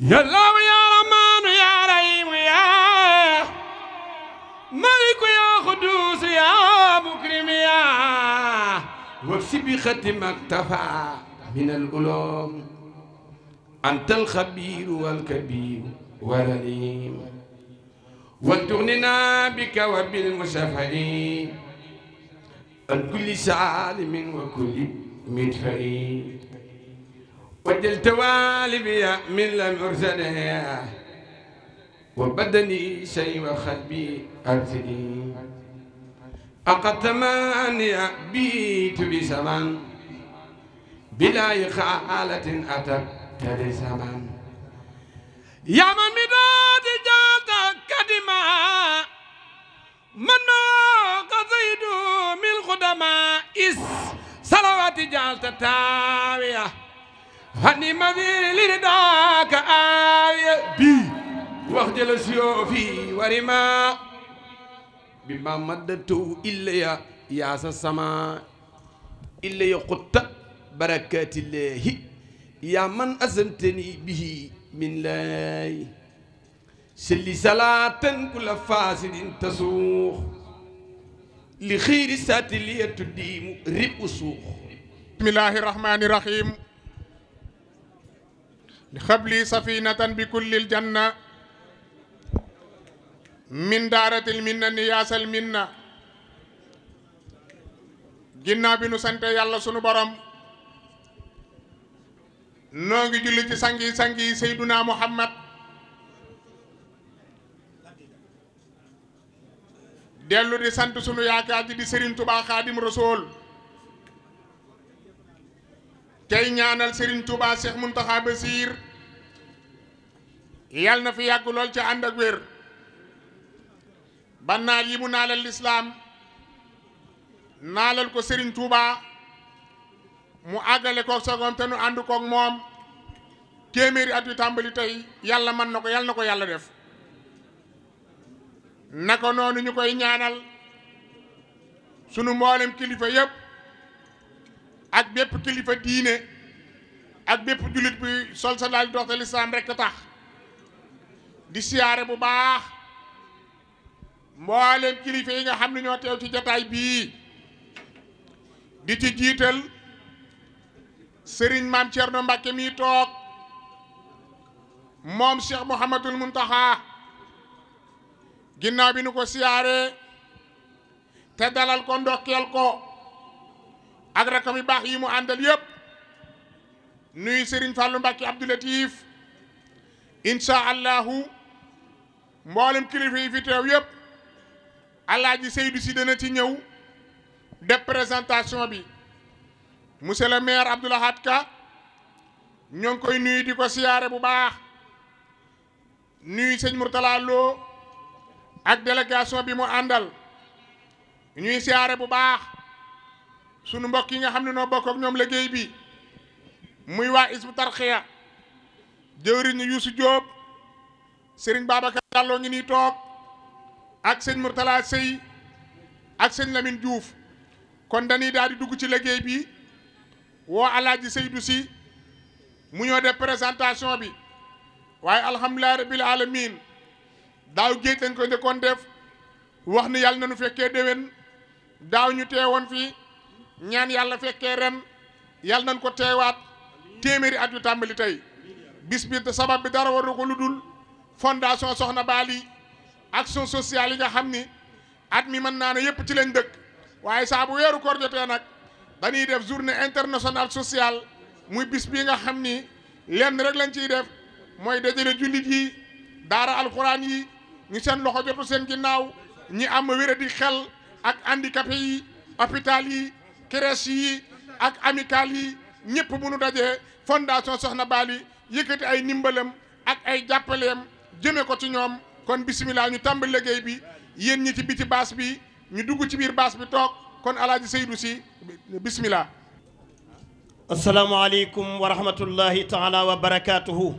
يا الله يا رحمن يا رحيم يا ملك يا قدوس يا مكرم يا وبسبخة ما اكتفى من الألوم أنت الخبير والكبير والعليم وتغننا بك وبالمشفع عن كل سالم وكل مدفعين وجلت والبي من المرسلين وبدني شيء وخلبي أرسلي أقد ثمانية بيت بزمان بلا إخالة أتت لزمان يا من مداد جاتك كدما من قضيد من القدماء إس صلوات جالت تاويه hani ma biir li daaka aawiya bii wax jëla siyoo fii bi ma maddatu illa ya yaasa sama illa ya xutta barakatillahi yaa man asantani bihi min lay selli salaatan kula faasidin tasuux li xiiri saati liya tuddiimu rib u suux bismillahi rahmaani rahim xabli safinatan bi kullil janna min daaratil minna niyaasal minna ginnaaw bi nu sante yàlla sunu borom noo ngi julli ci sangi sangi seyduna muhammad dellu di sant sunu yaakaar ji di sëriñ tubaa xaadim rasool tey ñaanal Serigne Touba Cheikh Mountakha Bassir yal na fi yàgg ci ca ànd ak wér ba naal yi mu naalal lislaam naalal ko Serigne Touba mu àggale koog sagom te nu ànd koog moom téeméeri at yu tàmbali tey yàlla mën na ko yàlla na ko yàlla def naka noonu ñu koy ñaanal sunu mboolem kilifa yépp ak bépp kilifa diine ak bépp jullit bi sol sa daal di dox te lislaam rekk tax di siyaare bu baax mbooleem kilifa yi nga xam ne ñoo teew ci jataay bii di ci jiital sëriñ maam Thierno Mbacke mi toog moom Cheikh Mouhamadul Muntaxa ginnaaw bi nu ko siyaare te dalal ko ndokkeel ko ak rakam yu baax yi mu àndal yëpp nuyu Serigne Fallou Mbacke Abdou Latif incha allahu mboolem kilifa yi fi teew yëpp alaaji Seydou si dana ci ñëw de présentation bi monsieur le maire Abdou Lahad Ka ñoo ngi koy nuyu di ko siyaare bu baax nuyu sëñ Mourtala Lo ak délégation bi mu àndal ñuy siyaare bu baax. sunu mbokk yi nga xam ne noo bokk ak ñoom liggéey bi muy waa isbu tarxiya jëwriñu Yuusu Jóob sëriñ Babacar Diallo ngi nii toog ak sëñ Mourtala Sey ak sëñ Lamine Diouf kon dañuy daal dugg ci liggéey bi woo alaaji Seydou si mu ñoo def présentation bi waaye alhamdulilah rabbil alamin daaw géej lañ ko njëkkoon def wax ni yàlla na nu fekkee déwén daaw ñu teewoon fii ñaan yàlla fekkee ren yàlla nañ ko teewaat téeméeri at yu tàmbali tey bis bi sabab bi dara waru ko lu dul fondation Soxna baal Baali action sociale yi nga xam ni at mi mën naa ne yëpp ci leen dëkk waaye saa weeru koor jotee nag dañuy def journée internationale sociale muy bis bii nga xam ni lenn rek lañ ci def mooy dajale jullit yi daara alxuraan yi ñu seen loxo jotu seen ginnaaw ñi am wéradi xel ak handicapé yi hôpital yi crèche yi ak amicale yi ñëpp bu nu dajee fondation Soxna Baali yëkkati ay ndimbalam ak ay jàppaleem jëme ko ci ñoom kon bisimilah ñu tàmbali liggéey bi yéen ñi ci biti baas bi ñu dugg ci biir baas bi toog kon alaaji Seydou si bisimilah. asalaamualeykum wa rahmatullahi taala wa barakaatuhu.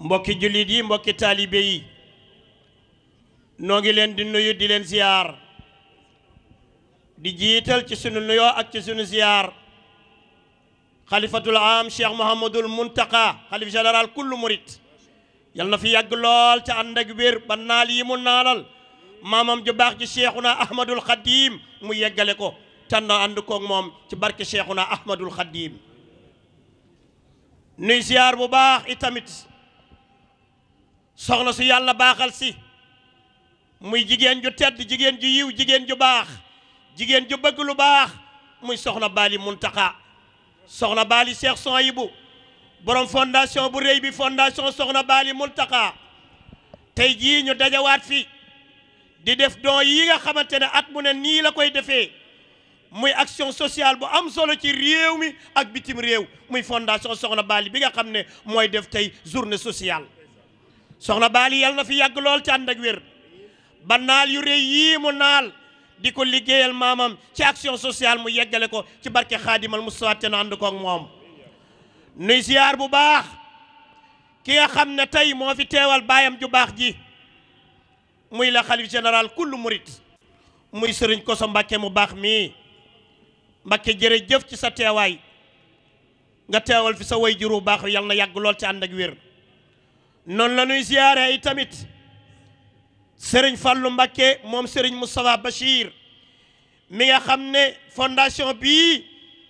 mbokki jullit yi mbokki taalibe yi. noo ngi leen di nuyu di leen ziyaar. di jiital ci sunu nuyoo ak ci sunu ziyaar xalifatul am cheikh mouhamadul muntaka xalif général kullu murit yal na fi yàgg lool te ànd ak wér ba naal yi mu naalal maamam ju baax ci cheikhuna ahmadul xadim mu yeggale ko tannoo ànd koog moom ci barke cheikhuna ahmadul xadim nuy ziyaar bu baax itamit soxna su yàlla baaxal si muy jigéen ju tedd jigéen ju yiw jigéen ju baax jigéen ju bëgg lu baax muy soxna Bali Muntaxa soxna baali Bali yi Soyibu borom fondation bu rëy bi fondation soxna Bali Muntaxa tey jii ñu dajawaat fi di def don yi nga xamante ne at mu ne nii la koy defee muy action sociale bu am solo ci réew mi ak bitim réew muy fondation soxna Bali bi nga xam ne mooy def tey journée sociale soxna Bali yàlla na fi yàgg lool ci ànd ak ba naal yu rëy yii mu naal. di ko liggéeyal maamam ci action sociale mu yeggale ko ci barke xaadimal Mustafa te nu ànd ko ak moom nuy ziyaar bu baax ki nga xam ne tey moo fi teewal baayam ju baax ji muy la xalif général kullu murit muy sëriñ ko Koso Mbàkke mu baax mii jëre jëf ci sa teewaay nga teewal fi sa way juru baax yal na yàgg lool ci ànd ak wér noonu la nuy ziyaare tamit sëriñ Fallou Mbacké moom sëriñ Moustapha Bachir mi nga xam ne fondation bii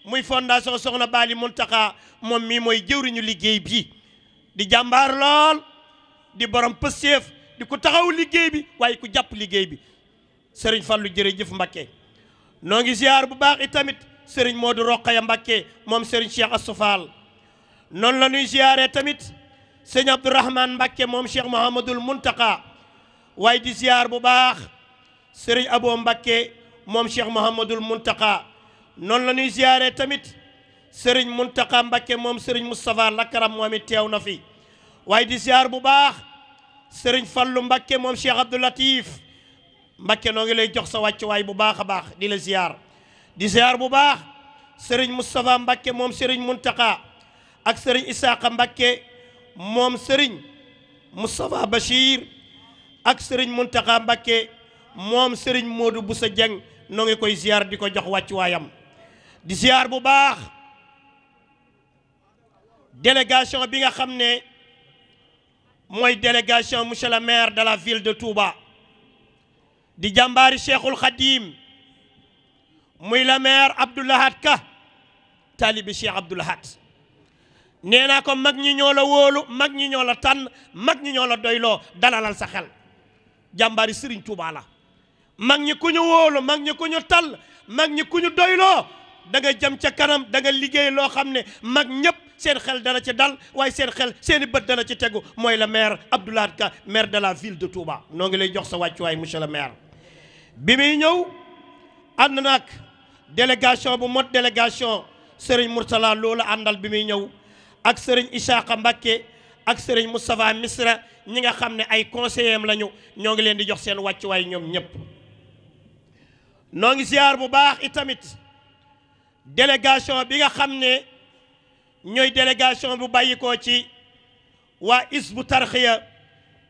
muy fondation Soxna Baali Muntaxa moom mii mooy jëwriñu liggéey bii di jàmbaar lool di borom pësseef di ku taxaw liggéey bi waaye ku jàpp liggéey bi sëriñ Fallou jërëjëf Mbacké noo ngi ziar bu baax i tamit sëriñ Modou Rokhaya Mbacké moom sëriñ Cheikh Astou Fall noonu la ñuy ziaree tamit sëriñ Abdourahmane Mbacké moom Cheikh Mouhamadoul Muntaxa waaye di ziar bu baax sëriñ Abo Mbakke moom Cheikh Mouhamadul Mountakha noonu la ñuy tamit sëriñ Mountakha Mbakke moom sëriñ Moustapha Lakaram moom it teew na fi waaye di ziar bu baax sëriñ Fallu Mbakke moom Cheikh Abdou Latif Mbakke noo ngi lay jox sa wàccuwaay bu baax a baax di la di ziar bu baax sëriñ Moustapha Mbakke moom sëriñ Mountakha ak sëriñ Isaaqa Mbakke moom sëriñ Moustapha Bachir. ak sëriñ Muntaxa Mbàkke moom sëriñ Modou Boussa Dieng noo ngi koy ziar di ko jox wàccuwaayam di ziar bu baax délégation bi nga xam ne mooy délégation monsieur la maire de la ville de Touba di jàmbaari Cheikhul Khadim muy le maire Abdoulahat Ka taalibi Cheikh Abdoulahat nee naa ko mag ñi ñoo la wóolu mag ñi ñoo la tànn mag ñi ñoo la doyloo dalalal sa xel jàmbaari Serigne Touba la mag ñi ku ñu wóolu mag ñi ku ñu tal mag ñi ku ñu doyloo da nga jëm ca kanam da liggéey loo xam ne mag ñëpp seen xel dana ci dal waaye seen xel seen i bët dana ci tegu mooy le maire Abdou Lahad maire de la ville de Touba noo ngi lay jox sa wàccuwaay monsieur le maire. bi muy ñëw ànd naag délégation bu mot délégation Serigne Mourtala loola àndal bi muy ñëw ak Serigne Ishaqa Mbacké ak sëriñ Moustapha Misra ñi nga xam ne ay conseillers am lañu ñoo ngi leen di jox seen wàccuwaay ñoom ñëpp. noo ngi ziar bu baax itamit délégation bi nga xam ne ñooy délégation bu bàyyikoo ci waa bu Hizbut ya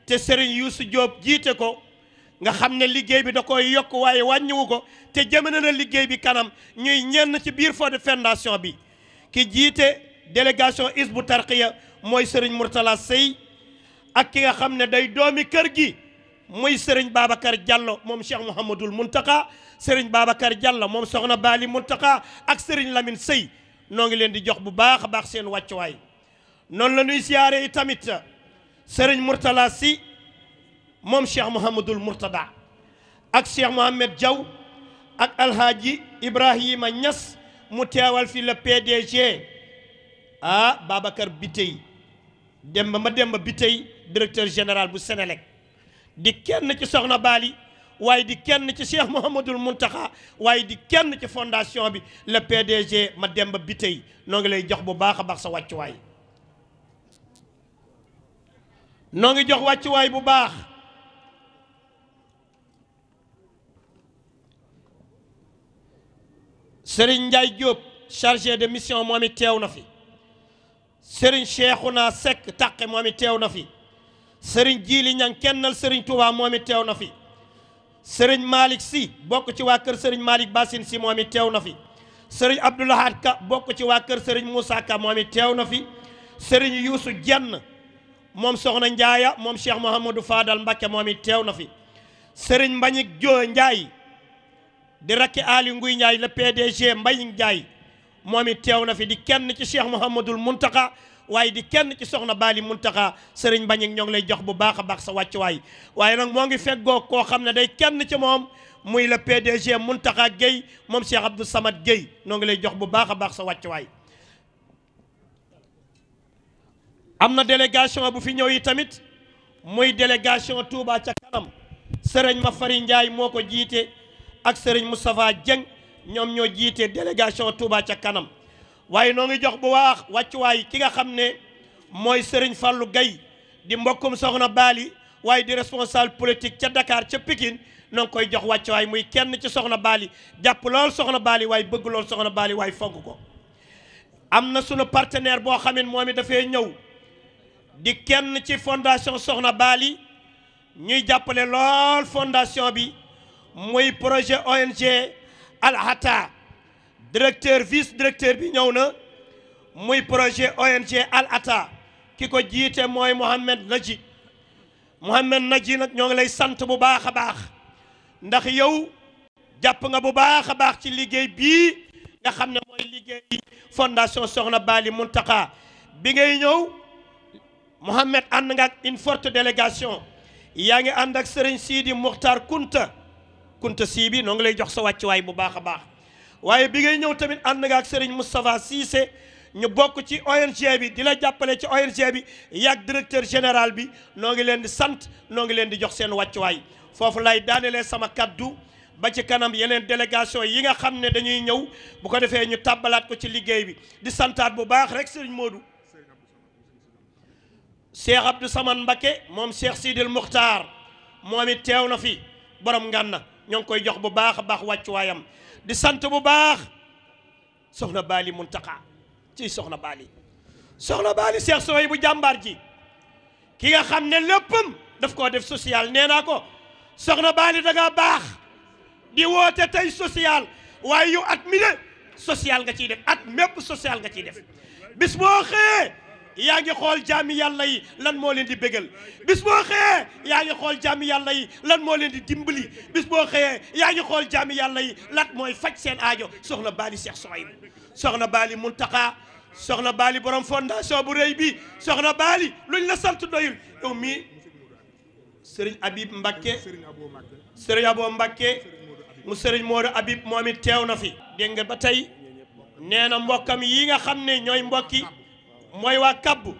te sëriñ Youssou Diop jiite ko. nga xam ne liggéey bi da koy yokk waaye wàññiwu ko te jëmale na liggéey bi kanam ñuy ñenn ci biir fond de fondation bi ki jiite délégation is bu Hizbut ya mooy sëriñ Mourtala Sey ak ki nga xam ne day doomi kër gi mooy sëriñ Babacar Diallo moom Cheikh Mouhamadul muntaka sëriñ Babacar Diallo moom soxna Bali Mountakha ak sëriñ Lamine Sey noo ngi leen di jox bu baax a baax seen wàccuwaay noonu la ñuy siyaare yi tamit sëriñ Mourtala si moom Cheikh Mouhamadul Mourtada ak Cheikh Mohamed Diaw ak Alhaji Ibrahima Niass mu teewal fi le PDG ah Babacar Biteye Demba bi Bitèye directeur général bu Sénélec di kenn ci Soxna baali waaye di kenn ci Cheikh Mouhamadul Mountakha waaye di kenn ci fondation bi le PDG bi tey noo ngi lay jox bu baax a baax sa wàccuwaay noo ngi jox wàccuwaay bu baax Serigne Ndiaye Diop chargé de mission moom it teew na fi sëriñ Cheikhouna Seck taqe moom it teew na fi sëriñ Jili Ñang kennal sëriñ Touba moom it teew na fi sëriñ Malick Sy bokk ci waa kër sëriñ Malick Bassine Sy moom it teew na fi sëriñ Abdoulahad Ka bokk ci waa kër sëriñ Moussa Ka moom it teew na fi sëriñ Youssou Dieng moom soxna Njaaya moom Cheikh Mouhamadou Fadal Mbacké moom it teew na fi sëriñ Mbagnick Jo Ndiaye di rakki Aly Ngouille Ndiaye le PDG Mbagnick Ndiaye moom it teew na fi di kenn ci Cheikh Mouhamadul Mountakha waaye di kenn ci soxna Bali Mountakha sëriñ Bañik ñoo ngi lay jox bu baax a baax sa wàccuwaay waaye nag moo ngi feggoo koo xam ne day kenn ci moom muy le PDG Mountakha Guèye moom Cheikh Abdou Samad Guèye noo ngi lay jox bu baax a baax sa waay am na délégation bu fi ñëw yi tamit muy délégation Touba ca kanam sëriñ Mafari Ndiaye moo ko jiite ak sëriñ Moustapha Dieng. ñoom ñoo jiitee délégation Touba ca kanam waaye noo ngi jox bu waax wàccuwaay ki nga xam ne mooy Serigne fàllu gay di mbokkum soxna baali waaye di responsable politique ca Dakar ca Pikine noo koy jox wàccuwaay muy kenn ci soxna baali jàpp lool soxna Bali waaye bëgg lool soxna baali waaye fonk ko. am na sunu partenaire boo xam ne moom it dafay ñëw di kenn ci fondation Soxna baali ñuy jàppale lool fondation bi muy projet ONG. Al-Hatta directeur vice directeur bi ñëw na muy projet ONG al ki ko jiite mooy Mohamed Naji Mohamed Naji nag ñoo ngi lay sant bu baax a baax ndax yow jàpp nga bu baax a baax ci liggéey bii nga xam ne mooy liggéey fondation Soxna Bali Muntaka bi ngay ñëw Mohamed ànd nga ak une forte délégation yaa ngi ànd ak Serigne Sidi Mukhtar Kunta Kunta Sii bi noo ngi lay jox sa wàccuwaay bu baax a baax waaye bi ngay ñëw tamit ànd nga ak Serigne Moustapha Cissé ñu bokk ci ONG bi di la jàppale ci ONG bi yaag directeur général bi noo ngi leen di sant noo ngi leen di jox seen wàccuwaay foofu lay daanelee sama kaddu ba ci kanam yeneen délégation yi nga xam ne dañuy ñëw bu ko defee ñu tàbbalaat ko ci liggéey bi di santaat bu baax rek sëriñ moodu Cheikh Abdou Samane Mbacké moom Cheikh Sidil Mukhtar moom it teew na fi borom ngànna ñoo ngi koy jox bu baax a baax waayam di sant bu baax soxna Baali Muntaqa ci soxna Baali soxna Baali Cheikh Sohaybu bu jàmbaar ji ki nga xam ne léppam def koo def social nee naa ko soxna Baali da ngaa baax di woote tey social waaye yow at mi de social nga ciy def at mépp social nga ciy def bis boo yaa ngi xool jaami yàlla yi lan moo leen di bégal bis boo xëyee yaa ngi xool jaami yàlla yi lan moo leen di dimbali bis boo xëyee yaa ngi xool jaami yàlla yi lan mooy faj seen aajo soxna Baali Cheikh Sohayb soxna Baali Muntaqa soxna Baali borom fondation bu rëy bi soxna Baali luñ la sant doyul yow mii Serigne Habib Mbakke Serigne Abo Mbakke mu Serigne Modou Habib moom it teew na fi. dégg nga ba tey nee na mbokkam yi nga xam ne ñooy mbokki. mooy waa kabbu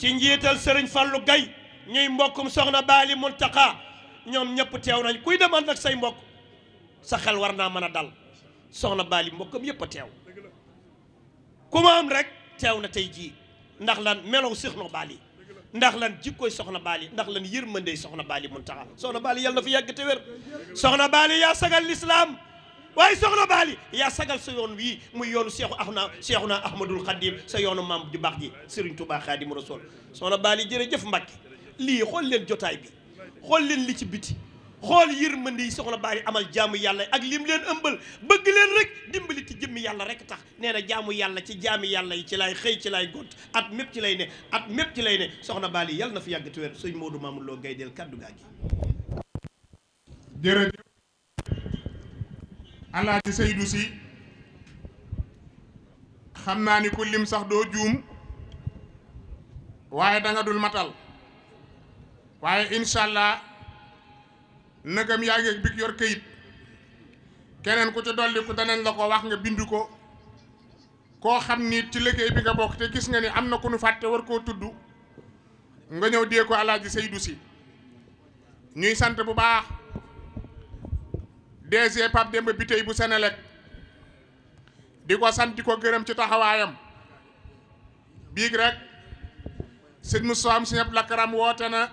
ci njiital sëriñ Fallou Gaye ñuy mbokkum soxna Baali Muntaqa ñoom ñëpp teew nañ kuy dem ànd ak say mbok sa xel war naa mën a dal soxna Baali mbokkam yëpp teew ku rek teew na tey jii ndax lan melow soxna Baali ndax lan jikkooy soxna Baali ndax lan yërmandey soxna Baali Muntaqa soxna Baali yàlla na fi yàgg te wér soxna Baali yaa sagal lislaam waaye soxna Baali yaa sagal sa yoon wii muy yoonu seexu axnaa seexu naa ahmadul xadim sa yoonu maam ju baax ji Serigne Touba Xaadimu Rasuul soxna Baali jërëjëf Mbàkke lii xool leen jotaay bi xool leen li ci biti xool mën di soxna Baali amal jaamu yàlla ak lim leen ëmbal bëgg leen rek dimbali ci jëmmi yàlla rek tax nee na jaamu yàlla ci jaami yàlla yi ci laay xëy ci laay gont at mépp ci lay ne at mépp ci lay ne soxna Baali yàlla na fi yàgg te wér sëñ Moodu Maamul Loo Gaydel kaddu gaa gi alaaji Seydou si xam naa ni ku lim sax doo juum waaye danga dul matal waaye incha allah nagam yaa ngi big yor kayit keneen ku ci dolli ku danañ la ko wax nga bind ko koo xam ni ci liggéey bi nga bokk te gis nga ni am na ku nu fàtte war koo tudd nga ñëw dee ko alaaji Seydou si ñuy sant bu baax DG Pape Demba Bitèye bu Senelec di ko sant di ko gërëm ci taxawaayam biig rek sëñ Moussa am sëñ Lakaram woote na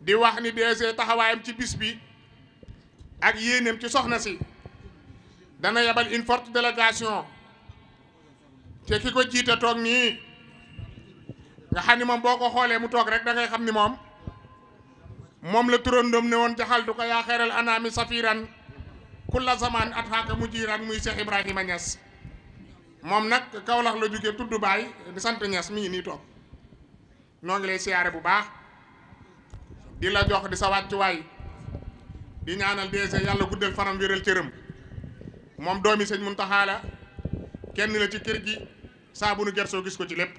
di wax ni DG taxawaayam ci bis bi ak yéeneem ci soxna si dana yebal une forte délégation te ki ko jiite toog nii nga xam ni moom boo ko xoolee mu toog rek da ngay xam ni moom moom la turandoom ne woon jaxaltu ko yaa xeeral anaami safiran kulla zaman at xaaka mujiran muy Cheikh Ibrahima Niass moom nag Kaolack la jóge tudd baay di sant Niass mi ngi nii toog noo ngi lay siyaare bu baax di la jox di sa wàccuwaay di ñaanal DG yàlla guddal fanam wéral cëram moom doomi sëñ mun la kenn la ci kër gi saa bu nu gersoo gis ko ci lépp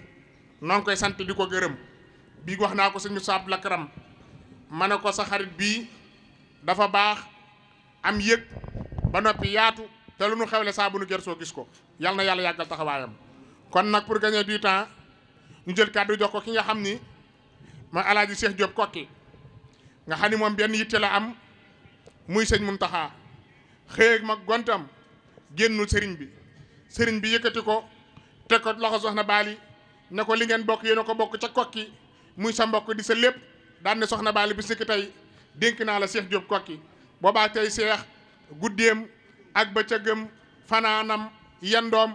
noo ngi koy sant di ko gërëm bii wax naa ko sëñ Moussa Abdoul Karam ma ne ko sa xarit bii dafa baax am yëg ba noppi yaatu te lu nu xewle saa bu nu gersoo gis ko yal na yàlla yàggal taxawaayam kon nag pour gagner du temps ñu jël kàddu jox ko ki nga xam ni ma alaaji Cheikh Diop nga xam ni moom benn yitte la am muy sëñ taxaa xëyeeg mag gontam génnul sëriñ bi sëriñ bi yëkkati ko teg ko loxo soxna Baali ne ko li ngeen bokk yéen a ko bokk ca kokki muy sa mbokk di sa lépp daan ne soxna Bally bi sikki tey dénk naa la Cheikh Diop Kokki boobaa tey Cheikh guddeem ak bëccëgam fanaanam yandoom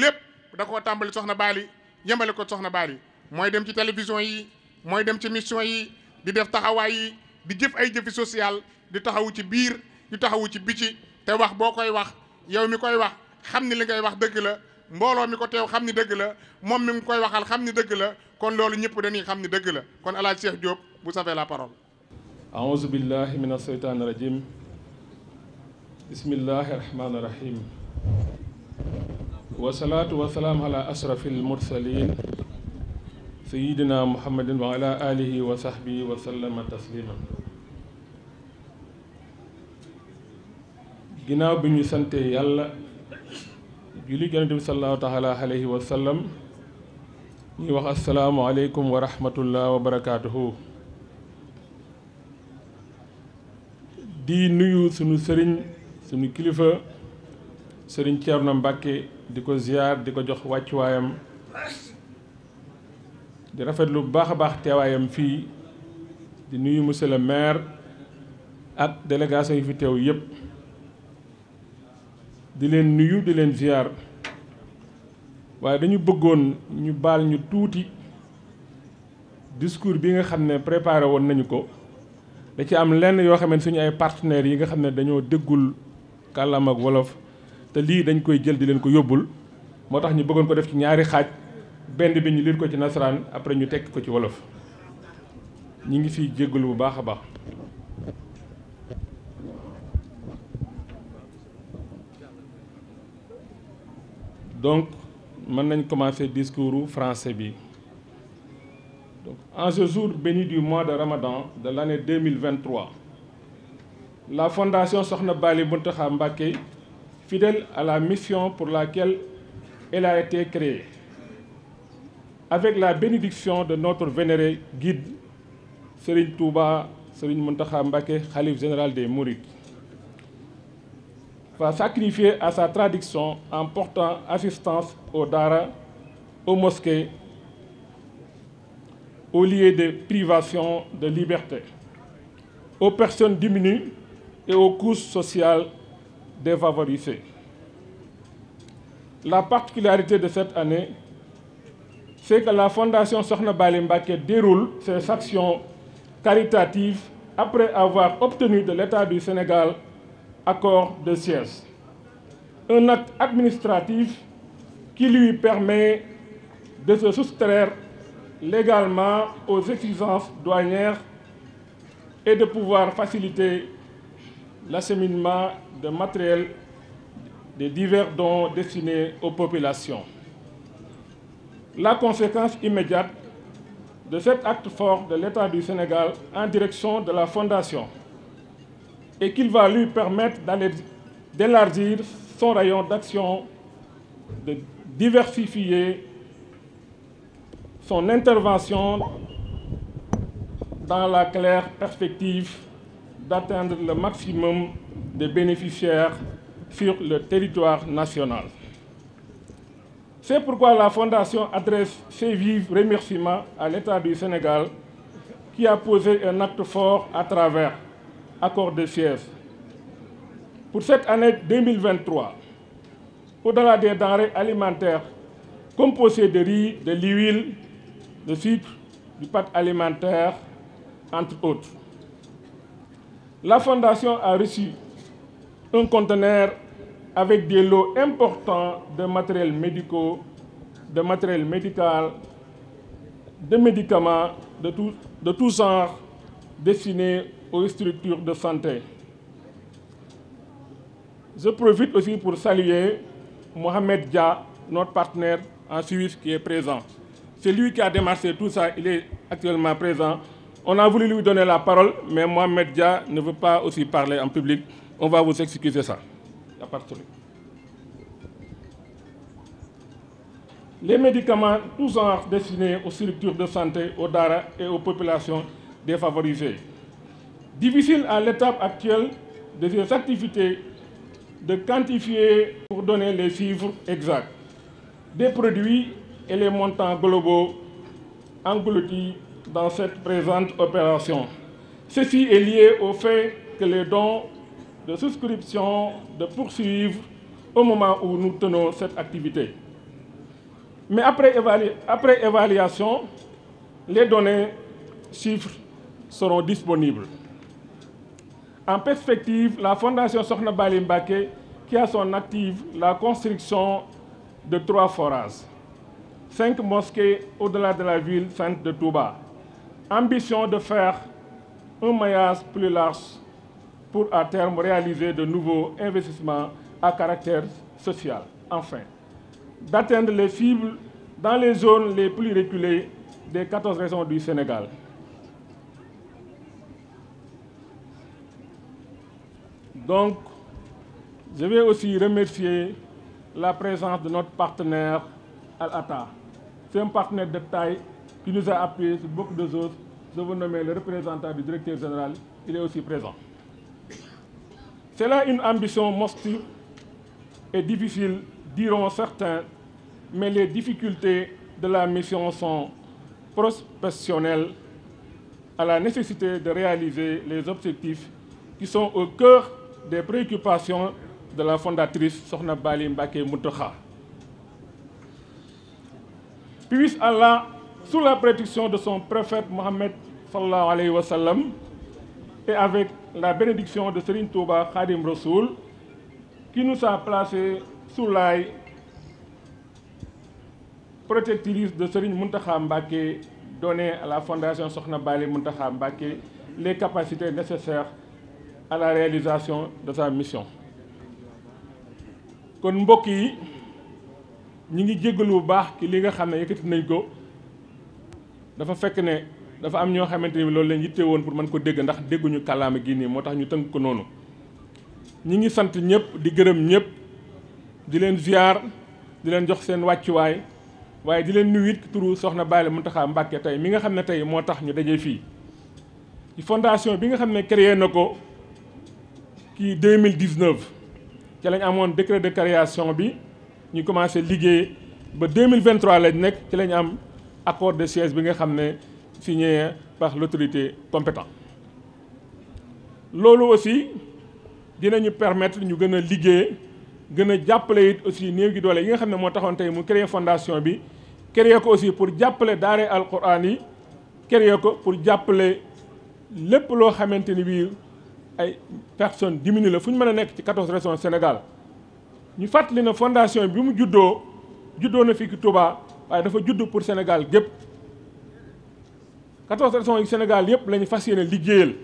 lépp da ko tàmbali soxna Bally yemale ko soxna Bally mooy dem ci télévision yi mooy dem ci mission yi di def taxawaay yi di jëf ay jëfi social di taxawu ci biir di taxawu ci bici te wax boo koy wax yow mi koy wax xam ni li ngay wax dëgg la mbooloo mi ko teew xam ni dëgg la moom mi ngi koy waxal xam ni dëgg la kon loolu ñëpp dañuy xam ni dëgg la kon El Hadj Cheikh bu vous avez la parole. aouzu billahi min asheytaani rajim bismillahi rahmaani rahim. wasalaatu wasalaam ala wa ala wa sahbihi wa sallama ginnaaw bi ñu sante yàlla julli yonent bi sallallahu taala alayhi wa sallam ñuy wax asalaamualeykum wa rahmatullah wa di nuyu sunu sëriñ sunu kilifa sëriñ Thierno Mbacke di ko ziar di ko jox wàccuwaayam di rafet lu baax a baax teewaayam fii di nuyu monsieur le maire ak délégation yu fi teew yëpp. di leen nuyu di leen ziar waaye dañu bëggoon ñu baal ñu tuuti discours bi nga xam ne préparé woon nañu ko da ci am lenn yoo xam ne suñu ay partenaires yi nga xam ne dañoo déggul kàllaam wolof te lii dañ koy jël di leen ko yóbbul moo tax ñu bëggoon ko def ci ñaari xaaj benn bi ñu liir ko ci nasaraan après ñu tekki ko ci wolof ñi ngi fiy jéggalu bu baax a baax donc mën nañ commencer discours français bi donc en ce jour béni du mois de Ramadan de l'année 2023 la fondation Sokhna Bally Mountakha Mbacké fidèle à la mission pour laquelle elle a été créée avec la bénédiction de notre vénéré guide Serigne Touba Serigne Mountakha Mbacké khalife général des Mourides va sacrifier à sa traduction en portant assistance aux daara, aux mosquées, aux lieux des privation de liberté, aux personnes diminuées et aux couches sociales défavorisées. La particularité de cette année, c'est que la Fondation Sokhna Baly Mbacké déroule ses actions caritatives après avoir obtenu de l'État du Sénégal accord de siège. Un acte administratif qui lui permet de se soustraire légalement aux exigences douanières et de pouvoir faciliter l'acheminement de matériel des divers dons destinés aux populations. La conséquence immédiate de cet acte fort de l'État du Sénégal en direction de la Fondation et qu'il va lui permettre d'élargir son rayon d'action, de diversifier son intervention dans la claire perspective d'atteindre le maximum de bénéficiaires sur le territoire national. C'est pourquoi la Fondation adresse ses vifs remerciements à l'État du Sénégal qui a posé un acte fort à travers accord de fièvre. Pour cette année 2023, au-delà des denrées alimentaires composées de riz, de l'huile, de fibres, du pâte alimentaire, entre autres, la Fondation a reçu un conteneur avec des lots importants de matériel médicaux, de matériel médical, de médicaments de tout, de tout genre destinés aux structures de santé. Je profite aussi pour saluer Mohamed Dia, notre partenaire en Suisse qui est présent. C'est lui qui a démarché tout ça, il est actuellement présent. On a voulu lui donner la parole, mais Mohamed Dia ne veut pas aussi parler en public. On va vous excuser ça. Les médicaments, tous genres destinés aux structures de santé, aux DARA et aux populations défavorisées. Difficile à l'étape actuelle de ces activités de quantifier pour donner les chiffres exacts des produits et les montants globaux engloutis dans cette présente opération. Ceci est lié au fait que les dons de souscription de poursuivre au moment où nous tenons cette activité. Mais après, évalu après évaluation, les données chiffres seront disponibles. En perspective, la Fondation Sokhna Bali Mbaké, qui a son active la construction de trois forages, cinq mosquées au-delà de la ville sainte de Touba. Ambition de faire un maillage plus large pour à terme réaliser de nouveaux investissements à caractère social. Enfin, d'atteindre les cibles dans les zones les plus reculées des 14 régions du Sénégal. Donc, je vais aussi remercier la présence de notre partenaire Al-Atta. C'est un partenaire de taille qui nous a appuyés sur beaucoup de choses. Je vous nommer le représentant du directeur général, il est aussi présent. C'est là une ambition monstrueuse et difficile, diront certains, mais les difficultés de la mission sont prospectionnelles à la nécessité de réaliser les objectifs qui sont au cœur des préoccupations de la fondatrice Sokhna Bali Mbake Moutoukha. Puisse la sous la protection de son prophète Mohammed sallallahu alayhi wa sallam, et avec la bénédiction de Serigne Touba Khadim Rasoul, qui nous a placés sous l'aile protectrice de Serigne Mountakha Mbacké, donner à la Fondation soxna Bali Mountakha Mbacké les capacités nécessaires à de sa mission kon mbokk yi ñi ngi jéggalu bu baax ki li nga xam ne yëkkati nañ ko dafa fekk ne dafa am ñoo xamante ni loolu lañ yitte woon pour man ko dégg ndax dégguñu kàllaama gi nii moo tax ñu tënk ko noonu ñi ngi sant ñëpp di gërëm ñëpp di leen ziar di leen jox seen wàccuwaay waaye di leen nuyu it turu soxna mun Mountakha Mbacké tey mi nga xam ne tey moo tax ñu daje fii fondation bi nga xam ne créé na ko kii deux mille dix-neuf ci lañ amoon décret de création bi ñu commencé liggéey ba deux mille vingt-trois lañ nekk ci lañ am accord de siège bi nga xam ne signé par l'autorité compétente loolu aussi dinañu permettre ñu gën a liggéey gën a jàppale it aussi néew gi doole yi nga xam ne moo taxoon tey mu créer fondation bi créer ko aussi pour jàppale daare alquran yi créer ko pour jàppale lépp loo xamante ni bii ay personnes diminuées la fu ñu mën a nekk ci quatorze régions senegal ñu fàttali na fondation bi mu juddoo juddoo na fii ci Touba waaye dafa judd pour Sénégal gépp quatorze régions yu Sénégal yëpp la ñu fas yéene liggéeyal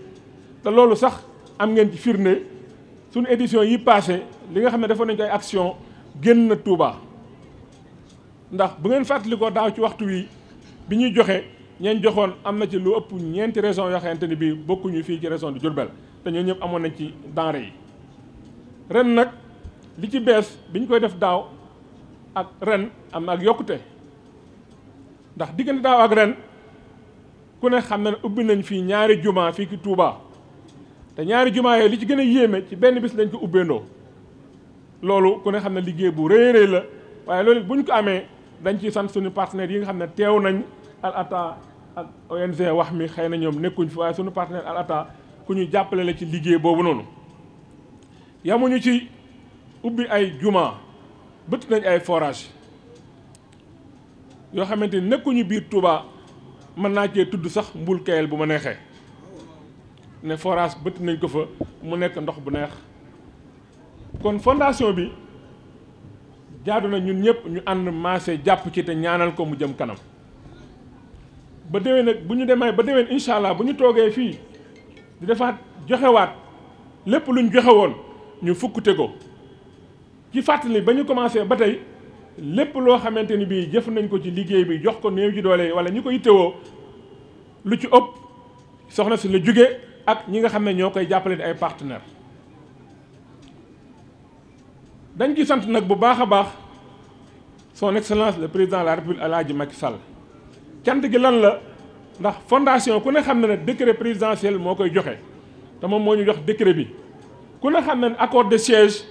te loolu sax am ngeen ci firnde suñu édition yi passé li nga xam ne defoon nañu ay action génn na Touba ndax bu ngeen fàttali ko daaw ci waxtu wi bi ñuy joxe ñeen joxoon am na ci lu ëpp ñeenti régions yoo xamante ni bii bokkuñu fii ci région de te ñoo ñëpp amoon nañ ci denrée yi ren nag li ci bees bi ñu koy def daaw ak ren am na ak yokkute ndax diggante daaw ak ren ku ne xam na ne ubbi nañ fii ñaari juma fii ki tuubaa te ñaari juma yooyu li ci gën a yéeme ci benn bis lañ ko ubbeendoo loolu ku ne xam ne liggéey bu rëy rëy la waaye loolu buñ ko amee dañ ciy sant suñu partenaires yi nga xam ne teew nañ Al Ataa ak ONG wax mi xëy na ñoom nekkuñ fi waaye suñu partenaire Al Ataa ku ñu jàppale la ci liggéey boobu noonu yamuñu ci ubbi ay juma bëtt nañ ay forage yoo xamante ni nekkuñu biir Touba mën naa cee tudd sax mbul kayel bu ma neexee ne forage bëtt nañ ko fa mu nekk ndox bu neex kon fondation bi jaadu na ñun ñëpp ñu ànd maase jàpp ci te ñaanal ko mu jëm kanam ba déwén nag bu ñu demee ba déwén incha bu ñu toogee fii di defaat joxewaat lépp luñ joxewoon ñu fukk tegoo ci fàttali ba ñu commencé ba tey lépp loo xamante ni bii jëf nañ ko ci liggéey bi jox ko néew ji doole wala ñi ko yittewoo lu ci ëpp soxna si la jóge ak ñi nga xam ne ñoo koy jàppale di ay partenaire dañ ci sant nag bu baax a baax son excellence le président la la république Alaaji Macky Sall cant gi lan la ndax fondation ku ne xam na ne décret présidentiel moo koy joxe te moom moo ñu jox décret bi ku ne xam na ne accord de siège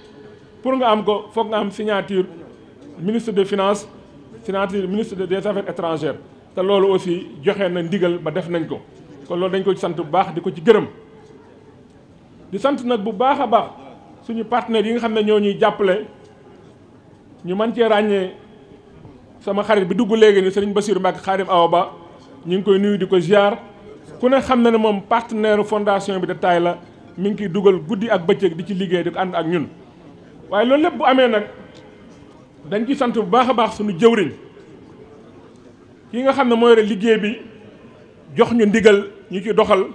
pour nga am ko foog nga am signature ministre de finance signature ministre des affaires étrangères te loolu aussi joxe na ndigal ba def nañ ko kon loolu dañ ko ci sant bu baax di ko ci gërëm di sant nag bu baax a baax suñu partenaires yi nga xam ne ñoo ñuy jàppale ñu mën cee ràññee sama xarit bi dugg léegi ni Serigne Bassirou Mbacké Khadim Awa Ba ñu ngi koy nuyu di ko ziar ku ne xam na ne moom partenaire fondation bi de taay la mi ngi koy dugal guddi ak bëccëg di ci liggéey di ko ànd ak ñun. waaye loolu lépp bu amee nag dañ ciy sant bu baax a baax suñu jëwriñ ki nga xam ne mooy yore liggéey bi jox ñu ndigal ñu ci doxal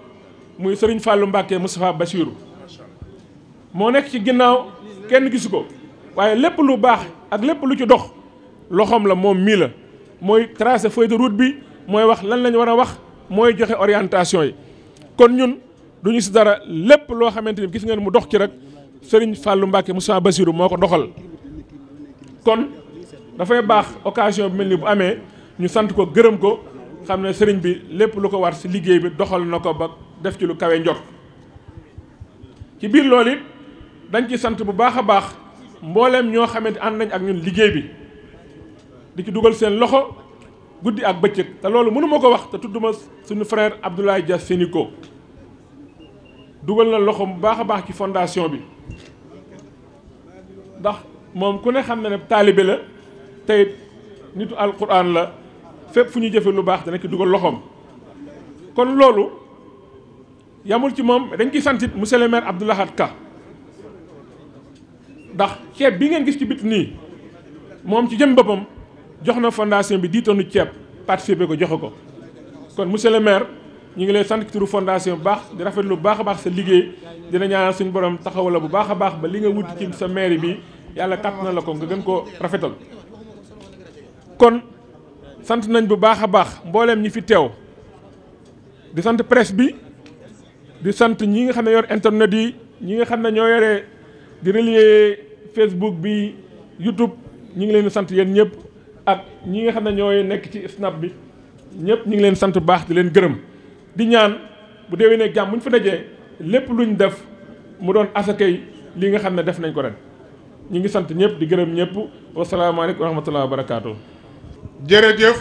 muy Serigne fàllu Mbacké Moustapha Bassirou moo nekk ci ginnaaw kenn gisu ko waaye lépp lu baax ak lépp lu ci dox loxoom la moom mii la mooy tracer feuille de route bi. mooy wax lan lañu war a wax mooy joxe orientation yi kon ñun du ñu si dara lépp loo xamante ni gis ngeen mu dox ci rek Serigne Fallou Mbacke Moussa Bassirou moo ko doxal kon dafay baax occasion bi mel ni bu amee ñu sant ko gërëm ko xam ne sëriñ bi lépp lu ko war si liggéey bi doxal na ko ba def ci lu kawe njot ci biir loolu it dañ ci sant bu baax a baax mbooleem ñoo xamante ànd nañ ak ñun liggéey bi di ci dugal seen loxo guddi ak bëccëg te loolu mënuma ko wax te tudduma suñu frère Abdoulaye Dia Sénico dugal na loxo mu baax a baax ci fondation bi ndax moom ku ne xam na ne taalibe la tey nitu alquran la fépp fu ñu jëfe lu baax dana ki dugal loxoom. kon loolu yamul ci moom dañ ciy santit mu le maire Abdou Ka ndax ceeb bi ngeen gis ci bit nii moom ci jëm boppam. jox na fondation bi 10 tonnes ceeb participé ko joxe ko kon monsieur le maire ñu ngi leen sant turu fondation bu baax di rafetlu bu baax a baax sa liggéey dina ñaanal suñu borom taxawala bu baax a baax ba li nga wut ci sa mairie bi yàlla kàtt na la ko nga gën ko rafetal. kon sant nañ bu baax a baax mbooleem ñi fi teew di sant presse bi di sant ñi nga xam ne yor internet yi ñi nga xam ne ñoo yore di relier Facebook bi YouTube ñu ngi leen sant yéen ñëpp. ak ñi nga xam ne ñooy nekk ci snap bi ñëpp ñu ngi leen sant bu baax di leen gërëm di ñaan bu déwénee jàmm bu ñu fa dajee lépp ñu def mu doon asakay li nga xam ne def nañ ko ren ñu ngi sant ñëpp di gërëm ñëpp wasalaamaaleykum wa rahmatulah wa barakaatu. jërëjëf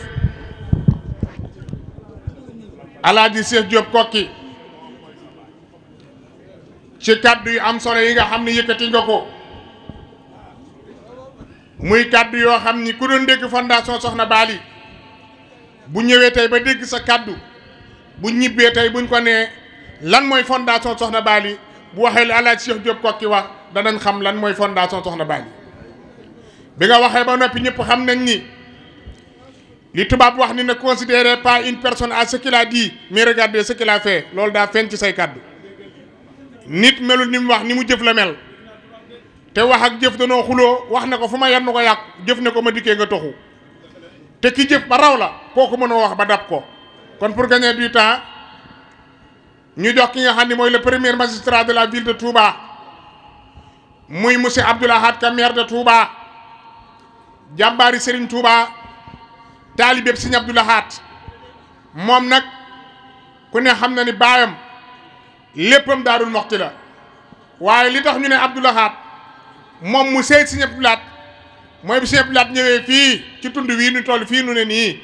Alaaji Cheikh Diop Kokki ci kàddu yu am solo yi nga xam ne yëkkati nga ko. muy kàddu yoo xam ni ku doon dégg fondation Soxna Baali bu ñëwee tey ba dégg sa kàddu bu ñibbee tey buñ ko nee lan mooy fondation Soxna Baali bu waxee la Alaaji Cheikh Diop Kokki wax danañ xam lan mooy fondation Soxna Baali bi nga waxee ba noppi ñëpp xam nañ ni li tubaab wax ni ne considérez pas une personne à ce qu'il a dit mais regardez ce qu'il a loolu daa feeñ ci say kàddu nit melul ni mu wax ni mu jëf la mel. te wax ak jëf danoo xuloo wax ne ko fu ma yem na ko yàq jëf ne ko ma dikkee nga toxu te ki jëf ba raw la kooku mënoo wax ba dab ko kon pour gagner du temps ñu jox ki nga xam ne mooy le première magistrat de la ville de Touba muy monsieur Abdoul Ahad Ka maire de Touba jàmbaari Serigne Touba taalibeeb Serigne Abdoul Ahad moom nag ku ne xam na ni baayam léppam daarul moxti la waaye li tax ñu ne Abdoul moom mu seet Sëñ Abdou laat mooy bi Sëñ Abdou Lahad ñëwee fii ci tund wii nu toll fii nu ne nii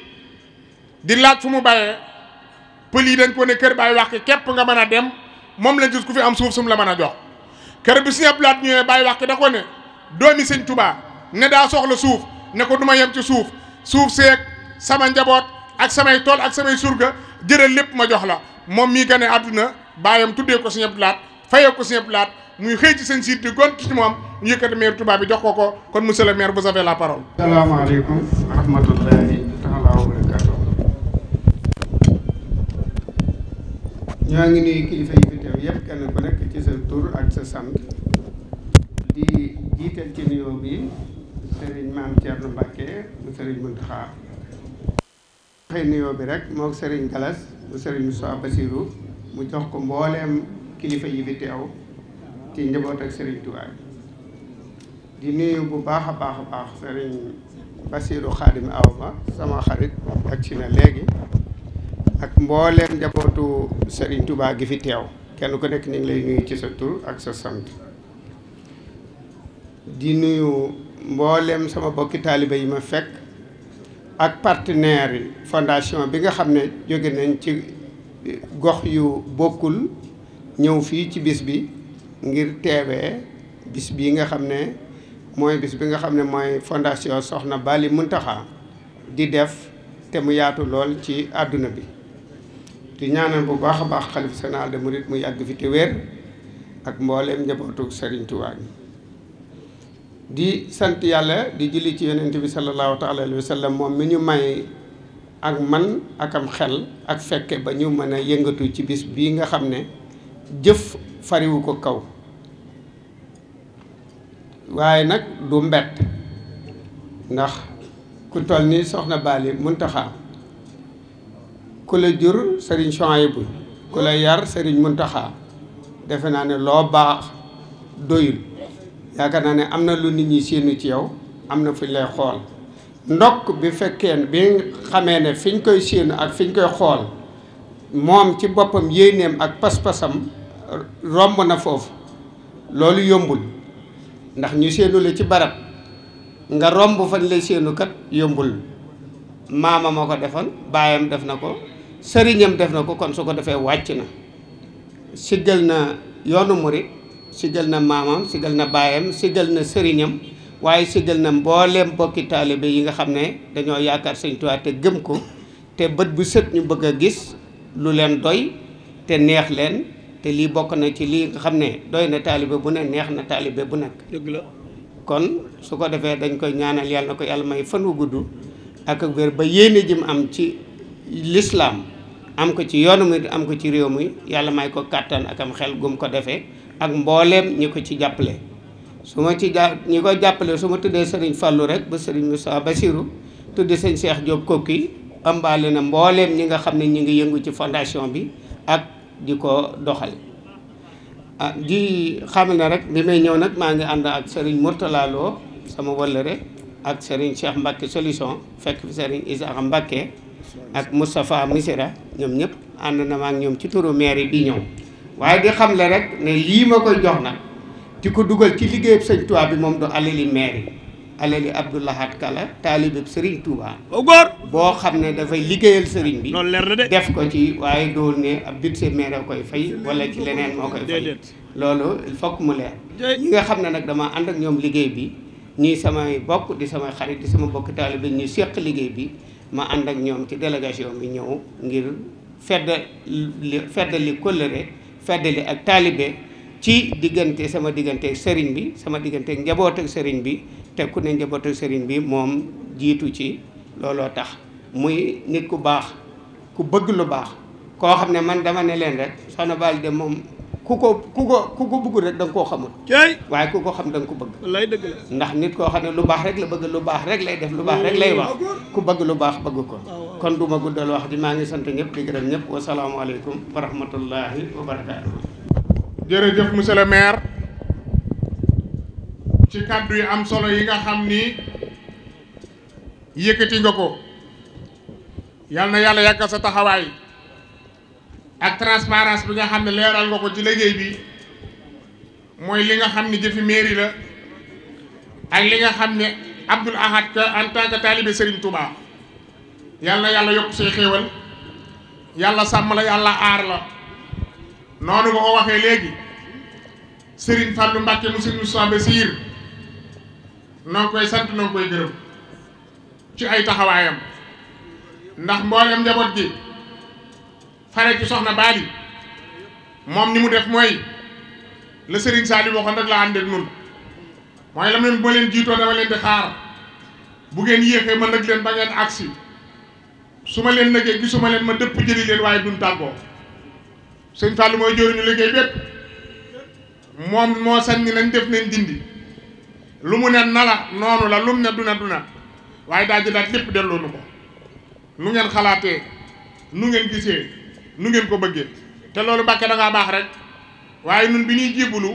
di laaj fu mu bàyyee pël yi dañ ko ne kër baay wàqi képp nga mën a dem moom lañ gis ku fi am suuf sum la mën a jox kër bi Sëñ Abdou Lahad ñëwee baay wàqi da ko ne doomi Sëñ tubaa ne daa soxla suuf ne ko du ma yem ci suuf suuf seeg sama njaboot ak samay tool ak samay surga jëral lépp ma jox la moom mii gane àdduna baayam tuddee ko Sëñ Abdou Lahad fayee ko Sëñ Abdou Lahad muy xëy ci sëñ siit di gont ci moom yëkkati maire tubaab bi jox ko ko kon mu le maire vous avez la parole. salaamaaleykum wa rahmatullahi taala wa barakaatu. ñoo ngi nuyu kilifa yi fi teew yëpp kenn ku nekk ci sa tur ak sa sant di jiital ci nuyoo bi sëriñ Maam Thierno Mbacke bu Serigne Mountakha. waxee bi rek moog Serigne Galas bu Serigne Moussa mu jox ko mbooleem kilifa yi fi teew ci njaboot ak Serigne Touba. di nuyu bu baax a baax a baax sëriñ Basiiru Xaadim Awa sama xarit ak si na léegi ak mbooleem njabootu sëriñ Touba gi fi teew kenn ku nekk ñu ngi lay nuyu ci sa tur ak sa sant di nuyu mbooleem sama bokki taalibe yi ma fekk ak partenaire yi fondation bi nga xam ne jóge nañ ci gox yu bokkul ñëw fii ci bis bi ngir teewee bis bi nga xam ne mooy bis bi nga xam ne mooy fondation Soxna baali Bali taxa di def te mu yaatu lool ci àdduna bi di ñaanal bu baax a baax xalif général des mourides mu yàgg fi te wér ak mbooleem njabootu Serigne Touba di sant yàlla di julli ci yonent bi sallallahu taala alayhi wa sallam moom mi ñu may ak man akam xel ak fekke ba ñu mën a yëngatu ci bis bii nga xam ne jëf fariwu ko kaw waaye nag du mbett ndax ku toll ni soxna Bali Muntaxa ku la jur sëriñ Chouaïbou ku la yar sëriñ Muntaxa defe naa ne loo baax doyul yaakaar naa ne am na lu nit ñi séenu ci yow am na fuñ lay xool ndokk bi fekkee bi xamee ne fiñ koy séenu ak fiñ koy xool moom ci boppam yéeneem ak pas-pasam romb na foofu loolu yombul ndax ñu séenu la ci barab nga romb fan lay seenu kat yombul maama ma ko defoon baayam def na ko sëriñam def na ko kon su ko defee wàcc na siggal na yoonu murit siggal na maamam siggal na baayam siggal na sëriñam waaye siggal na mbooleem bokki taalibe yi nga xam ne dañoo yaakaar Sëñ Tuubaa te gëm ko te bët bu sët ñu bëgg a gis lu leen doy te neex leen te lii bokk na ci lii nga xam ne doy na taalibe bu ne neex na taalibe bu nekk. dëgg kon su ko defee dañ koy ñaanal yàlla ko yàlla may fan wu gudd ak ak wér ba yéene ji mu am ci lislaam am ko ci yoonu mi am ko ci réew mi yàlla may ko kàttan ak am xel gum ko defee ak mbooleem ñi ko ci jàppale. su ma ci ja ñi ko jàppale su ma tuddee sëriñ fàllu rek ba sëriñ Moussa Bassirou tuddee sëñ Cheikh Diop Koki ëmbaale na mbooleem ñi nga xam ne ñi ngi yëngu ci fondation bi ak. di ko doxal a ah, di xam na rek bi may ñëw nag maa ngi ànd ak Serigne Mourtala sama wëllëre ak Serigne Cheikh Mbacke solution fekk fi Serigne Isaaxa Mbacke ak Moustapha Misira ñoom ñëpp ànd na maa ñoom ci turu mairie bi ñëw waaye di xam le rek ne lii ma koy jox nag di ko dugal ci liggéeyub sëñ Tuubaa bi moom du alali mairie alali Abdoulahat Kala taalibab Serigne Touba. au boo xam ne dafay liggéeyal Serigne bi. loolu leer na de def ko ci waaye doon ne ab budget maire koy fay wala ci leneen moo koy fay. loolu il mu leer. ñi nga xam ne nag dama ànd ak ñoom liggéey bi ñii samay bokk di samay xarit di sama bokk taalibe ñu seq liggéey bi ma ànd ak ñoom ci délégation bi ñëw ngir fedd li fedd li kóllëre ak taalibe. ci diggante sama diggante sëriñ bi sama diggante njaboot ak sëriñ bi te ku ne njaboot ak sëriñ bi moom jiitu ci looloo tax muy nit ku baax ku bëgg lu baax koo xam ne man dama ne leen rek Soxna de moom ku ko ku ko ku ko bëggul rek da nga koo xamul waaye ku ko xam da ko bëgg wallaay dëgg ndax nit koo xam ne lu baax rek la bëgg lu baax rek lay def lu baax rek lay wax ku bëgg lu baax bëgg ko kon duma guddal wax di maa ngi sant ñëpp di gërëm ñëpp wasalaamualeykum wa rahmatullahi wa barakaatu jërëjëf monsieur le maire ci kàddu yi am solo yi nga xam ni yëkkati nga ko yal na yàlla yàggal sa taxawaay ak transparence bi nga xam ne leeral nga ko ci liggéey bi mooy li nga xam ne jëfi mairie la ak li nga xam ne Abdoul Ahad en tant que talibé Serigne Touba yal na yàlla yokk say xéewal yàlla sàmm la yàlla aar la noonu nga ko waxee léegi sëriñ Fallou Mbacke mu Serigne Moustapha Bassir noo ngi koy sant noo koy gërëm ci ay taxawaayam ndax mboolem njaboot gi fare ci soxna Bali moom ni mu def mooy la Serigne Saliou waxoon rek la ànd ak nun mooy la même bu ma leen jiitoo dama leen di xaar bu ngeen yéexee ma nag leen ba ngeen agsi su ma leen nagee gisuma leen ma dëpp jëli leen waaye dun tàggoo sëñ Fallou mooy jëriñu liggéey bépp moom moo sañ ni nañ def nañ dindi lu mu ne na la noonu la lu mu ne duna duna waaye daa jëlaat lépp delloo nu ko nu ngeen xalaatee nu ngeen gisee nu ngeen ko bëggee te loolu Mbàkke dangaa baax rek waaye nun bi ñuy jébbalu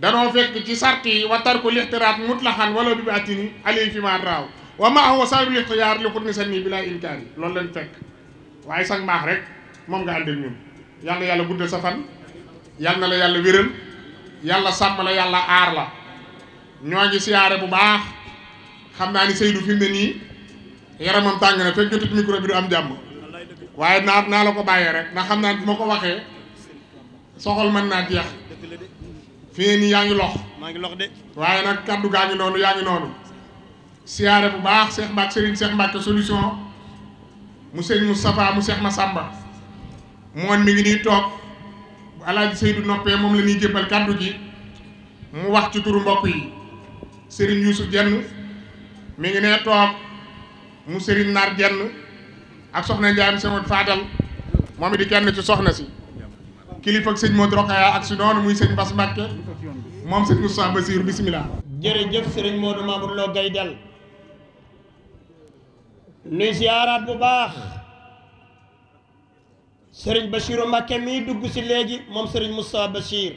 danoo fekk ci sart yi wa tarku lixtiraat mutlaxan wala bi atini alay fi ma raaw wa ma huwa sababu lixtiyaar li xut ni sa nii bi laay inkaar yi loolu leen fekk waaye sax mbaax rek moom nga àndal ñun yàlla yàlla guddal sa fan yàlla na la yàlla wéral yàlla sàmm la yàlla aar la ñoo ngi siyaare bu baax xam naa ni Seydou fi mu ne nii yaramam tàng na fekk jotut micro bi du am jàmm waaye naa naa la ko bàyyee rek ndax xam naa bu ma ko waxee soxol man naa jeex fi ne nii yaa ngi lox maa ngi lox de waaye nag kaddu gaa ngi noonu yaa ngi noonu siyaare bu baax Cheikh Mbacke Serigne Cheikh Mbacke solution mu Serigne Moustapha mu Cheikh Massamba moom mi ngi nii toog alaaji Seydou noppee moom la ñuy jébbal kàddu gi mu wax ci turu mbokk yi Serigne Youssou Dieng mi ngi ne toog mu Serigne Naar Dieng ak soxna Ndiaye Moussa Fadal moom di kenn ci soxna si kilifa ak sëñ Modou Rokhaya ak si noonu muy sëñ Bass Mbacke moom sëñ Moussa Basir bisimilah. jërëjëf Serigne Modou Mamour Lo Gaydel nuy siyaaraat bu baax. sëriñ Bachiru Mbakke mii dugg si léegi moom sëriñ Moussa Bachir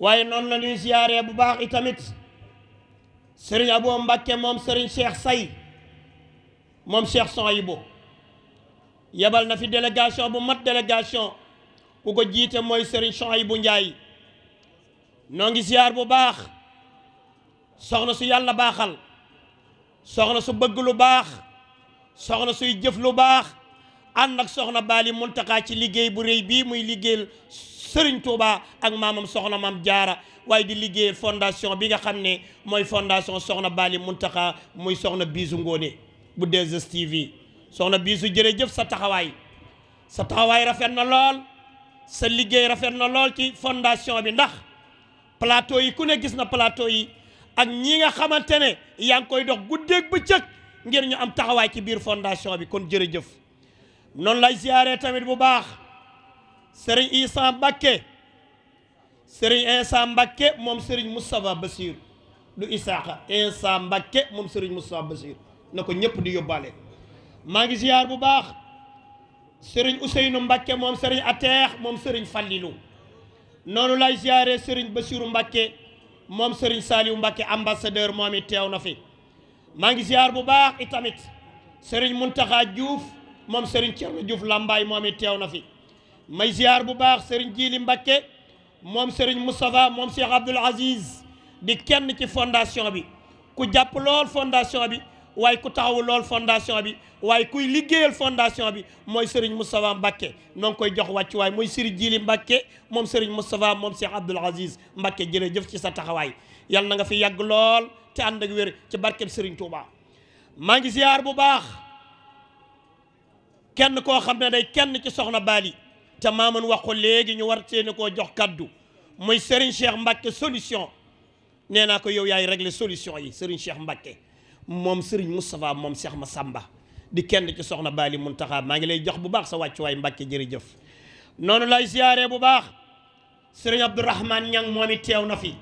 waaye noonu la ñuy ziyaare bu baax itamit sëriñ Abo Mbakke moom sëriñ Cheikh Say moom Cheikh Soyibu yebal na fi délégation bu mat délégation ku ko jiite mooy sëriñ bu Njaay noo ngi ziyaar bu baax soxna su yàlla baaxal soxna su bëgg lu baax soxna suy jëf lu baax ànd ak soxna mun Muntaxa ci liggéey bu rëy bii muy liggéey Sëriñ Tuuba ak maamam soxna Maam Jaara waay di liggéeyal fondation bi nga xam ne mooy fondation soxna Baali Muntaxa muy soxna Biisu ngoone bu 2STV soxna Biisu jërëjëf sa taxawaay sa taxawaay rafet na lool sa liggéey rafet na lool ci fondation bi ndax plateau yi ku ne gis na plateau yi ak ñi nga xamante ne yaa ngi koy dox guddeeg bëccëg ngir ñu am taxawaay ci biir fondation bi kon jërëjëf noonu lay ziyaare tamit bu baax sëriñ Issa Mbakke sëriñ Issa Mbakke moom sëriñ Moustapha Basir du Isaaxa Issa Mbakke moom sëriñ Moustapha na ko ñëpp di yóbbaale maa ngi ziyaar bu baax sëriñ Ousseynou Mbakke moom sëriñ Ateex moom sëriñ Fallilou noonu lay ziyaare sëriñ Basiru Mbakke moom sëriñ Saliou Mbakke ambassadeur moom it na fi maa ngi ziyaar bu baax itamit sëriñ Muntaxa Diouf moom Serigne Thierno Diouf Lambaye moom it teew na fi may ziar bu baax Serigne jiili Mbakke moom Serigne Moustapha moom Cheikh Abdoul Aziz di kenn ci fondation bi ku jàpp lool fondation bi waaye ku taxawu lool fondation bi waaye kuy liggéeyal fondation bi mooy Serigne Moustapha Mbakke noo ngi koy jox waay mooy Serigne Djili Mbakke moom seriñ Moustapha moom Cheikh Abdoul Aziz Mbakke jërëjëf ci sa taxawaay yal na nga fi yàgg lool te ànd ak wér ci barkeb Serigne kenn koo xam ne day kenn ci soxna Bali te maamun wax ko léegi ñu war seeni koo jox kaddu muy Serigne Cheikh Mbacke solution nee naa ko yow yaay régler solution yi Serigne Cheikh Mbacke moom Serigne Moustapha moom ma samba di kenn ci soxna Bali Muntaxa maa ngi lay jox bu baax sa mbakke Mbacke jërëjëf noonu lay ziyaare bu baax Serigne Abdourahmane Niang moom it teew na fi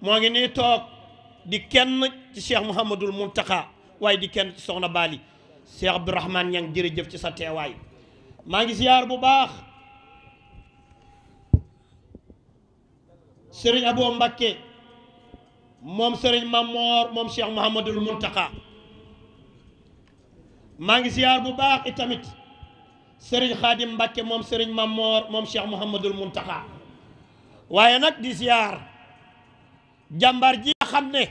moo ngi nii toog di kenn ci Cheikh Mouhamadul Muntaxa waaye di kenn ci soxna Bali Cheikh Abdourahmane Niang jërëjëf ci sa teewaay maa ngi ziyaar bu baax sëriñ Abo Mbakke moom sëriñ Mamoor moom Cheikh Mouhamadul Muntaka maa ngi ziyaar bu baax itamit sëriñ Xaadim Mbakke moom sëriñ Mamoor moom Cheikh Mouhamadul Muntaka waaye nag di ziyaar jàmbar ji nga xam ne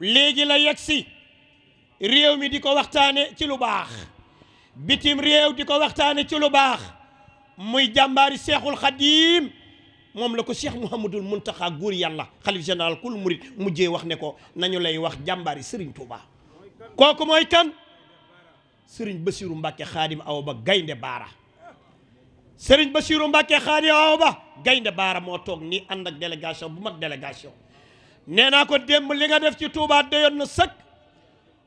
léegi la yegsi réew mi di ko waxtaane ci lu baax bitim réew di ko waxtaane ci lu baax muy jàmbaari seexul xadiim moom la ko cheikh mouhamadul muntaxa góor yàlla xalif général kul murit mujjee wax ne ko nañu lay wax jàmbaari sëriñ Touba kooku mooy kan sëriñ basiru mbàkke xaadim aw ba gaynde baara sëriñ basiru mbàkke xaadim aw ba gaynde baara moo toog nii ànd ak délégation bu mag délégation nee naa ko démb li nga def ci Touba dayoon na sëkk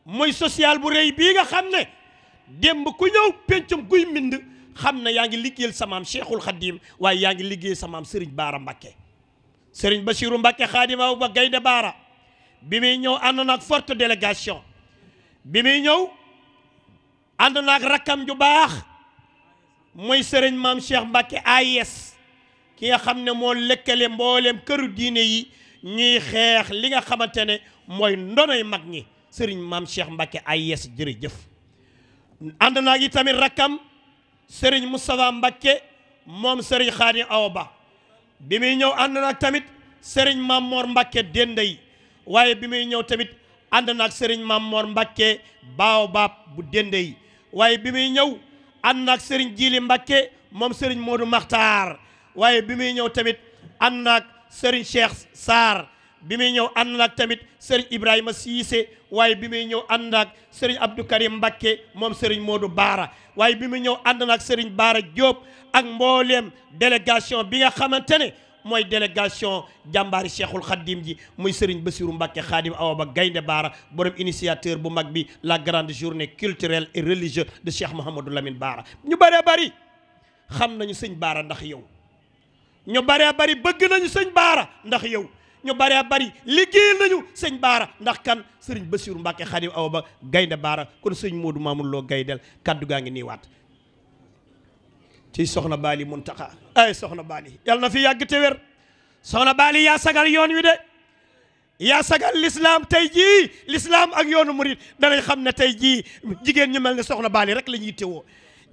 mooy social bu rëy bii nga xam ne démb ku ñëw pencum guy mbind xam ne yaa ngi liggéeyal sa maam Cheikhul Khadim waaye yaa ngi liggéey sa maam Serigne Baara Mbakke Serigne Bassirou Mbakke Khadima ba Gaynde Baara bi muy ñëw ànd naag forte délégation bi muy ñëw ànd naag rakkam ju baax mooy Serigne maam Cheikh Mbakke AIS ki nga xam ne moo lëkkale mbooleem këru diine yi ñuy xeex li nga xamante ne mooy ndonoy mag ñi. sëriñ mam Cheikh Mbacke Ayes jërëjëf ànd naa yi tamit rakkam sëriñ Moustapha Mbacke moom sëriñ Xaadim Awa bi muy ñëw ànd naag tamit sëriñ maam Mor Mbacke Dendey waaye bi muy ñëw tamit ànd naag sëriñ maam Mor Mbacke bu Dendey waaye bi muy ñëw ànd naag sëriñ moom sëriñ Modou Makhtar waaye bi muy ñëw tamit ànd naag sëriñ Cheikh Sarr. bi muy ñëw ànd ak tamit Serigne Ibrahima Cissé waaye bi muy ñëw ànd ak Serigne Abdou Karim moom Serigne moodu Baara waaye bi muy ñëw ànd ak Serigne Baara Diop ak mbooleem délégation bi nga xamante ne mooy délégation jàmbaari cheikhul xadim ji muy Serigne Bassirou Mbacké xaadim awa ba gaynde Baara borom initiateur bu mag bi la grande journée culturel et religieuse de Cheikh Mouhamadou Lamine Baara ñu bëree bari xam nañu sëñ Baara ndax yow ñu bëree bëri bëgg nañu sëñ ndax yow ñu bare bari liggéeyal nañu sëñ baara ndax kan sëriñ Basiiru Mbàkke Xaadim Awa Ba gaynde baara kon sëñ Moodu Maamul Loo gayndeel kaddu gaa ngi niiwaat waat ci soxna baali taxa ay soxna baali yàlla na fi yàgg te wér soxna baali yaa sagal yoon wi de yaa sagal l'islam tey jii l'islam ak yoonu murit danañ xam ne tey jii jigéen ñu mel ne soxna baali rek la ñuy téwoo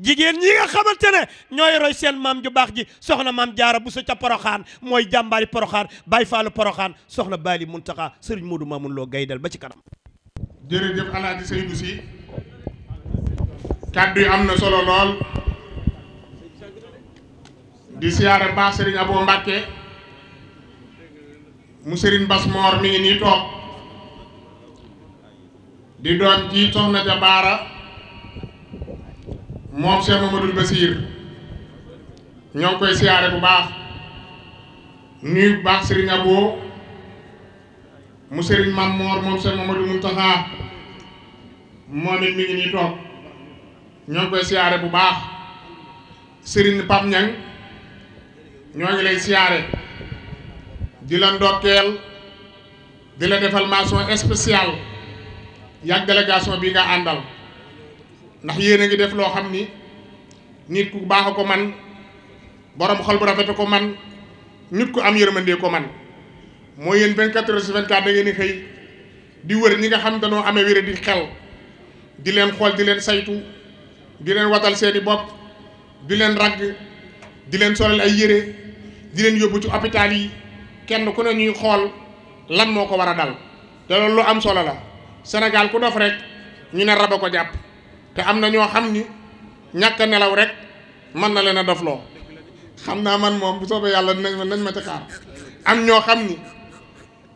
jigéen ñi nga xamante ne ñooy roy seen maam ju baax ji soxna maam jaara bu sa ca poroxaan mooy jàmbaari poroxaan bay faalu poroxaan soxna baali muntaxa sëriñ Moodu Maamun Lo ba ci kanam jërëjëf alaaji am na solo lool di siyaare baax sëriñ Abo Mbàkke mu sëriñ Bas Moor mi ngi nii toog di doon ci soxna ja moom Cheikh Mamadou Basir ñoo ngi koy siyaare bu baax nuyu bu baax Serigne Abo mu Serigne Mam Moor moom Cheikh Mamadou Muntaxa moom mi ngi nii toog ñoo koy siyaare bu baax Serigne Pam Ñang ñoo ngi lay siyaare di la ndokkeel di la defal mention spéciale yàgg délégation bi nga àndal ndax yéen a ngi def loo xam ni nit ku baax ko man borom xol bu rafet ko man nit ko am yërmandee ko man mooy yéen 24 heures sur 24 da ngeen di xëy di wër ñi nga xam danoo amee wére di xew di leen xool di leen saytu di leen watal seeni bopp di leen ragg di leen solal ay yére di leen yóbbu ci hôpital yi kenn ku ne ñuy xool lan moo ko war a dal te loolu lu am solo la Sénégal ku dof rek ñu ne rab ko jàpp te am na ñoo xam ni ñàkk nelaw rek mën na leen a dofloo xam naa man moom bu soobee yàlla nañ ma nañ ma ci xaar am ñoo xam ni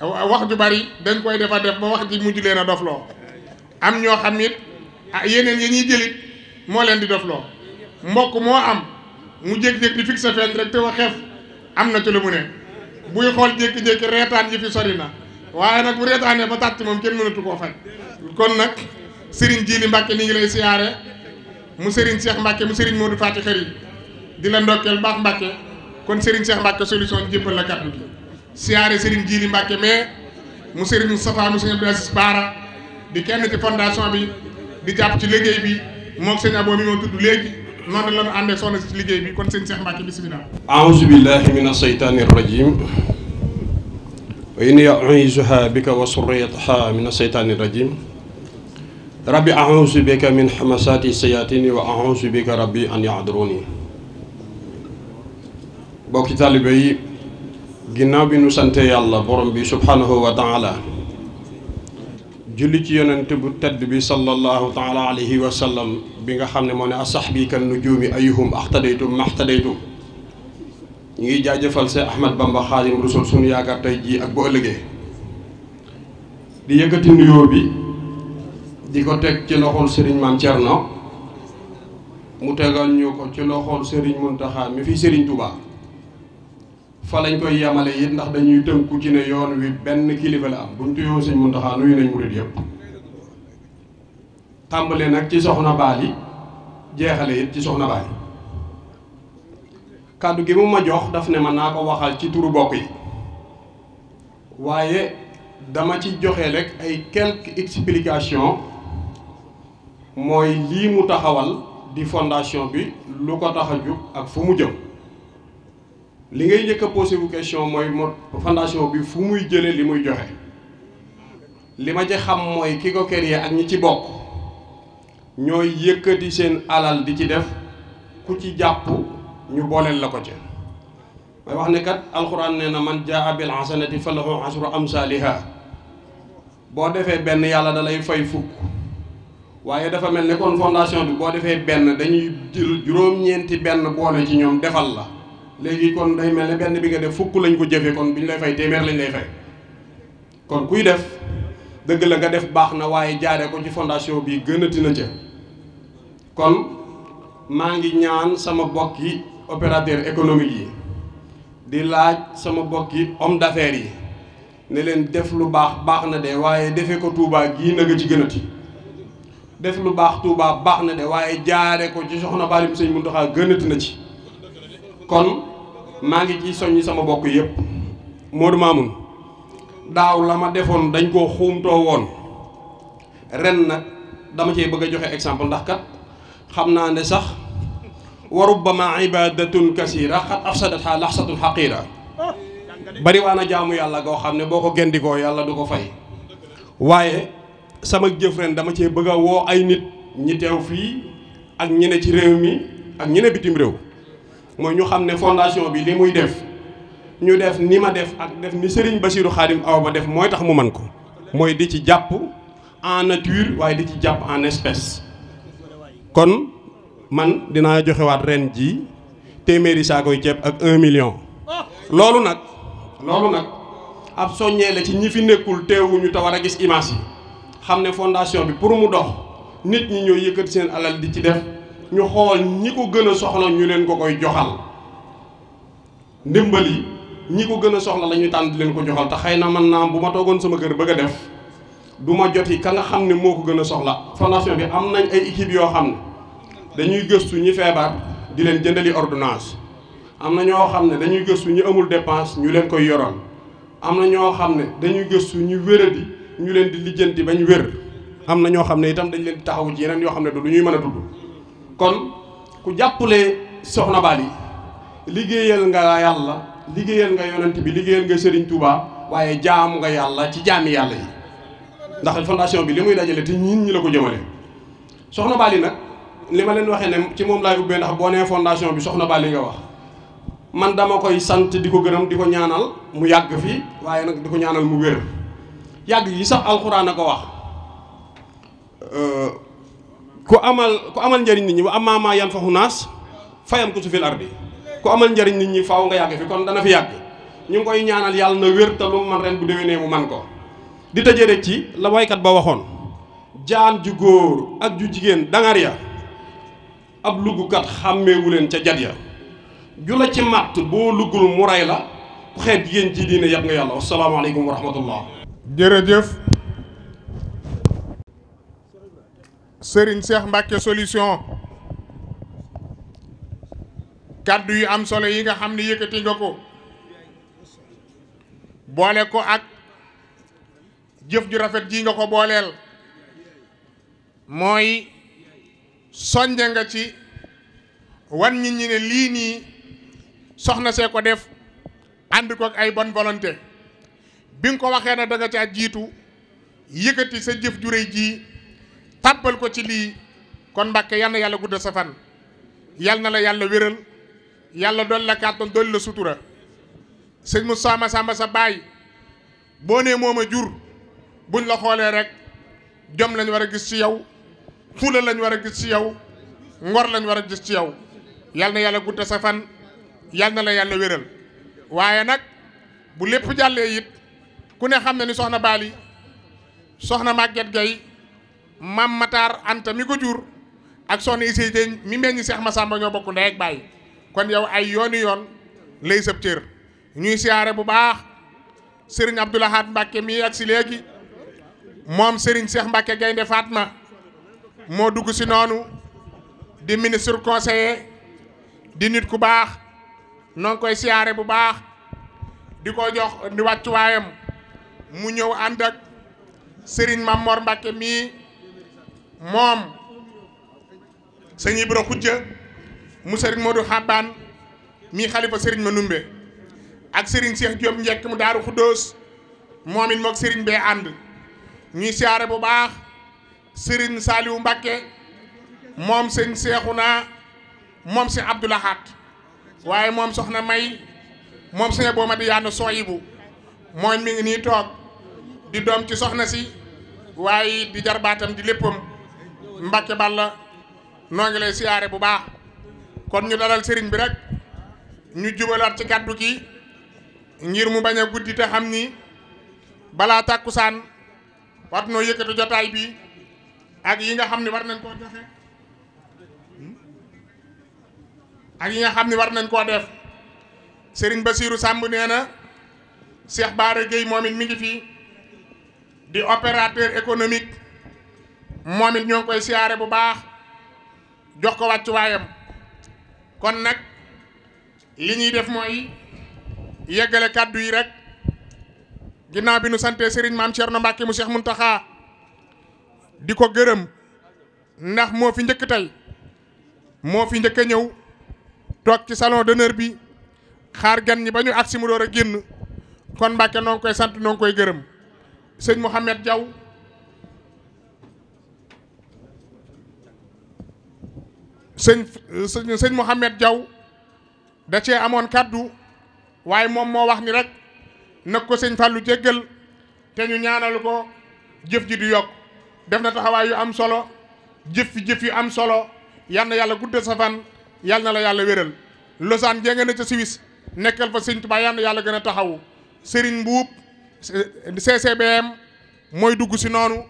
wax ju bari dañ koy defa def ba wax ji mujj leen a dofloo am ñoo xam it ah yeneen yi ñuy jëlit moo leen di dofloo mbokk moo am mu jékki-jékki di fixé fenn rek te wa am na ci lu mu ne buy xool jékki-jékki reetaan yi fi sori na waaye nag bu reetaanee ba tàcc moom kenn mënatu koo faj kon nag Serigne Djili Mbacke mi ngi lay siyaare mu Serigne Cheikh Mbacke mu Serigne Modou Fati Xëri di la ndokkeel baax Mbacke kon Serigne Cheikh Mbacke solution jébbal la kàddu bi siyaare jii Djili Mbacke mais mu Serigne Moustapha mu Serigne Abdou Aziz Baara di kenn ci fondation bi di jàpp ci liggéey bi moom Serigne Abo mi moo tudd léegi noonu la ñu àndee soxna ci liggéey bi kon Serigne Cheikh Mbacke bisimilah. aouzu billahi mina shaytaani rajim rabbi ahuusu bika min hamasaati sayaatini wa ahuusu bika rabbi an yahduruni bokki taalibe yi ginnaaw bi nu sante yàlla borom bi subhaanahu wa taala julli ci yonent bu tedd bi sallallahu taala alayhi wa sallam bi nga xam ne moo ne asax bi kan nujuumi ayuhum axtadaytum maxtadaytum ñu ngi jaajëfal see Ahmad Bamba Xaadim Rasul sunu yaakaar tey jii ak bu ëllëgee di yëkkati nuyoo bi di ko teg ci loxol Serigne Mame Thierno mu tegal ñu ko ci loxol Serigne Mountakha mi fi Serigne Touba fa lañ koy yemale it ndax dañuy tënku ci ne yoon wi benn kilifa la am buñ tuyoo Serigne Mountakha nuyu nañ murid yëpp tàmbale nag ci soxna Baali jeexale it ci soxna Baali kàddu gi mu ma jox daf ne ma naa ko waxal ci turu bokk yi waaye dama ci joxe rek ay quelques explications mooy lii mu taxawal di fondation bi lu ko tax a ak fu mu jëm li ngay njëkk a posé bu question mooy mo bi fu muy jëlee li muy joxe li ma ci xam mooy ki ko créé ak ñi ci bokk ñooy yëkkati seen alal di ci def ku ci jàpp ñu booleel la ko ci may wax ne kat alxuraan nee na man jaa bil hasanati falahu asru amsaliha boo defee benn yàlla dalay lay fay fukk waaye dafa mel ni kon fondation bi boo defee benn dañuy jël juróom-ñeenti benn boole ci ñoom defal la léegi kon day mel ne benn bi nga def fukk lañ ko jëfee kon bu ñu lay fay téeméer lañ lay fay kon kuy def dëgg la nga def baax na waaye jaaree ko ci fondation bi gënati na ca kon maa ngi ñaan sama bokk yi opérateur économique yi di laaj sama bokk yi homme d'affaires yi ne leen def lu baax baax na de waaye defee ko Touba gii nag nga ci gënati def lu baax Touba baax na de waaye jaare ko ci soxna Baalim sëñ Muntaxa gënati na ci kon maa ngi ci soññ sama bokk yëpp Modou Mamoun daaw la ma defoon dañ koo xuumtoo woon ren nag dama cee bëgg a joxe exemple ndax kat xam naa ne sax waru wa rubbama ibadatun kasira xat afsadatha laxsatun xaqira bari waa na jaamu yàlla goo xam ne boo ko gendikoo yàlla du ko fay waaye sama jëf ren dama cee bëgg a woo ay nit ñi teew fii ak ñi ne ci réew mi ak ñi bitim réew mooy ñu xam ne fondation bi li muy def ñu def ni ma def ak def ni Serigne Bassirou Khadim aw Ba def mooy tax mu man ko mooy di ci jàpp en nature waaye di ci jàpp en espèce kon man dinaa joxewaat ren ji téeméeri saakoy ceeb ak un million loolu nag loolu nag ab soññee la ci ñi fi nekkul teewuñu te war a gis image yi xam ne fondation bi pour mu dox nit ñi ñoo yëkkat seen alal di ci def ñu xool ñi ko gën a soxla ñu leen ko koy joxal ndimbal yi ñi ko gën a soxla la ñu tànn di leen ko joxal te xay na man naa bu ma toogoon sama kër bëgg a def du ma joti ka nga xam ne moo ko gën a soxla fondation bi am nañ ay équipe yoo xam ne dañuy gëstu ñi feebar di leen jëndali ordonnance am na ñoo xam ne dañuy gëstu ñu amul dépense ñu leen koy yoroon am na ñoo xam ne dañuy gëstu ñu wéradi ñu leen di lijjanti bañ wér am na ñoo xam ne itam dañ leen taxawu ci yeneen yoo xam ne du ñuy mën a dund kon ku jàppule soxna Bali liggéeyal nga yàlla liggéeyal nga yonent bi liggéeyal nga Serigne tuubaa waaye jaamu nga yàlla ci jaami yàlla yi ndax fondation bi li muy dajale te ñin ñi la ko jëmale soxna yi nag li ma leen waxee ne ci moom laay ubbee ndax boo nee fondation bi soxna Bali nga wax man dama koy sant di ko gërëm di ko ñaanal mu yàgg fii waaye nag di ko ñaanal mu wér yàgg yi sax alxuraan a ko wax euh, ku amal ku amal njariñ nit ñi wa ammaa maa yanfaxu naas fayam ko su fil ardi ku amal njariñ nit ñi faw nga yàgg fi kon dana fi yàgg ñu ngi koy ñaanal yàlla na wér te lu man ren bu déwénee mu man ko di tëjee ci la waykat ba waxoon jaan ju góor ak ju jigéen dangar ya ab luggukat xàmmewu leen ca jat ya ju la ci màtt boo luggul mu rey la ku xeet jigéen ci diine yàpp nga yàlla wasalaamaaleykum wa rahmatullah jërëjëf sëriñ seex Mbacke solution kàddu yu am solo yi nga xam ne yëkkati nga ko boole ko ak jëf ju rafet ji nga ko booleel mooy soññe nga ci wan nit ñi ne lii nii soxna see ko def ànd ko ak ay bon volonté bi nga ko waxee na danga nga caa jiitu yëkkati sa jëf ju rëy ji tàbbal ko ci lii kon Mbàkke yal yàlla guddal sa fan yal na la yàlla wéral yàlla dool la kàttan dool la sutura sëñ Moussa Massamba sa baay boo nee moom a jur buñ la xoolee rek jom lañu war a gis ci yow fulla lañ war a gis ci yow ngor lañ war a gis ci yow yal na yàlla guddal sa fan yal la yàlla wéral waaye nag bu lépp jàllee it ku ne xam ne ni soxna Bali soxna Maguette Gueye maam Matar Anta mi ko jur ak soxna Issa Dieng mi meññ Seex Masamba ñoo bokku ndey ak baay kon yow ay yooni yoon lay sëb cër ñuy siyaare bu baax sëriñ Abdou Lahad Mbacke mii ak si léegi moom sëriñ Cheikh Mbacke Gaynde Fatma moo dugg si noonu di ministre conseiller di nit ku baax noo ngi koy siyaare bu baax di ko jox di wàccuwaayam mu ñëw ànd ak Serigne Mamor Mbacke mii moom sëñ Ibra Xujja mu Serigne Modou Xabaan mii xalifa Serigne Manumbe ak Serigne Cheikh Diop njekk mu Daaru Xuddoos moom it moog Serigne bee ànd ñuy siyaare bu baax Serigne Saliou Mbacke moom sëñ Seexuna moom si Abdou Lahad waaye moom soxna May moom sëñ boo ma di yaanu sooyibu mooy mi ngi nii toog di doom ci soxna si waaye di jarbaatam di léppam Mbàkke Balla noo ngi lay siyaare bu baax kon ñu dalal sëriñ bi rek ñu jubalaat ci kàddu ki ngir mu bañ a guddi te xam ni balaa tàkkusaan war noo yëkkatu jotaay bi ak yi nga xam ne war nañ koo joxe ak yi nga xam ne war nañ koo def sëriñ Basiiru Sàmb nee na Cheikh Baara Gueye moom it mi ngi fii di opérateur économique moom it ñoo ngi koy siyaare bu baax jox ko wàccuwaayam kon nag li ñuy def mooy yeggale kàddu yi rek ginnaaw bi nu sante Serigne maam Thierno Mbacke mu Cheikh Mountakha di ko gërëm ndax moo fi njëkk tey moo fi njëkk a ñëw toog ci salon d'honneur bi xaar gan ñi ba ñu agsi mu door a génn kon Mbacke noo koy sant noo ngi koy gërëm. sëñ Mouhamed Diaw sëñ sëñ Mouhamed Diaw da cee amoon kàddu waaye moom moo wax ni rek nag ko sëñ Fallou jéggal te ñu ñaanal ko jëf ji di yokk def na taxawaay yu am solo jëf fi jëf yu am solo yal na yàlla guddal sa fan yal na la yàlla wéral Lausanne jege na ca Suisse nekkal fa sëñ Tuubaa yàlla gën a taxaw Serigne Mbuub CCBM mooy dugg si noonu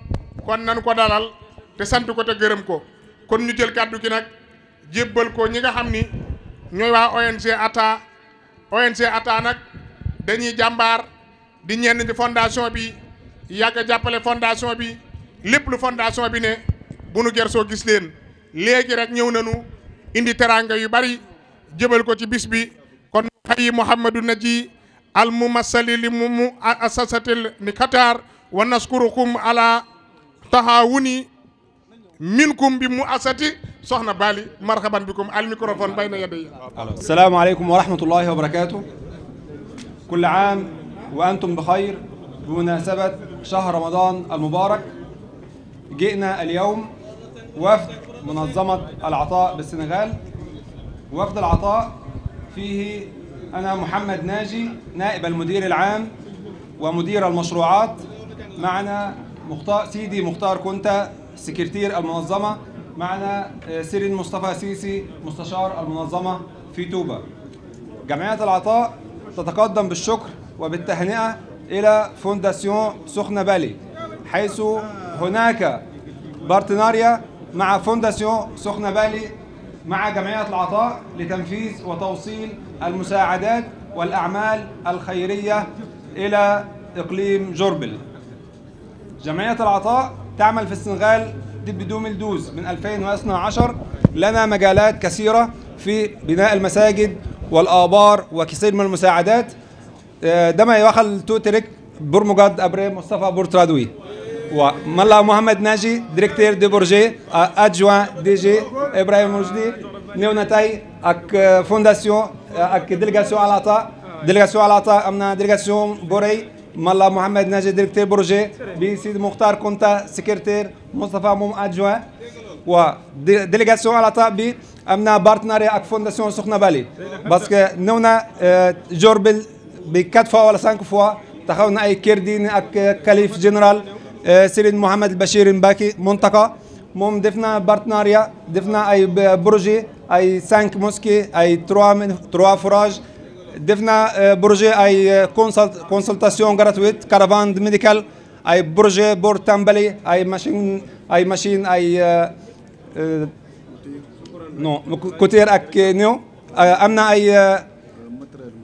kon nan ko dalal te sant ko te gërëm ko kon ñu jël kàddu gi nag jébbal ko ñi nga xam ni ñooy waa ONG ATA ONG ATA nag dañuy jàmbaar di ñenn ci fondation bi yàgg a jàppale fondation bi lépp lu fondation bi ne bu nu gersoo gis leen léegi rek ñëw nañu indi teraanga yu bari jëbal ko ci bis bi kon xayi Mouhamadou Naji almumassali li mu assasatil ni qatar wa naskurukum ala tahawuni minkum bi mu asati soxna Bali marhaban bikum al microphone bayna yaday assalaamu aleykum wa rahmatullahi wa barakatuh كل عام وأنتم بخير بمناسبة شهر رمضان المبارك جئنا اليوم وفد منظمة العطاء بالسنغال وفد العطاء فيه أنا محمد ناجي نائب المدير العام ومدير المشروعات معنا مختار سيدي مختار كنت سكرتير المنظمة معنا سيرين مصطفى سيسي مستشار المنظمة في توبة جمعية العطاء تتقدم بالشكر وبالتهنئة إلى فونداسيون سخنة بالي حيث هناك بارتناريا مع فونداسيون سخنة بالي مع جمعية العطاء لتنفيذ وتوصيل المساعدات والأعمال الخيرية إلى إقليم جربل جمعية العطاء تعمل في السنغال دب دوملدوز من 2012 لنا مجالات كثيرة في بناء المساجد والآبار وكثير من المساعدات دما يوخل توترك برمجاد أبري مصطفى بورترادوي وملا محمد ناجي ديريكتير دي بورجي أدجوان دي جي إبراهيم رشدي نيوناتاي أك فونداسيون Euh, ak délégation Alata délégation Alata am na délégation Borey Malla Mohamed Naje directeur projet bi Sidi Mokhtar Konta secrétaire Moustapha moom adjoint waa délégation Alata bi am na partenariat ak fondation Soxna Bali parce que ñëw na Diourbel euh, bi quatre fois wala cinq fois taxaw na ay kër diine ak euh, calife général Serigne Mohamed Bachir Mbacke Montaka moom def naa partenariat def naa ay projet ay cinq mosquées ay trois trois forages def naa euh, projet ay euh, consultation gratuite caravane médicale ay projet bor tàmbali ay machine ay machine ay euh, non couture ak néew am na ay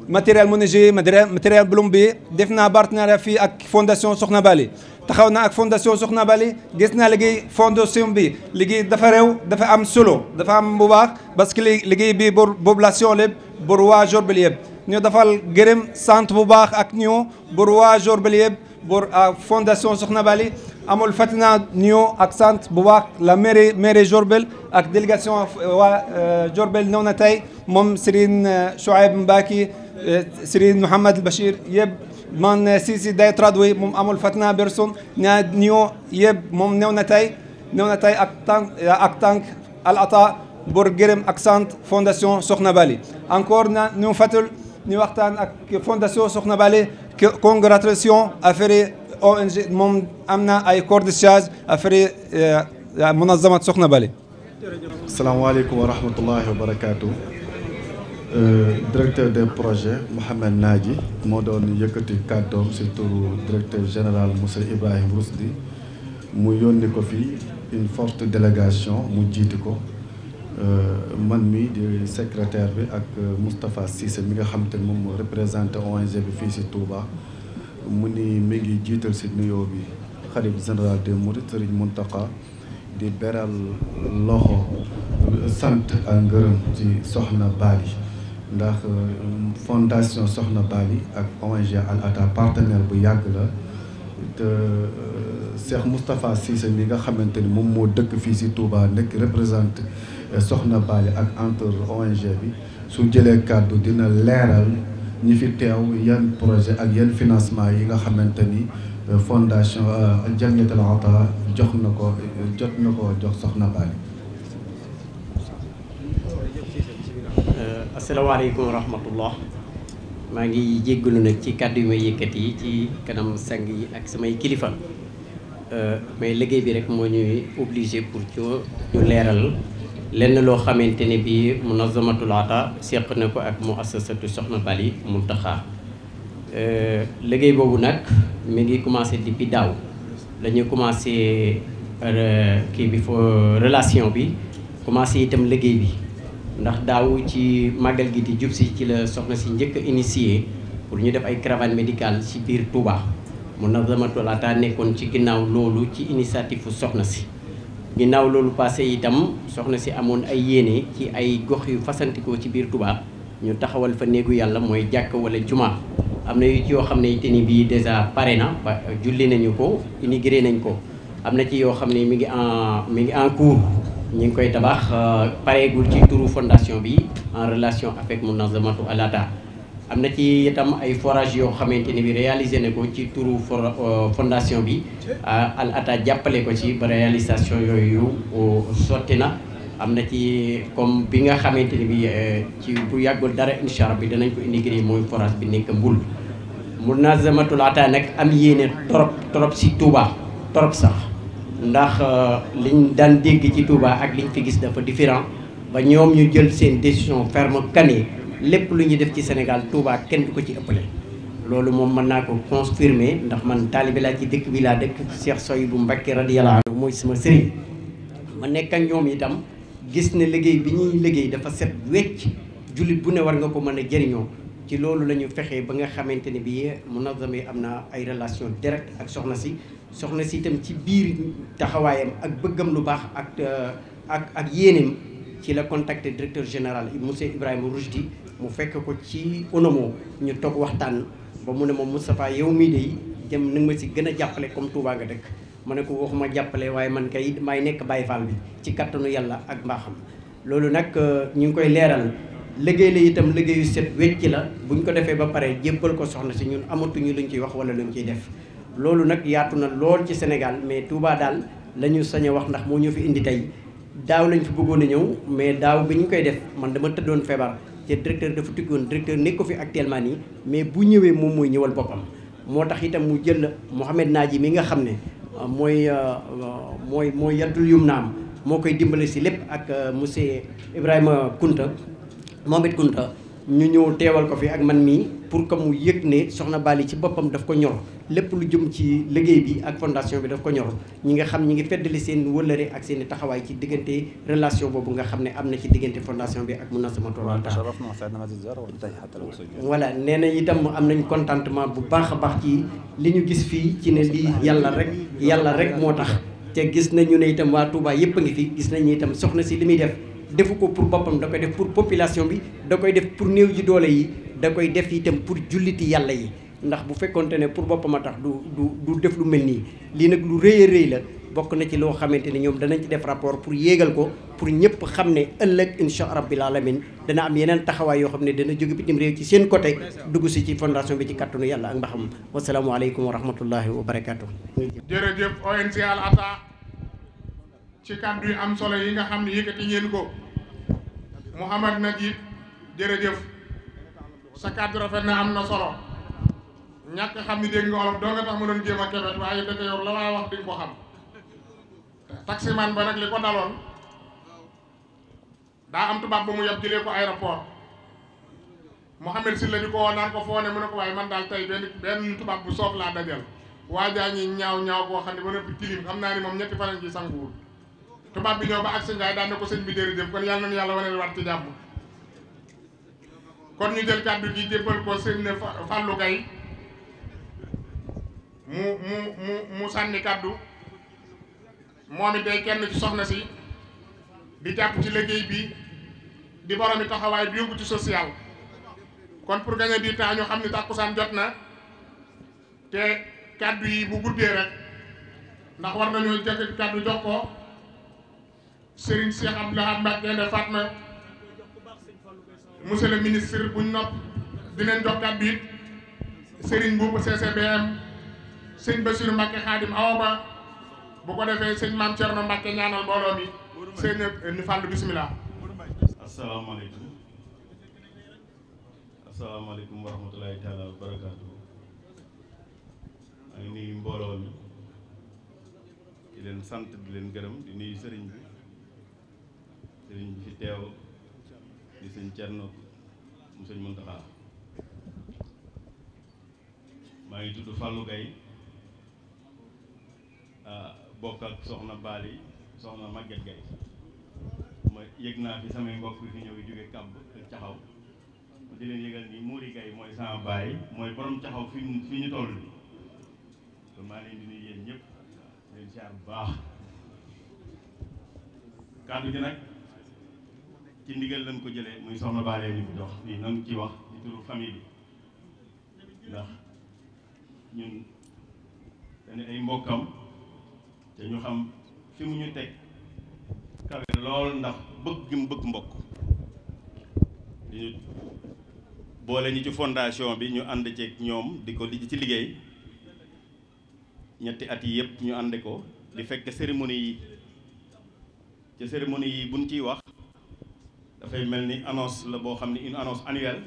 matériel ménager matériel plombier def naa partenariat fii ak fondation Soxna Bali taxaw naa ak fondation Soxna Bali gis naa liggéey fondation bi liggéey dafa réew dafa am solo dafa am bu baax parce que liggéey bi bor population lépp bor waa Diourbel yëpp ñu dafal gërëm sant bu baax ak nio bor waa Diourbel yëpp bor fondation Soxna Bali amul fàtte naa ak sant bu baax la mairie mairie Diourbel ak délégation waa euh, Diourbel ñëw na tey moom Serigne euh, Eh, Serigne Mouhamed Bachir yëpp man eh, Sisi day traduit moom amul fatna berson na ñoo yëpp moom néew na tey néew na tey ak tànk eh, ak tànk al ata bor gërëm ak sant fondation Soxna Bali encore na ñu fatul ñu waxtaan ak fondation Soxna Bali congratulation affaire ONG moom am na ay corps de charge affaire munazamat Soxna Bali asalaamaaleykum wa rahmatullahi wa barakatuh Euh, directeur des projets Mouhamed Naaji moo doon yëkkati kàddoom si turu directeur général Moussa Ibrahim Rousdi mu yónni ko fii une forte délégation mu jiiti ko euh, man mii di secretaire bi ak euh, Moustapha sise mi nga xam te moom moo représenté ONG bi fii si Touba mu ni mi ngi jiital si nuyoo bi xalif général des Mourides Serigne Mountakha di beral loxo sant ak ngërëm ci soxna Bali ndax euh, fondation Soxna Bali ak ONG Al Atta partenaire bu yàgg la te euh, Cheikh Moustapha Cissé mi nga xamante ni moom moo dëkk fii si Touba nekk représente euh, Soxna Bali ak entre ONG bi su jëlee kàddu dina leeral ñi fi teew yan projet ak yan financement yi nga xamante ni fondation Jamhiyatul Atta jox na ko jot na ko jox Soxna Bali asalaamaaleykum wa rahmatullah maa ngi jéggalu nag ci kàddu yu may yëkkat yi ci kanam sang yi ak samay kilifa euh, mais liggéey bi rek moo ñuy obligé pour co ñu leeral lenn loo xamante ne bi munazamatul ata seq na ko ak mu assasatu soxna Bali Muntaxa euh, léggéey boobu nag mi ngi commencé depuis daaw la ñu commencé euh, kii bi fo relation bi commencé itam liggéey bi ndax daaw ci màggal gi di jub si ci la soxna si njëkk a initié pour ñu def ay caravane médicale ci biir Touba mu Nazamatoul Ataa nekkoon ci ginnaaw loolu ci initiative fu soxna si ginnaaw loolu passé itam soxna si amoon ay yéene ci ay gox yu fasantikoo ci biir Touba ñu taxawal fa néegu yàlla mooy jàkk wala juma am na yu ci yoo xam ne te ni bii déjà pare na julli nañu ko inauguré nañ ko am na ci yoo xam ne mi ngi en mi ngi en cours ñu ngi koy tabax euh, pareegul ci turu fondation bi en relation avec Mounazamatou al am na ci itam ay forage yoo xamante ni bi réaliser na ko ci turu euh, fondation bi euh, al Adaa jàppale ko ci ba réalisation yooyu sotti na am na ci comme bi nga xamante ni bi ci bu yàggul dara incha bi danañ ko intégré mooy forage bi nekk Mbul Mounazamatou al Adaa nag am yéene trop trop si Touba trop sax ndax euh, liñ daan dégg ci Touba ak liñ fi gis dafa différent ba ñoom ñu jël seen décision ferme kane lépp lu ñuy def ci Sénégal Touba kenn du ko ci ëppale loolu moom mën naa ko confirmer ndax man taalibe laa ci dëkk bi laa dëkk Cheikh Sohibou bu radiyallahu anhu mooy sama sëriñ ma nekk ak ñoom itam gis ne liggéey bi ñuy liggéey dafa set wecc jullit bu ne war nga ko mën a jëriñoo ci loolu la ñu fexee ba nga xamante ne bii munazam yi am na ay relation direct ak soxna si soxna si itam ci biir taxawaayam ak bëggam lu baax ak euh, ak ak yéeneem ci la contacté directeur général monsieur Ibrahima Roujdi mu fekk ko ci onomo ñu toog waxtaan ba mu ne moom Moustapha yow mii de dem na ma si gën a jàppale comme Touba nga dëkk ma ne ko waxuma jàppale waaye man kay may nekk Baye Fall bi ci kattanu yàlla ak mbaaxam loolu nag euh, ñu ngi koy leeral liggéey la itam liggéeyu set wecc la buñ ko defee ba pare jébbal ko soxna si ñun amatuñu luñ ciy wax wala luñ ciy def loolu nag yaatu na lool ci Sénégal mais Touba daal la ñu wax ndax moo ñëw fi indi tey daaw lañu fi bëggoon a ñëw mais daaw bi ñu koy def man dama tëddoon feebar te directeur dafa tukkoon directeur nekk ko fi actuellement nii mais bu ñëwee moom mooy ñëwal boppam. moo tax itam mu jël Mouhamed Naaji mi nga xam ne euh, euh, euh, mooy mooy mooy yaddul yum naam moo koy dimbale si lépp ak monsieur Ibrahima Kunta Mohamed Kunta ñu ñëw teewal ko fi ak man mii. pour que mu yëg ne soxna Bali ci boppam daf ko ñor lépp lu jëm ci liggéey bi ak fondation bi daf ko ñor ñi nga xam ñi ngi feddali seen wëllëre ak seen taxawaay ci diggante relation boobu nga xam ne am na ci diggante fondation bi ak mun na Munassamatul Wafa voilà nee na itam am nañ contentement bu baax a baax ci li ñu gis fii ci ne lii yàlla rek yàlla rek moo tax te gis nañu ne itam waa Touba yëpp a ngi fi gis nañu itam soxna si li muy def defu ko pour boppam da koy def pour population bi da koy def pour néew ji doole yi da koy def itam pour julliti yàlla yi ndax bu fekkonte ne pour boppam a tax du du du def lu mel nii lii nag lu rëy a rëy la bokk na ci loo xamante ni ñoom danañ ci def rapport pour yéegal ko pour ñëpp xam ne ëllëg incha rabbil alamin dana am yeneen taxawaay yoo xam ne dana jóge bitim réew ci seen côté dugg si ci fondation bi ci kattanu yàlla ak mbaxam wasalaamualeykum wa rahmatullahi wa barakaatu. jërëjëf ONG Al Ataa ci kàddu yu am solo yi nga xam Mouhamad nag it jërëjëf sa kàddu rafet na am na solo ñàkk xam ni dégg nga olof doo nga tax mën doon jéem a kebet waaye dëkk yow la waay wax di nga ko xam taximaan ba nag li ko daloon daa am tubaab ba mu yab jëlee ko aéroport Mouhamed si la di ko woo naan ko foo ne waaye man daal tey benn benn tubaab bu soof laa dajal waajaa ñi ñaaw ñaaw boo xam ne ba noppi tilim xam naa ni moom ñetti fan ci sanguwul tubaab bi ñëw ba ak sëñ Ndiaye daan na ko sëñ bi jërëjëf kon yàlla nañu yàlla waneel waat ci jàmm kon ñu jël kàddu gi jébbal ko sëñ Fallou Gaye mu mu mu mu sànni kàddu moom it day kenn ci soxna si di jàpp ci liggéey bi di boromi taxawaay bi yëngu ci social kon pour gagner du temps ñu xam ni tàkkusaan jot na te kàddu yi bu guddee rek ndax war nañoo jëkk kàddu jox ko Serigne Cheikh Abdou Lahad Mbacké Gaïndé Fatma monsieur ministre buñ nopp dinañ jox kàddu it Serigne Mboup CCBM sëñ Bassirou Mbacké Khadim Awa bu ko defee sëñ Mame Thierno Mbacké ñaanal mbooloo mi sëñ ñu fàll bismillah asalaamaaleykum asalaamaaleykum wa rahmatulahi wa barakaatu maa ngi nuyu mbooloo leen sant di leen gërëm di nuyu sëriñ bi sëriñ bi fi teew di sëñ Cerno mu sëñ Muntaxa maa ngi tudd Fallou Gaye bokk ak soxna Bali soxna Maguette gay ma yëg naa fi samay mbokk fi ñëw jóge kàmb ak caxaw ma di leen yëgal ni Mouri Gaye mooy sama baay mooy borom caxaw fi fi ñu toll bi kon maa leen di nuyu yéen leen siyaar bu baax kàddu gi nag ci ndigal lañ ko jëlee muy soxna baalee ni fi dox nii nan ci wax ci turu famille bi ndax ñun dañu ay mbokkam te ñu xam fi mu ñu teg kawe lool ndax bëgg mu bëgg mbokk di ñu boole ñu ci fondation bi ñu ànd ceeg ñoom di ko li ci liggéey ñetti at yi yëpp ñu ànd ko di fekk cérémonie yi ci cérémonie yi buñ ciy wax dafay mel ni annonce la boo xam ne une annonce annuelle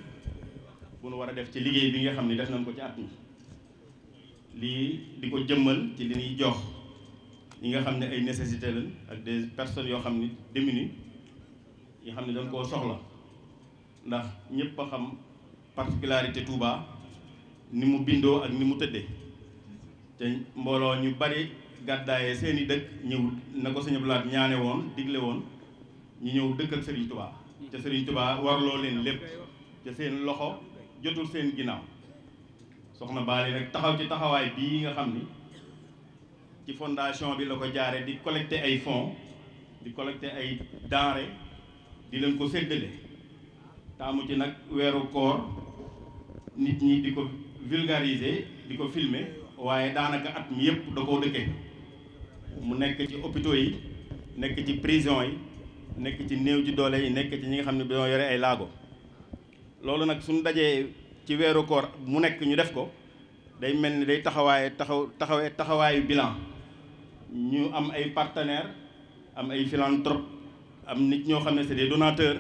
bu nu war a def ci liggéey bi nga xam ni def nañ ko ci at mi lii di ko jëmmal ci li ñuy jox ñi nga xam ne ay nécessité lañ ak des personnes yoo xam ne démunies yi xam ne dañ koo soxla ndax ñëpp a xam particularité Touba ni mu bindoo ak ni mu tëddee te mbooloo ñu bari gàddaayee seeni dëkk ñëw na ko sëñ Abdou ñaane woon digle woon ñu ñëw dëkk ak Serigne Touba ca Sëriñ Tuubaa warloo leen lépp ca seen loxo jotul seen ginnaaw soxna Baali rek taxaw ci taxawaay bii nga xam ni ci fondation bi la ko jaare di collecter ay fonds di collecter ay denrées di leen ko séddale taamu ci nag weeru koor nit ñi di ko vulgariser di ko filme waaye daanaka at mi yëpp da koo dëkkee mu nekk ci hôpitaux yi nekk ci prison yi nekk ci néew ji doole yi nekk ci ñi nga xam ne dañoo yore ay laago loolu nag suñu dajee ci weeru koor mu nekk ñu def ko day mel ni day taxawaaye taxaw taxawee taxawaayu bilan ñu am ay partenaires am ay philanthrope am nit ñoo xam ne c'est des donateurs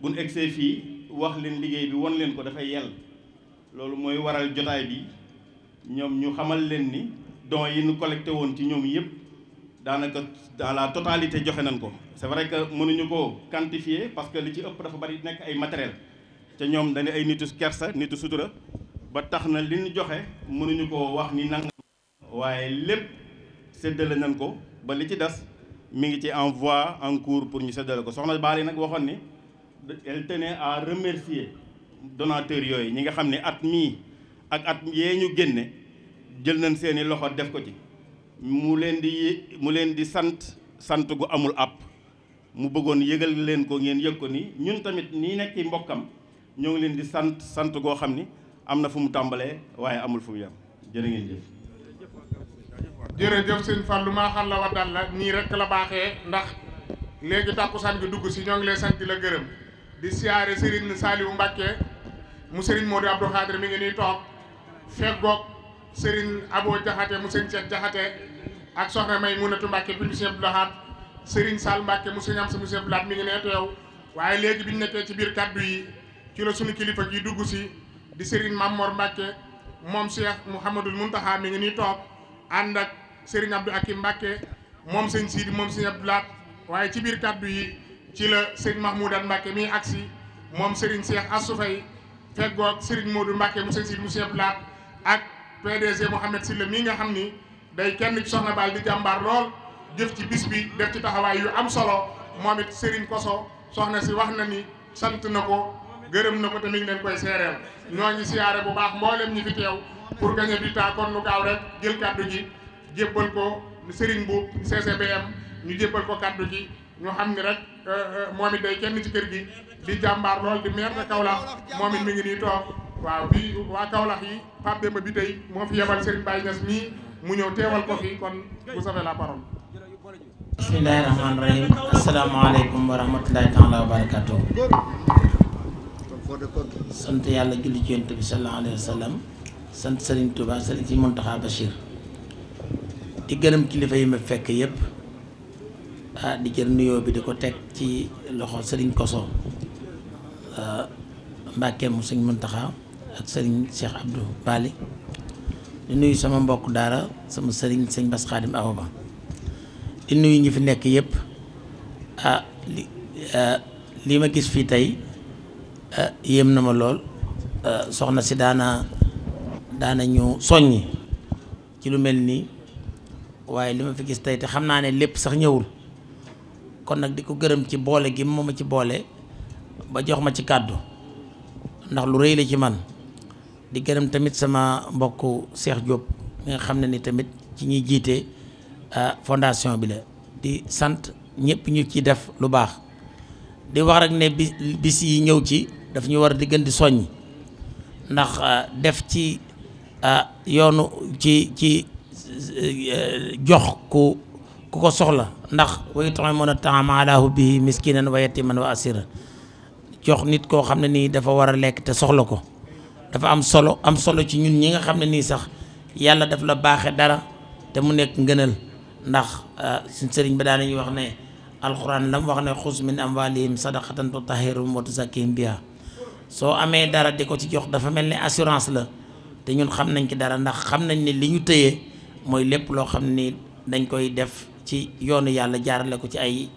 bu ñu egsee fii wax leen liggéey bi won leen ko dafay yell loolu mooy waral jotaay bi ñoom ñu xamal leen ni dons yi ñu collecté woon ci ñoom yëpp daanaka dans la totalité joxe nañ ko c'est vrai que mënuñu ko quantifier parce que li ci ëpp dafa bari nekk ay matériel te ñoom dañu ay nitu kersa nitu sutura ba tax na li ñu joxe mënuñu ko wax ni nang waaye lépp séddale nañ ko ba li ci des mu ngi ci en voie en cours pour ñu séddale ko soxna Baali nag waxoon ni elle tenait à remercier donateurs yooyu ñi nga xam ni at mii ak at yee ñu génne jël nañ seeni loxo def ko ci mu leen di mu leen di sant sant gu amul àpp mu bëggoon yëgal leen ko ngeen yëg ko ni ñun tamit nii nekk mbokkam ñoo ngi leen di sant sant goo xam ni am na fu mu tàmbalee waaye amul fu mu jën jërë ngeen jëf. jërëjëf sëñ Fallou maa xam la wa dal la nii rek la baaxee ndax léegi tàkkusaan gi dugg si ñoo ngi lay sant di la gërëm di siyaare Serigne Saliou Mbacke mu Serigne Modou Abdou Khadre mi ngi nii toog feggoog. sëriñ Abo Jaxate mu sëriñ Seex Jaxate ak soxna May Munatu Mbàkke bu ñu sëriñ Abdou Lahad sëriñ Sall Mbàkke mu sëriñ am sa mu sëriñ Abdou Lahad mi ngi nee waaye léegi bi ñu nekkee ci biir kàddu yi ci la suñu kilifa gi dugg si di sëriñ Mamor Mbàkke moom Cheikh Mouhamadul Muntaha mi ngi nii toog ànd ak sëriñ Abdou Akim Mbàkke moom sëriñ Sidi moom sëriñ Abdou waaye ci biir kàddu yi ci la sëriñ Mahmoudan Mbàkke mi agsi moom sëriñ Cheikh Assou Faye feggoog sëriñ Modou Mbàkke mu sëriñ Sidi mu sëriñ Abdou Lahad ak PDG Mouhamed Sylla mii nga xam ni day kenn ci soxna Baal di jàmbaar lool jëf ci bis bi def ci taxawaay yu am solo moom it ko Koso soxna si wax na ni sant na ko gërëm na ko te mi ngi leen koy seereel ñoo ngi siyaare bu baax mboolem ñi fi teew pour gagner du temps kon nu gaaw rek jël kàddu ji jébbal ko sëriñ bu CCBM ñu jébbal ko kàddu ji ñu xam ni rek euh, euh, moom it day kenn ci kër gi di jàmbaar lool di meer de Kaolack moom it mi ngi nii toog. waaw bi waa Kaolack yi Pape Demba bi tey moo fi yebal Serigne Baye Niass mii mu ñëw teewal ko fi kon vous avez la parole. bismillahi rahmaani rahim asalaamaaleykum wa rahmatullahi taala wa sant yàlla julli ci yonent bi sallallahu alayhi wa sallam sant Serigne Touba si Mountakha Bachir di gërëm kilifa yi ma fekk yëpp ah, di jël nuyoo bi di ko teg ci loxo Serigne Koso ah, Mbàkke mu Serigne Mountakha ak sëriñ Cheikh Abdou Bali di nuyu sama mbokk dara sama sëriñ sëñ Bass Khadim Ba di nuyu ñu fi nekk yépp ah, li ah, lii ma gis fii tey ah, yéem na ma lool soxna si daana daana ñu soññi ci lu mel nii waaye li ma fi gis tey te xam naa ne lépp sax ñëwul kon nag di ko gërëm ci boole gi moom ma ci boole ba jox ma ci kàddu ndax lu rëy la ci man di gërëm tamit sama mbokk Cheikh Diop mi nga xam na ni tamit ci ñuy jiite euh, fondation bi la di sant ñëpp ñu ci def lu baax di wax rek ne bi bis yi ñëw ci daf ñu war a gën di soññ ndax euh, def ci euh, yoonu ci ci jox ku ku ko soxla ndax way yut'imuuna ta'aama alaa hubbihi miskiinan wa yatiiman wa asiira jox nit koo xam ne nii dafa war a lekk te soxla ko dafa am solo am solo ci ñun ñi nga xam ne nii sax yàlla def la baaxe dara te mu nekk ngënal ndax euh, suñ sëriñ ba daan nañuy wax ne alxuraan la mu wax ne xus min amwalihim sadaqatan tutahhiruhum wa tuzakkihim biha soo amee dara di ko ci jox dafa mel ni assurance la te ñun xam nañ ci dara ndax xam nañ ne li ñu tëyee mooy lépp loo xam ni dañ koy def ci yoonu yàlla jaarale ko ci ay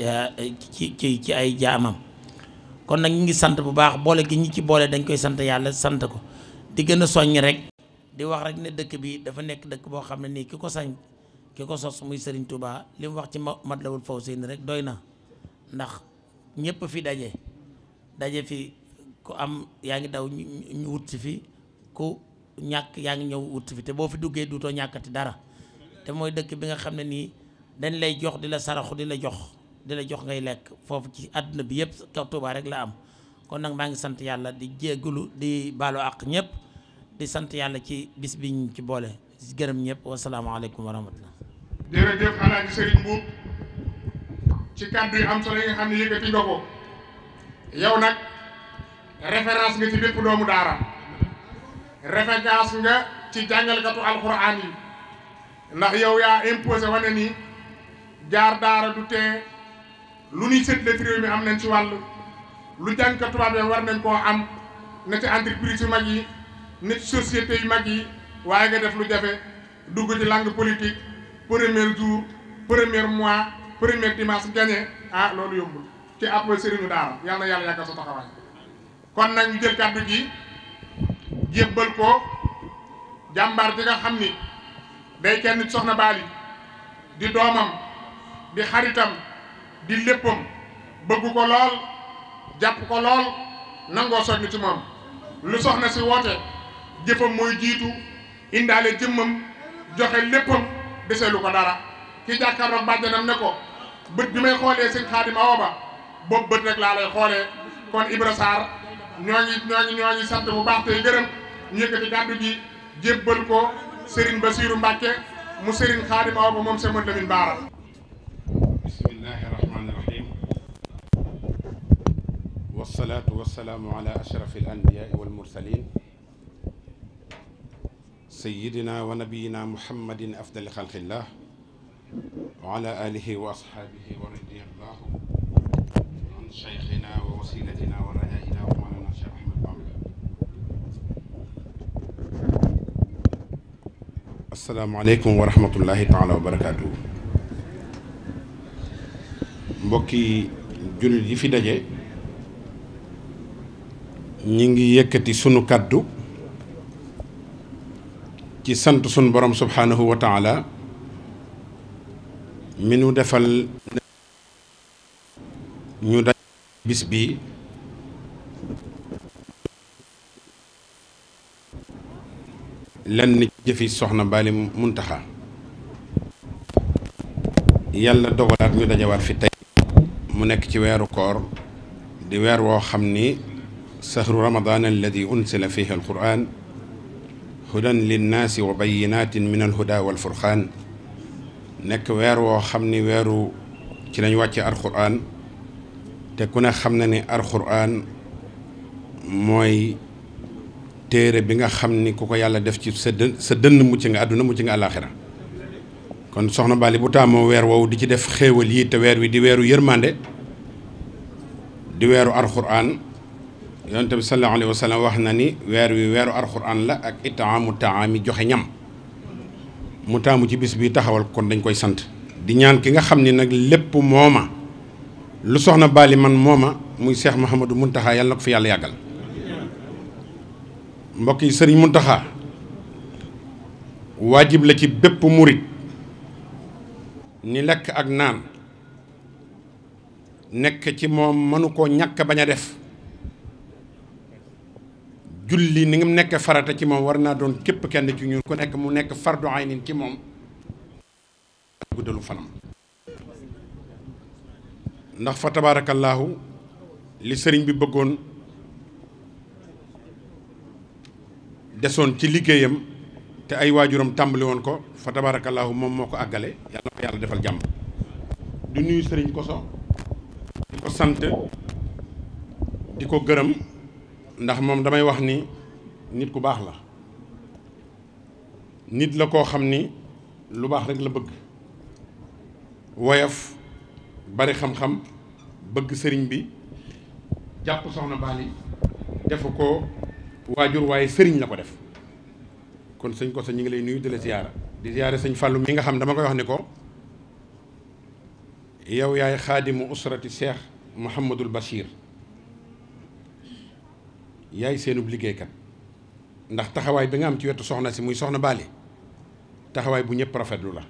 euh, ci ci ay jaamam kon nag ñu ngi sant bu baax boole gi ñu ci boole dañ koy sant yàlla sant ko di gën a soññ rek di wax rek ne dëkk bi dafa nekk dëkk boo xam ne nii ki ko sañ ki ko sos muy sëriñ Touba li mu wax ci mat Matlabul Fawzayni rek doy na ndax ñëpp fi daje daje fi ku am yaa ngi daw wut si fi ku ñàkk yaa ngi ñëw wut fi te boo fi duggee duutoo ñàkkati dara te mooy dëkk bi nga xam ne nii dañ lay jox di la saraxu di la jox di la jox ngay lekk foofu ci àdduna bi yëpp kaw Tuubaa rek la am kon nag maa ngi sant yàlla di jégalu di baalu àq ñëpp di sant yàlla ci bis bi ci boole di gërëm ñëpp wasalaamaaleykum wa rahmatullah. jërëjëf Alaaji Sëriñ Mbuub daara du tee. lu ñuy séddale ci réew mi am nañ ci wàll lu jàngka tubaab yi war nañ koo am na ci entreprise yu mag yi na ci société yu mag yi waaye nga def lu jafe dugg ci langue politique premier jour premier mois premier dimanche gagné ah loolu yombul ci appel sëriñu daara yàlla na yàlla yàggal sa taxawaay kon nag jël kàddu gi jébbal ko jàmbaar ji nga xam ni day kenn soxna Bali di doomam di xaritam di léppam bëgg ko lool jàpp ko lool nangoo soññ ci moom lu soxna si woote jëfam mooy jiitu indaale jëmmam joxe léppam deselu ko dara ki jàkkaarloog bàjjanam ne ko bët bi may xoolee seen xaadim awa ba boobu bët rek laa lay xoolee kon Ibra Sarr ñoo ngi ñoo ngi baax tey gërëm ñu yëkkati kàddu gi jébbal ko Serigne Bassirou Mbacke mu Serigne xaadim awa ba moom Sëñ Lamine Bara wasalaatu wasalaamu ala ashraf alanbiyaai walmursalin sayidina wa nabiyina muhammadin afdali xalqillah wa ala alihi wa ashaabihi wa radiyallahu an cheikhina wa wasilatina wa rajaina wa mawlana cheikh ahmad bamba asalaamu aleykum wa rahmatullahi taala wa barakatuhu mbokki jullit yi fi daje ñi ngi yëkkati sunu kàddu ci sant sunu borom subhaanahu wa taala mi nu defal ñu daj bis bi lenn ci jëfi soxna Baali Muntaxa yàlla dogalaat ñu dajawaat fi tey mu nekk ci weeru koor di weer woo xam ni sahru ramadan alladi unsila fihi alquran hudan linnaasi wa bayinatin min alhuda walfurqaan nekk weer woo xam ni weeru ci lañ wàcce alquran te ku ne xam na ni alquran mooy téere bi nga xam ni ku ko yàlla def ci sa dën sa dënn mucc nga àdduna mucc nga àllaaxira kon soxna Bali bu taamoo weer woowu di ci def xéewal yi te weer wi di weeru yërmande di weeru alquran yonent bi sallallahu alayhi wax na ni weer wi weeru alxuraan la ak itaamu taami joxe ñam mu taamu ci bis bi taxawal kon dañ koy sant di ñaan ki nga xam ni nag lépp mooma lu soxna Bali man mooma muy Cheikh mun taxa yàlla na ko fi yàlla yàggal mbokk yi sëriñ Mountakha waajib la ci bépp murit ni lekk ak naan nekk ci moom mënu koo ñàkk bañ a def julli ni nga nekk farata ci moom war naa doon képp kenn ci ñun ko nekk mu nekk fardu aynin ci moom guddalu fanam ndax fa tabaarakallaahu li sëriñ bi bëggoon desoon ci liggéeyam te ay waajuram tàmbali woon ko fa tabaarakallaahu moom moo ko àggale yàlla ko yàlla defal jàmm du nuyu sëriñ Koso di ko sant di ko gërëm ndax moom damay wax ni nit ku baax la nit la koo xam ni lu baax rek la bëgg woyof bari xam-xam bëgg sëriñ bi jàpp soxna Bali defu ko waajur waaye sëriñ la ko def kon sëñ ko sa ñu ngi lay nuyu di la ziyaara di ziyaare sëñ Fallou mi nga xam dama koy wax ni ko yow yaay xaadimu usrati Cheikh Mouhamadul Bachir yaay seenub liggéeykat ndax taxawaay bi nga am ci wetu soxna si muy soxna baali taxawaay bu ñëpp rafetlu la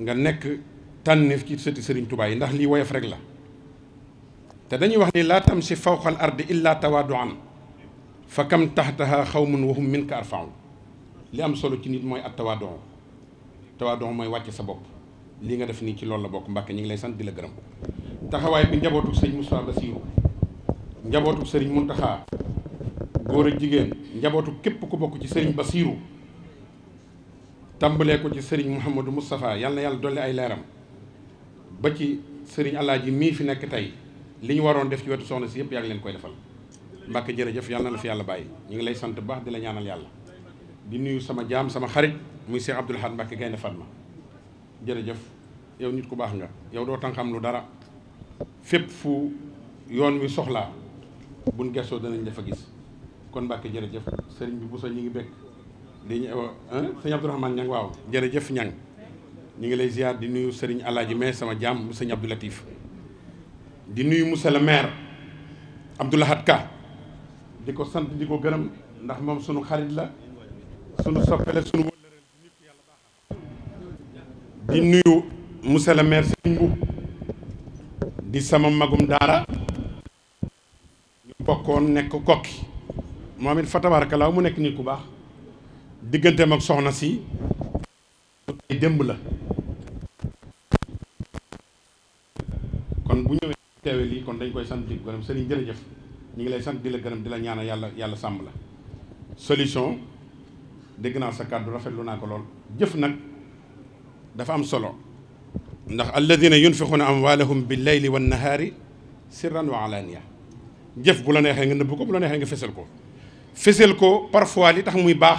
nga nekk tànneef ci sëti sëriñ tubaay yi ndax lii woyof rek la te dañuy wax ni laa tam si fawqal ardi illa tawaaduan fa kam taxtaha xawmun wahum min ka arfaun li am solo ci nit mooy at tawaaduan tawaaduan mooy wàcce sa bopp lii nga def nii ci loolu la bokk Mbàkke ñu ngi lay sant di la gërëm taxawaay bi njabootu sëñ Moussa Bassirou njabootu sëriñ Mountakha góor ak jigéen njabootu képp ko bokk ci sëriñ Bassirou tàmbalee ko ci sëriñ Mouhamadou Moustapha yàlla na yàlla dolli ay leeram ba ci sëriñ ji mii fi nekk tey li ñu waroon def ci wetu soxna si yëpp yàgg leen koy defal Mbàkke jërëjëf yàlla na la fi yàlla bàyyi ñu ngi lay sant baax di la ñaanal yàlla di nuyu sama jaam sama xarit muy Cheikh Abdoul Ahad Mbàkke jërëjëf yow nit ku baax nga yow doo tan am lu dara fépp fu yoon wi soxlaa bun gestoo danañ dafa gis kon Mbàkke jërëjëf sëriñ bi bu sa ñu ngi bekk di sëñ Abdourahmane Ñang waaw jërëjëf Ñang ñu ngi lay ziar di nuyu sëriñ Alaaji mais sama jàmm mu sëñ Abdou di nuyu monsieur le maire Abdou Lahad di ko sant di ko gërëm ndax moom sunu xarit la sunu soppe la sunu di nuyu monsieur le maire Serigne Mboup di sama magum daara ñu bokkoon nekk kokki moom it fa tabaarakalaaw mu nekk nit ku baax digganteem ak soxna si ay démb la kon bu ñëwee teewee lii kon dañ koy sant di gërëm Serigne jërëjëf ñu ngi lay sant di la gërëm di la yàlla yàlla la solution dégg sa kàddu rafetlu naa ko lool jëf nag dafa am solo ndax na am yunfixuuna bi bil layli wan nahaari si wa alaaniya jëf bu la neexee nga nëbb ko bu la neexee nga fësal ko fësal ko parfois li tax muy baax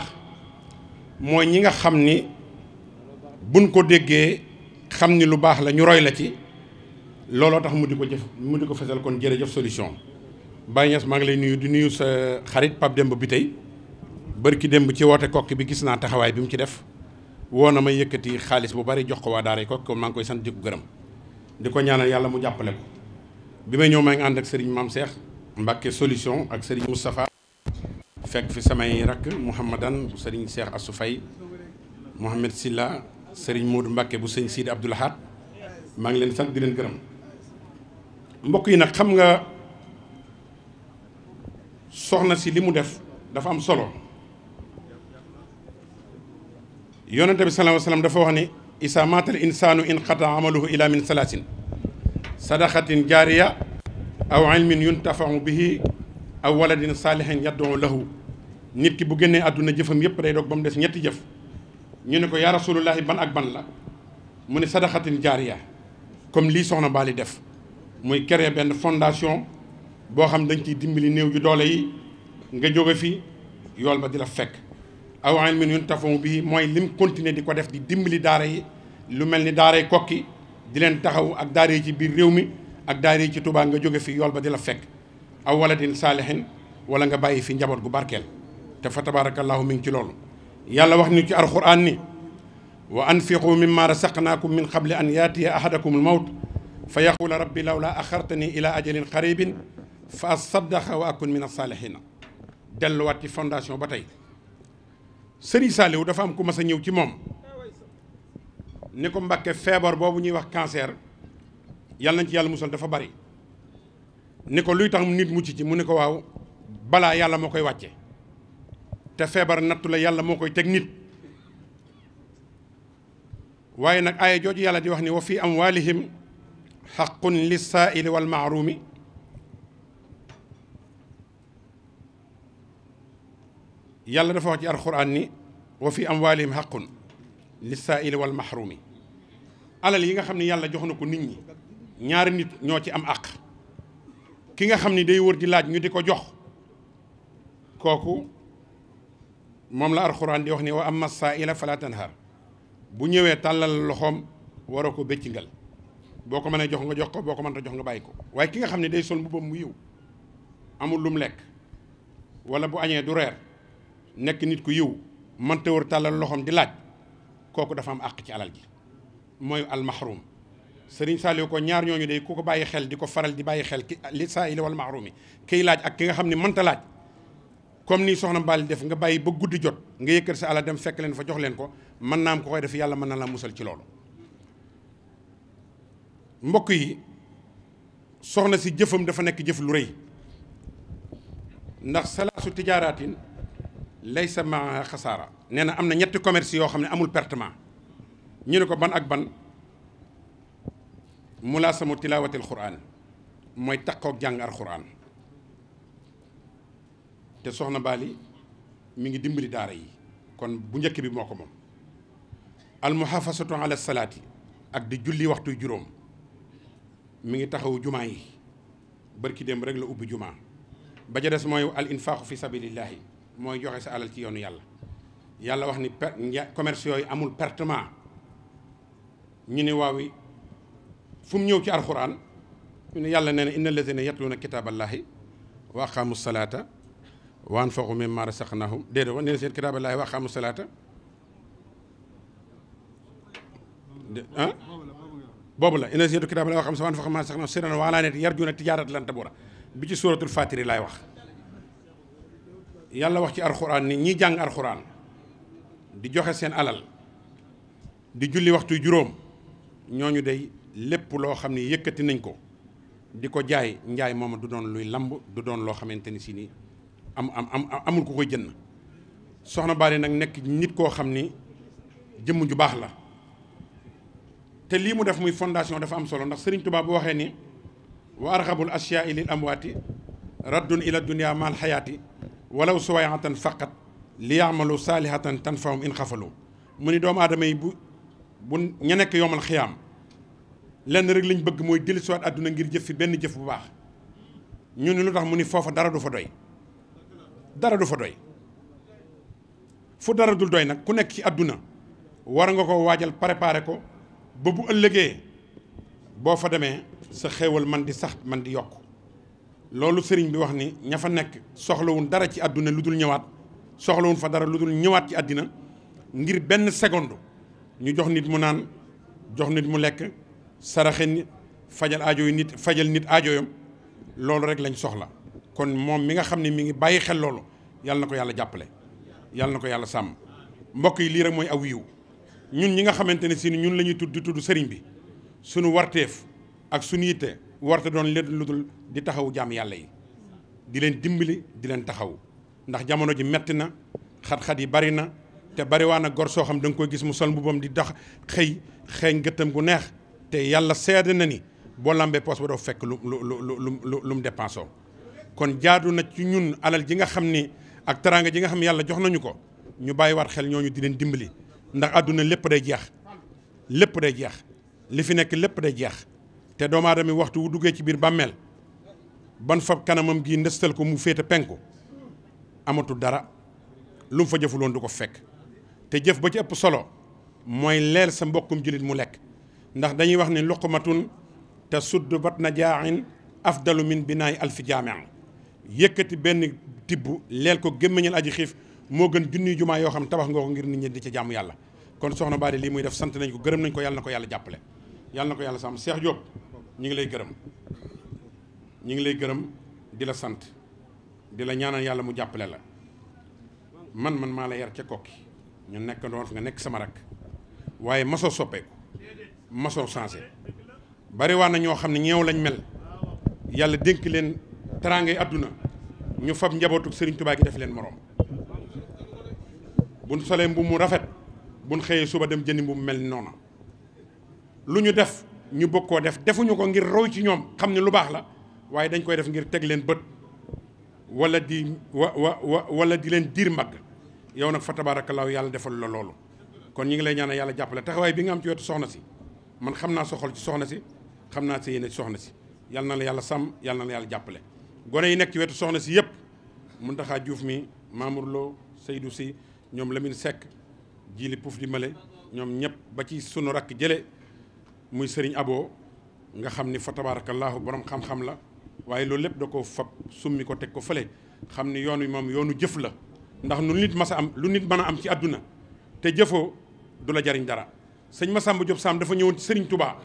mooy ñi nga xam ni buñ ko déggee xam ni lu baax la ñu roy la ci looloo tax mu di ko jëf mu di ko fësal kon jërëjëf solution Baye Niass maa ngi lay nuyu di nuyu sa xarit Pape Demba bi tey bërki démb ci woote kokki bi gis naa taxawaay bi mu ci def woo na ma yëkkati xaalis bu bari jox ko waa daara ko kon maa ngi koy sant di ko gërëm di ko ñaanal yàlla mu jàppale ko bi may ñëw maa ngi ànd ak sëriñ Maam Cheikh Mbacke solution ak sëriñ Moustapha fekk fi samay rakk Mouhamadan bu sëriñ Cheikh Assou Faye Mouhamed Silla sëriñ Modou Mbacke bu sëñ Sidi Abdou Lahad maa ngi leen sant di leen gërëm mbokk yi nag xam nga soxna si li mu def dafa am solo yonente bi sallallahu alayhi wasallam dafa wax ni isa maatal insaanu in xata amaluhu ila min salaasin sadaqatin jaariya aw ilmin yuntafau bihi aw waladin saalihin yad'u lahu nit ki bu génnee àdduna jëfam yépp day doog ba mu des ñetti jëf ñu ne ko yaa rasulullahi ban ak ban la mu ne sadaqatin jaariya comme lii soxna Bali def muy créer benn fondation boo xam dañ ciy dimbali néew ju doole yi nga jóge fi yool ba di la fekk aw ilmin yuntafa'u bihi mooy lim continuer di ko def di dimbali daara lu mel ni daaray kokki di leen taxaw ak daara yi ci biir mi ak daara yi ci Tuubaa nga jóge fi yool ba di la fekk aw waladin saalihin wala nga bàyyi fi njaboot gu barkeel te fa tabaarakallaahu mi ngi ci loolu yàlla wax ni ci alxuraan ni wa anfiqu mimma rasaqnaakum min qabli an yaatiya ahadakum almawt fa yaqula rabbi lawla axartani ila ajalin qaribin fa asaddaqa wa akun min alsaalihiina delluwaat ci fondation ba tey Serigne Saliou dafa am ku mas a ñëw ci moom ni ko Mbàkke feebar boobu ñuy wax cancer yàlla nañ ci yàlla musal dafa bari ni ko luy tax nit mu ci ci mu ne ko waaw balaa yàlla moo koy wàcce te feebar nattu la yàlla moo koy teg nit waaye nag aaya jooju yàlla di wax ni wa fi amwaalihim haqqun lissaa'ili wal mahruumi yàlla dafa wax ci alxuraan ni wa fi am amwaalihim xaqun lissaa'ili wal maxrumi alal yi nga xam ne yàlla jox na ko nit ñi ñaari nit ñoo ci am àq ki nga xam ni day wër di laaj ñu di ko jox kooku moom la alxuraan di wax ni wa amma il fala tanhar bu ñëwee tàllal loxoom waroo ko bëccingal boo ko mënee jox nga jox ko boo ko mënta jox nga bàyyi ko waaye ki nga xam ne day sol mbubbam mu yiw amul lum lekk wala bu añee du reer nekk nit ku yiw mënta wër tàllal loxoom di laaj kooku dafa am àq ci alal ji mooy almahrum seriñ Saliou ko ñaar ñooñu day ku ko bàyyi xel di ko faral di bàyyi xel ki li saa ili wal mahrum yi kiy laaj ak ki nga xam ne mënta laaj comme nii soxna Mbaali def nga bàyyi ba guddi jot nga yëkkat sa alal dem fekk leen fa jox leen ko mën naa am ko koy def yàlla mën na la musal ci loolu mbokk yi soxna si jëfam dafa nekk jëf lu rëy ndax salaasu tijaaraatin laysa ma xasaara nee na am na ñetti commerce yoo xam ne amul pertement ñu ne ko ban ak ban mu laa sama mulaasamu tilaawatil quraan mooy takkook jàng al quraan te soxna Bali mi ngi dimbali daara yi kon bu njëkk bi moo ko moom al muhaafasatu ala salaati ak di julli waxtu juróom mi ngi taxaw jumaa yi bërki dem rek la ubbi jumaa ba ja des mooy al infaaxu fi sabilillahi mooy joxe sa alal ci yoonu yàlla yàlla wax ni per commerce yooyu amul pertement ñu ni waaw fu ñëw ci alxuraan ñu ne yàlla nee na inna allazina yatluuna kitaaballahi wa aqaamu salaata wa anfaqu mimma rasaqnahum déedéet wa nee na seen kitaaballahi wa salaata ah boobu la inna allazina yatluuna kitaaballahi wa aqaamu salaata wa anfaqu mimma rasaqnahum sirran wa alaaniyatan yarjuuna tijaaratan lan tabuura bi ci suuratul faatiri laay wax yàlla wax ci alxuraan ni ñi jàng alxuraan di joxe seen alal di julli waxtu juróom ñoo ñooñu dey lépp loo xam ne yëkkati nañ ko di ko jaay njaay mooma du doon luy lamb du doon loo xamante ni si ni am am am amul ku koy na soxna Bally nag nekk nit koo xam ni jëmm ju baax la te lii mu def muy fondation dafa am solo ndax sëriñ tubaab bu waxee ni wa arxabul asyaa lil amwaati raddun ila dunia maal xayaati walaw suwayatan faqat li yaamalu tan tanfahum in xafalu mu ni doomu aadama yi bu bu ña nekk yoomal xiyaam lenn rek lañ bëgg mooy dellusiwaat àdduna ngir jëf fi benn jëf bu baax ñu ni lu tax mu ni foofa dara du fa doy dara du fa doy fu dara dul doy nag ku nekk ci àdduna war nga ko waajal préparer ko ba bu ëllëgee boo fa demee sa xewal man di sax man di yokk loolu sëriñ bi wax ni ña fa nekk soxlawun dara ci àdduna lu dul ñëwaat soxlawun fa dara lu dul ñëwaat ci àddina ngir benn seconde ñu jox nit mu naan jox nit mu lekk saraxe nit fajal yi nit fajal nit aajoyam loolu rek lañ soxla kon moom mi nga xam ne mi ngi bàyyi xel loolu yàlla na ko yàlla jàppale yàlla na ko yàlla sàmm mbokk yi lii rek mooy aw yiw ñun ñi nga xamante ne si ñun lañuy tudd di tudd sëriñ bi suñu warteef ak suñu yitte warta doon leen lu dul di taxaw jaam yàlla yi di leen dimbali di leen taxaw ndax jamono ji metti na xat-xat yi bari na te bariwaa na gor soo xam da nga koy gis mu sol mbubbam di dox xëy xëy gëttam gu neex te yàlla sedd na ni boo lambee poos ba doo fekk lu lu lu lu mu dépensoo kon jaadu na ci ñun alal ji nga xam ni ak teraanga ji nga xam yàlla jox nañu ko ñu bàyyi bàyyiwaat xel ñooñu di leen dimbali ndax àdduna lépp day jeex lépp day jeex li fi nekk lépp day jeex te doomu mi waxtu wu duggee ci biir bàmmeel ban fab kanamam gi ndëstal ko mu féete penku amatul dara lu mu fa jëfuloon du ko fekk te jëf ba ci ëpp solo mooy leer sa mbokkum jullit mu lekk ndax dañuy wax ne luqmatun te sudd bat na jaaxin afdalu min binaay alfi jaamia yëkkati benn tibb leel ko gémmiñal aji xiif moo gën junniy jumaa yoo xam tabax nga ko ngir nit ñi di ci jàmm yàlla kon soxna Badi lii muy def sant nañ ko gërëm nañ ko yàlla ko yàlla jàppale yàlla ko yàlla sàmm Cheikh Diop ñu ngi lay gërëm ñu ngi lay gërëm di la sant di la ñaanal yàlla mu jàppale la man man maa la yar ca kokki ñu nekk ndoon nga nekk sama rakk waaye maso soppeeku maso changé bari waa na ñoo xam ne ñeew lañ mel yàlla dénk leen teraangay àdduna ñu fab njabootu sëriñ Tuubaa gi def leen moroom buñ solee mbubb mu rafet buñ xëyee suba dem jëndi mbubb mel ni noona lu ñu def ñu bëgg koo def defuñu ko ngir roy ci ñoom xam ne lu baax la waaye dañ koy def ngir teg leen bët wala di wa wa wala di leen diir mag yow nag fa tabaarakallaahu yàlla defal la loolu. kon ñu ngi lay ñaanal yàlla jàppale taxawaay bi nga am ci wetu soxna si man xam naa sa xol ci soxna si xam naa sa yéene ci soxna si yàlla na la yàlla sàmm yàlla na la yàlla jàppale. gone yi nekk ci wetu soxna si yëpp taxaa juuf mi Mamour Lo Seydou si ñoom Lamine Seck jili puuf di male ñoom ñëpp ba ci sunu rakk jële muy sëriñ Abo nga xam ni fa tabaarakallaahu borom xam-xam la waaye loolu lépp da ko fab summi ko teg ko fële xam ni yoon wi moom yoonu jëf la ndax lu nit mas am lu nit mën a am ci àdduna te jëfoo du la jariñ dara sëñ Massamba Diop Sam dafa ñëwoon ci sëriñ ma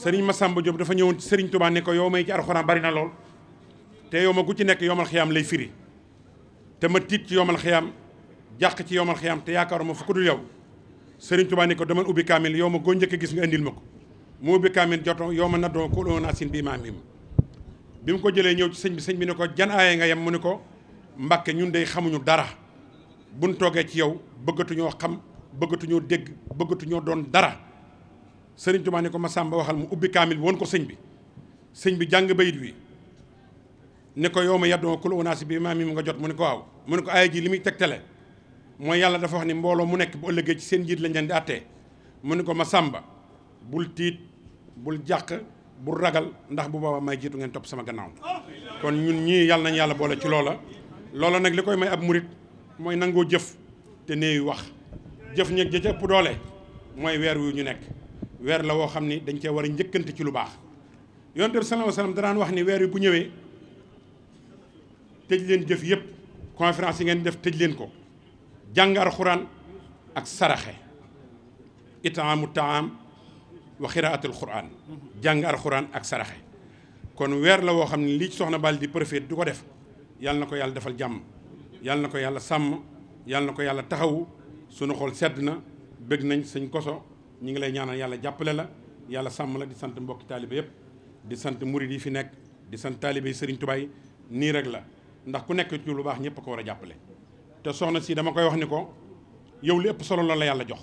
sëriñ Massamba dafa ñëwoon ci sëriñ Touba ne ko yow may ci alxuraan bari na lool te yow ma ku ci nekk yomal xiyaam lay firi te ma tiit ci yomal xiyaam jàq ci yomal xiyaam te yaakaaruma fu ko dul yow Serigne Touba ni ko demal ubbi kaamil yow ma goo njëkk gis nga indil ma ko mu ubbi kaamil joto yow ma naddoo ko loon asin bii ma im bi mu ko jëlee ñëw sëñ bi sëñ bi ne ko jan aaye nga yem mu ne ko mbàkke ñun day xamuñu dara buñ toogee ci yow bëggatuñoo xam bëggatuñoo dégg bëggatuñoo doon dara sëriñ Tuubaa ne ko sàmba waxal mu ubbi kaamil woon ko sëñ bi sëñ bi jàng bayit wi ne ko yow ma yaddoo kul onaasi bi maam mi mu nga jot mu ne ko waaw mu ne ko aaya ji li muy tegtale mooy yàlla dafa wax ni mbooloo mu nekk bu ëllëgee ci seen njiit lañ leen di àttee mu ne ko ma sàmba bul tiit bul jàq bul ragal ndax bu boobaa may jiitu ngeen topp sama gannaaw kon ñun ñii yàlla nañ yàlla boole ci loola loola nag li koy may ab murit mooy nangoo jëf te néew wax jëf ñeeg ja pu doole mooy weer wu ñu nekk weer la woo xam ni dañ cee war a njëkkante ci lu baax yoon bi sallallahu alayhi wasallam danaan wax ni weer wi ku ñëwee tëj leen jëf yëpp conférence yi ngeen def tëj leen ko jàng alxuraan ak saraxe itaamu taam wa xiraatul xuraan jàng alxuraan ak saraxe kon weer la woo xam ne lii soxna Bally di profite du ko def yàlla na ko yàlla defal jàmm yàlla na ko yàlla sàmm yàlla na ko yàlla taxawu sunu xol sedd na bëgg nañ sëñ koso ñu ngi lay ñaanal yàlla jàppale la yàlla sàmm la di sant mbokki taalibe yëpp di sant murid yi fi nekk di sant taalibe yi sëriñ tubaay nii rek la ndax ku nekk ci lu baax ñëpp ko war a jàppale te soxna si dama koy wax ni ko yow li ëpp solo loolu la yàlla jox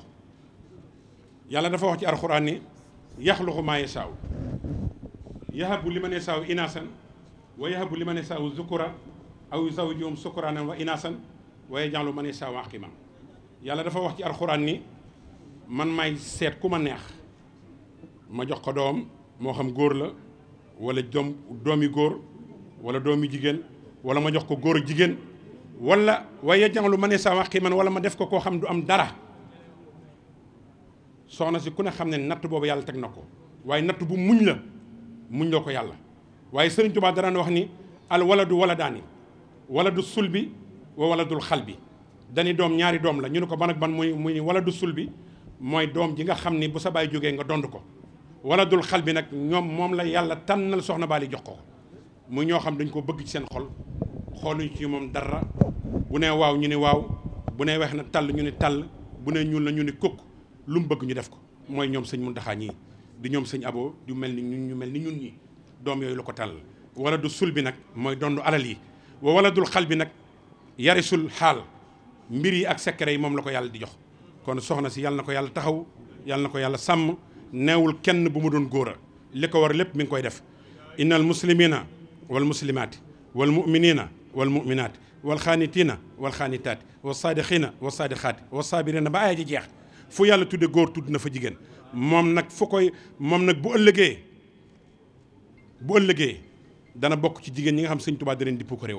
yàlla dafa wax ci alxuraan ni yaxluqu maa yasaaw yahabu liman yasaaw inaasan wa yahabu liman yasaaw zukura aw zawjuhum sukuraanan wa inaasan wa yaj'alu man yasaaw aqiman yàlla dafa wax ci alxuraan ni man may seet ku ma neex ma jox ko doom moo xam góor la walla doom doomi góor wala doomi jigéen wala ma jox ko góor jigéen wala waaye jànglu ma ne sa wax man wala ma def ko koo xam du am dara soxna si ku ne xam ne natt boobu yàlla teg na ko waaye natt bu muñ la muñ loo ko yàlla waaye sëriñ Tuubaa dara na wax ni al waladu waladaani bi sulbi wa xal bi dani doom ñaari doom la ñu ne ko ban ak ban muy muy waladu bi mooy doom ji nga xam ni bu sa baay jógee nga dond ko xal bi nag ñoom moom la yàlla tànnal soxna Bali jox ko muy ñoo xam dañ ko bëgg ci seen xol xooluñ ci moom dara bu nee waaw ñu ni waaw bu nee weex na tàll ñu ni tàll bu nee ñuul la ñu ni kukk lu mu bëgg ñu def ko mooy ñoom sëñ Muntaxa ñii di ñoom sëñ aboo du mel ni ñu mel ni ñun ñi doom yooyu la ko tàll wala du sul bi nag mooy dondu alal yi wa wala dul xal bi nag sul xaal mbir yi ak secret yi moom la ko yàlla di jox kon soxna si yàlla na ko yàlla taxaw yàlla na ko yàlla sàmm neewul kenn bu mu doon góora li ko war lépp mu ngi koy def innal muslimina wal muslimaati wal muminina wal walmuminaati walxaanitiina walxaanitaati wasaadixiina wasaadixaati wasaabiriina ba aaya ji jeex fu yàlla tudde góor tudd na fa jigéen moom nag fu koy moom nag bu ëllëgee bu ëllëgee dana bokk ci jigéen ñi nga xam sëñ Tuubaa da leen di pukkare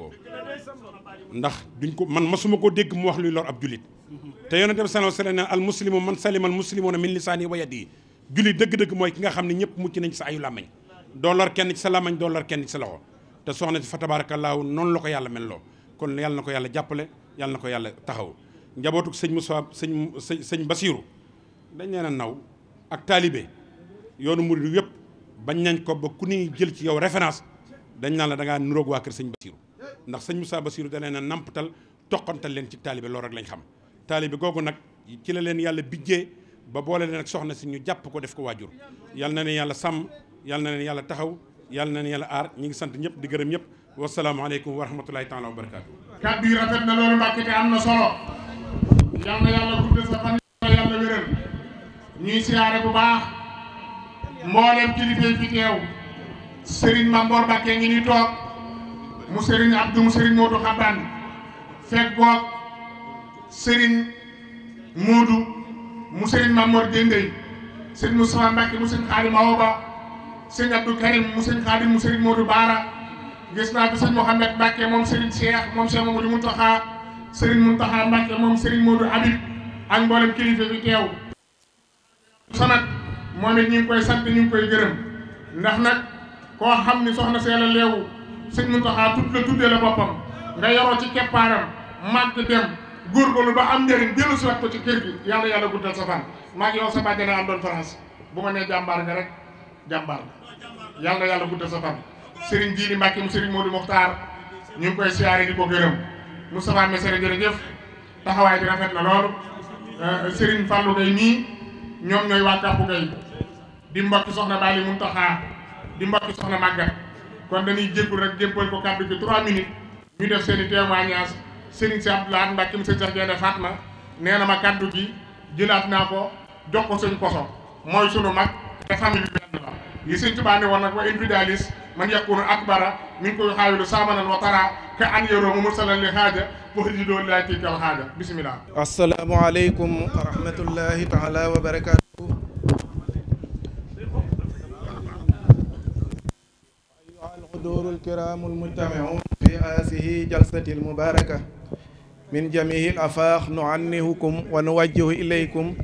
ndax duñ ko man masuma koo dégg mu wax luy lor ab julit te yonente bi sallallahu alayhi wa sallam al muslimu man salima al min lisaani wa yadihi julit dëgg-dëgg mooy ki nga xam ne ñëpp mucc nañ sa ayu làmmañ doo lor kenn ci sa làmmañ doo lor kenn ci sa loxo te soxna si fa tabaarakallaahu noonu la ko yàlla mel loo kon yàlla ko yàlla jàppale yàlla na ko yàlla taxaw njabootuk sëñ Moussa sëñ sëñ Basiiru dañ leen a naw ak taalibe yoonu murid yëpp bañ nañ ko ba ku jël ci yow référence dañ naan la dangaa ngaa nuroog waa kër sëñ Basiiru ndax sëñ musaa Basiiru da na nàmpatal nampatal toqantal leen ci taalibe loolu rek lañ xam taalibe googu nag ci la leen yàlla bijjee ba boole leen ak soxna si ñu jàpp ko def ko waajur yàlla na leen yàlla sàmm yàlla na leen yàlla taxaw yàlla na yàlla aar ñu ngi sant ñëpp di gërëm ñëpp wasalaamaaleykum wa rahmatulahi taala wa barakaatu. kàddu yi rafet na loolu mbàkk te am na solo. yal na yàlla gudd sa fan yàlla wéral ñuy siyaare bu baax mboolem kilifa fi teew Serigne Mamboor Mbàkke ngi ñuy toog mu Serigne Abdou mu Serigne Modou Xaban fekk boog Serigne Modou mu Serigne Mamboor Dendey Serigne Moustapha Mbàkke mu Serigne Xaali Maoba sëñ Abdou Karim mu sëñ Xaadim mu sëriñ gis naa bi sëñ Mouhamed Mbacke moom sëriñ Cheikh moom sëñ Mamadou Mountakha sëriñ Mountakha Mbacke moom sëriñ Modou Habib ak mboolem kilifa bi teew. sanat moom it ñu ngi koy sant ñu ngi koy gërëm ndax nag koo xam ni soxna see la leewu sëñ Mountakha tudd la tuddee la boppam nga yoroo ci keppaaram màgg dem góorgóorlu ba am njëriñ dellu si wat ci kër gi yàlla yàlla guddal sa fan maa ngi yow sa bàjjana am doon France bu ma nee jàmbaar nga rek. jàmbaar la yàlla na yàlla guddal sa fan Serigne Djili Mbacke mu Serigne Modou Mokhtar ñu ngi koy siyaare di ko gërëm Moustapha Messere jërëjëf taxawaay bi rafet na lool euh, Serigne Fallou Gueye nii ñoom ñooy waa Kàppu Gueye di mbokk soxna Bali Mountakha di mbokk soxna Maguette kon dañuy jéggul rek jébbal ko kàddu gi 3 minutes ñu def seen i témoignage Serigne si Abdoulaye Mbacke mu Serigne Cheikh Diène Fatma nee na ma kàddu gi jëlaat naa ko jox ko sëñ Koso mooy sunu mag te famille li sëñ Tuubaa ne woon nag wa individualis man yakunu akbara min koy xaawilu saamanan wa tara ka an yoroo mu mursalan li xaaja wax ji doon laaj ci kaw xaaja bisimilah. asalaamualeykum wa rahmatullahi taala wa barakaatu. ayuha alxuduuru alkiraamu almujtamiuun fi aasihi jalsati almubaraka min jamihi alafaax nuannihukum wa nuwajjihu ilaykum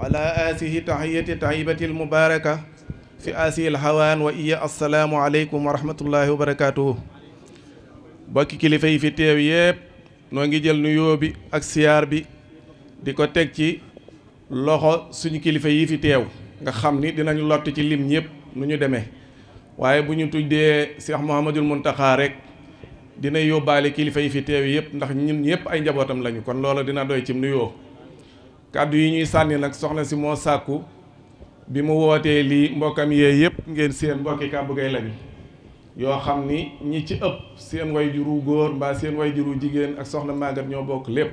ala aasihi tahiyati tahibatil mubaraka fi aasiyil hawaan wa iya assalaamu aleykum wa rahmatullahi wa bokki kilifa yi fi teew yépp noo ngi jël nuyoo bi ak siyaar bi di ko teg ci loxo suñu kilifa yi fi teew nga xam ni dinañ lott ci lim ñëpp nu ñu demee waaye bu ñu tuddee Cheikh Mouhamadul Muntaxa rek dina yóbbaale kilifa yi fi teew yëpp ndax ñun ñëpp ay njabootam lañu kon loola dina doy ci nuyoo kàddu yi ñuy sànni nag soxna si moo sàkku bi mu wootee lii mbokkam yee yëpp ngeen seen mbokki kàbbu gay la yoo xam ni ñi ci ëpp seen way juru góor mbaa seen way juru jigéen ak soxna màggat ñoo bokk lépp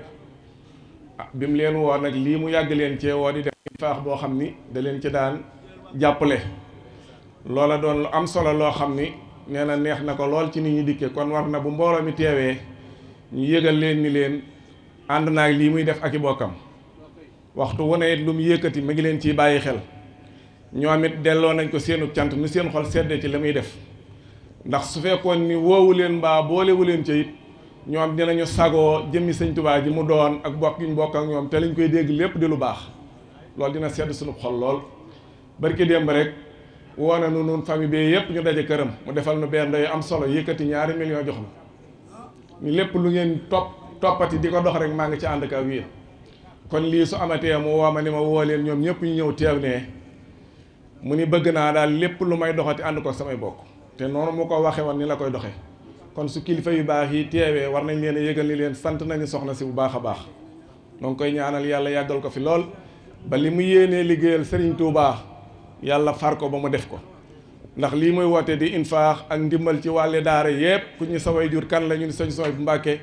ah, bi mu leen woo nag lii mu yàgg leen cee woo di def faax boo xam ni da leen ci daan jàppale loola doon lu am solo loo xam ni nee na neex na ko lool ci nit ñi dikke kon war na bu mbooloo mi teewee ñu yëgal leen ni leen ànd naag lii muy def ak i bokkam waxtu wu ne lu mu yékkati ma ngi leen ciy bàyyi xel ñoom it delloo nañ ko seenu cant nu seen xol seddee ci la muy def ndax su fekkoon ni woowu leen mbaa boolewu leen ca it ñoom dinañu sagoo jëmmi sëñ Tuubaa ji mu doon ak bokk ñu bokk ak ñoom te liñ koy dégg lépp di lu baax loolu dina sedd suñu xol lool barki démb rek woo na nu nun famille bi yëpp ñu daje këram mu defal nu benn yu am solo yékkati ñaari million jox na ñu lépp lu ngeen topp toppati di ko dox rek maa ngi ci ànd ak yéen kon lii su amatee mu woo ma ni ma woo leen ñoom ñëpp ñu ñëw teew ne mu ni bëgg naa daal lépp lu may doxati ànd ko samay bokk te noonu mu ko waxee woon ni la koy doxee kon su kilifa yu baax yi teewee war nañ leen a yëgal ni leen sant nañu soxna si bu baax a baax donc koy ñaanal yàlla yàggal ko fi lool ba li mu yéenee liggéeyal Serigne baax yàlla far ko ba mu def ko ndax lii muy woote di infaax ak ndimbal ci wàlle daara yépp ku ñu saway jur kan la ñu sëñ sooy bu Mbàkke